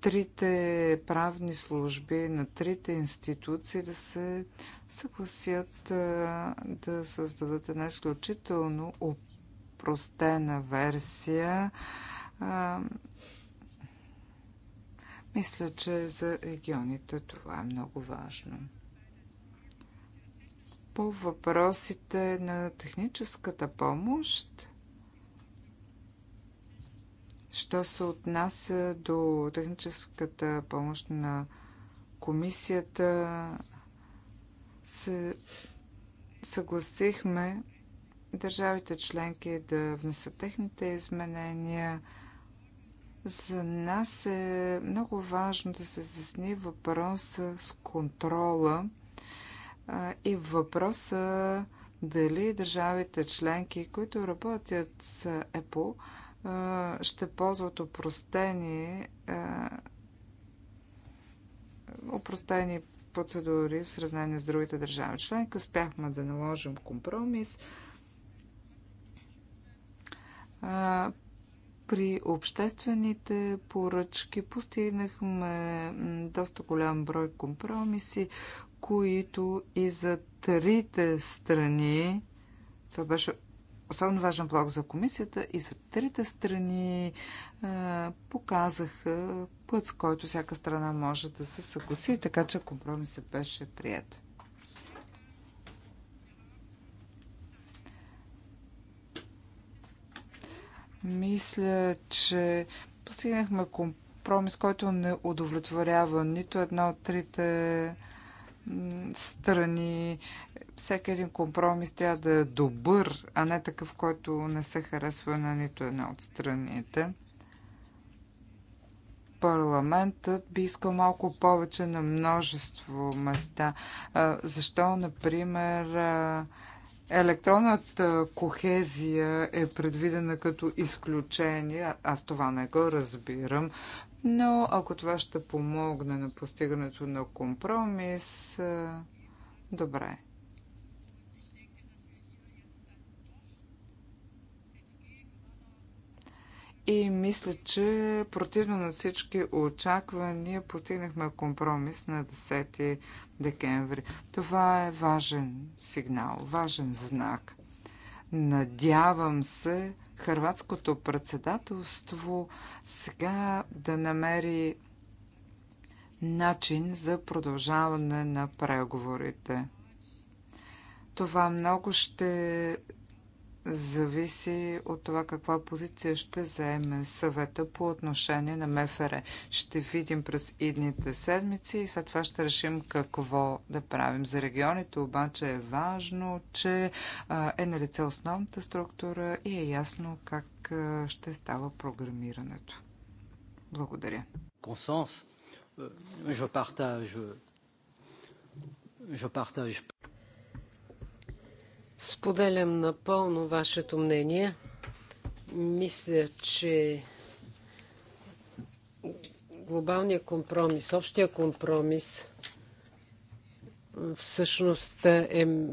трите правни служби на трите институции да се съгласят е, да създадат една изключително упростена версия. А, мисля, че за регионите това е много важно. По въпросите на техническата помощ, що се отнася до техническата помощ на комисията, се съгласихме държавите членки да внесат техните изменения. За нас е много важно да се засни въпроса с контрола и въпроса дали държавите членки, които работят с ЕПО, ще ползват опростени, опростени процедури в сравнение с другите държави членки. Успяхме да наложим компромис а, при обществените поръчки постигнахме доста голям брой компромиси, които и за трите страни, това беше особено важен блок за комисията, и за трите страни а, показаха път, с който всяка страна може да се съгласи, така че компромисът беше прият. Мисля, че постигнахме компромис, който не удовлетворява нито една от трите страни. Всеки един компромис трябва да е добър, а не такъв, който не се харесва на нито една от страните. Парламентът би искал малко повече на множество места. Защо, например, Електронната кохезия е предвидена като изключение. Аз това не го разбирам. Но ако това ще помогне на постигането на компромис, добре. И мисля, че противно на всички очаквания постигнахме компромис на 10 декември. Това е важен сигнал, важен знак. Надявам се хърватското председателство сега да намери начин за продължаване на преговорите. Това много ще зависи от това каква позиция ще заеме съвета по отношение на МФР. Ще видим през идните седмици и след това ще решим какво да правим. За регионите обаче е важно, че е на лице основната структура и е ясно как ще става програмирането. Благодаря. Консенс, euh, je partage, je partage Споделям напълно вашето мнение. Мисля, че глобалният компромис, общия компромис всъщност е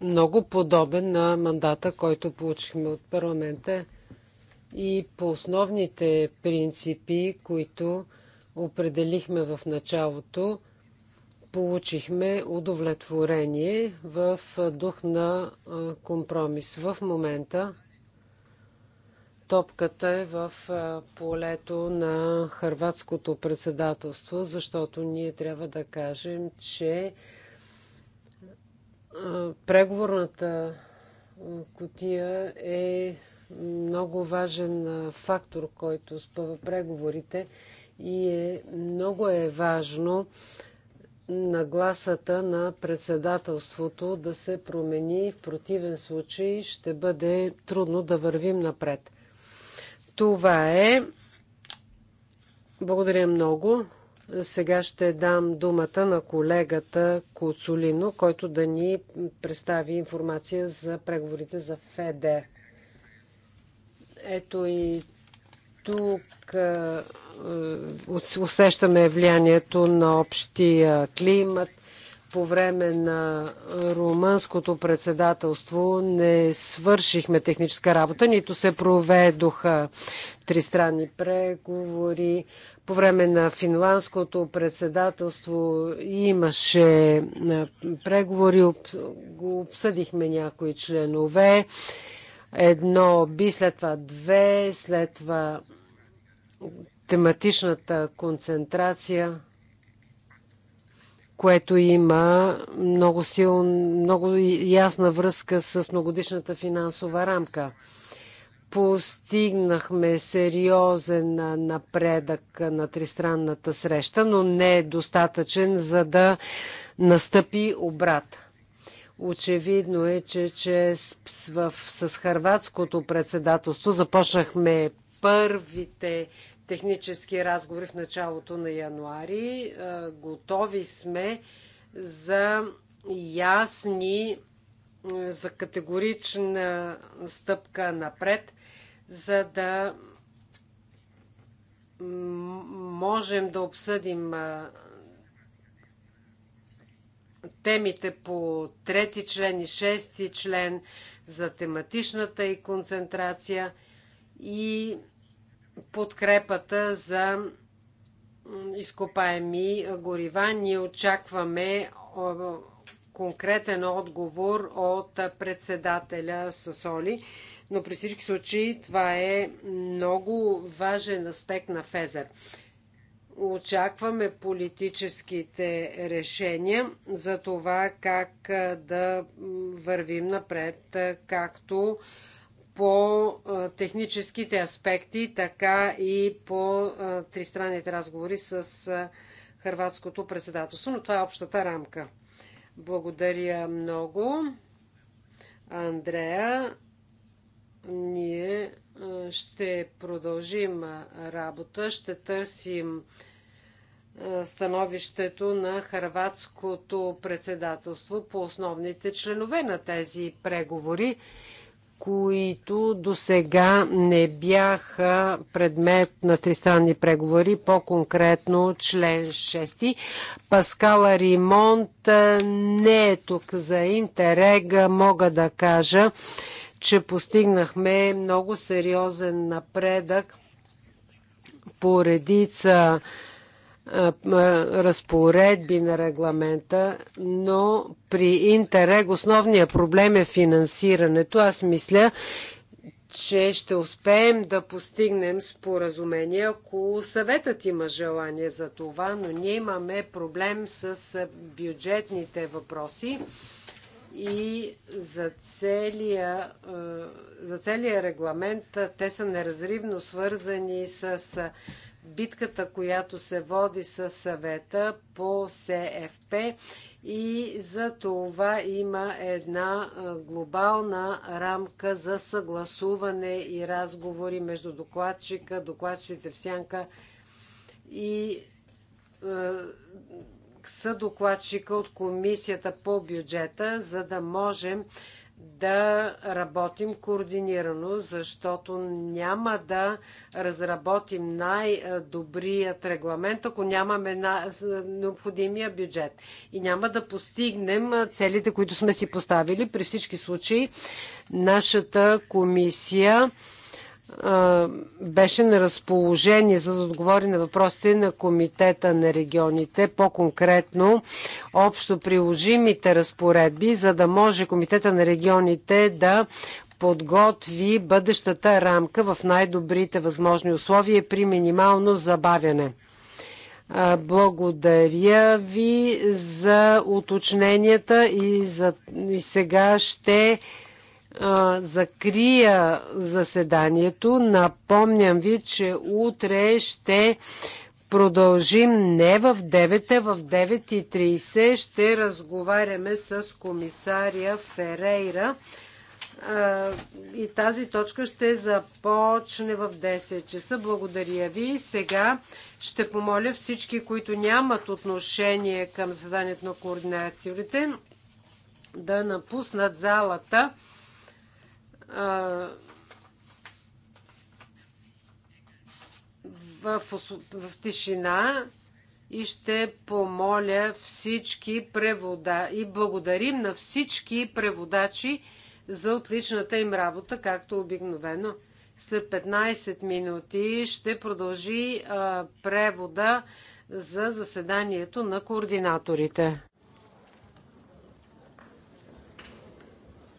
много подобен на мандата, който получихме от парламента и по основните принципи, които определихме в началото, получихме удовлетворение в дух на компромис. В момента топката е в полето на хърватското председателство, защото ние трябва да кажем, че преговорната котия е много важен фактор, който спъва преговорите и е, много е важно нагласата на председателството да се промени. В противен случай ще бъде трудно да вървим напред. Това е. Благодаря много. Сега ще дам думата на колегата Коцулино, който да ни представи информация за преговорите за ФЕДЕР. Ето и тук е, усещаме влиянието на общия климат. По време на румънското председателство не свършихме техническа работа, нито се проведоха тристранни преговори. По време на финландското председателство имаше е, преговори, обсъдихме някои членове едно би, след това две, след това тематичната концентрация, което има много, сил, много ясна връзка с многодишната финансова рамка. Постигнахме сериозен напредък на тристранната среща, но не е достатъчен, за да настъпи обрат. Очевидно е, че, че с, в, с хърватското председателство започнахме първите технически разговори в началото на януари. Готови сме за ясни, за категорична стъпка напред, за да можем да обсъдим темите по трети член и шести член за тематичната и концентрация и подкрепата за изкопаеми горива. Ние очакваме конкретен отговор от председателя Сасоли. Но при всички случаи това е много важен аспект на Фезер. Очакваме политическите решения за това как да вървим напред, както по техническите аспекти, така и по тристранните разговори с хрватското председателство, но това е общата рамка. Благодаря много, Андрея. Ние ще продължим работа, ще търсим становището на хрватското председателство по основните членове на тези преговори които до сега не бяха предмет на тристранни преговори, по-конкретно член 6. Паскала Римонт не е тук за интерег, Мога да кажа, че постигнахме много сериозен напредък по редица разпоредби на регламента, но при Интерег основният проблем е финансирането. Аз мисля, че ще успеем да постигнем споразумение, ако съветът има желание за това, но ние имаме проблем с бюджетните въпроси и за целия, за целия регламент те са неразривно свързани с битката, която се води със съвета по СФП и за това има една глобална рамка за съгласуване и разговори между докладчика, докладчите в сянка и съдокладчика от комисията по бюджета, за да можем да работим координирано, защото няма да разработим най-добрият регламент, ако нямаме на... необходимия бюджет. И няма да постигнем целите, които сме си поставили. При всички случаи, нашата комисия беше на разположение за да отговори на въпросите на Комитета на регионите, по-конкретно общо приложимите разпоредби, за да може Комитета на регионите да подготви бъдещата рамка в най-добрите възможни условия при минимално забавяне. Благодаря ви за уточненията и, за... и сега ще закрия заседанието. Напомням ви, че утре ще продължим не в 9, а в 9.30. Ще разговаряме с комисария Ферейра. И тази точка ще започне в 10 часа. Благодаря ви. Сега ще помоля всички, които нямат отношение към заданието на координаторите, да напуснат залата в, в тишина и ще помоля всички превода и благодарим на всички преводачи за отличната им работа, както обикновено. След 15 минути ще продължи а, превода за заседанието на координаторите.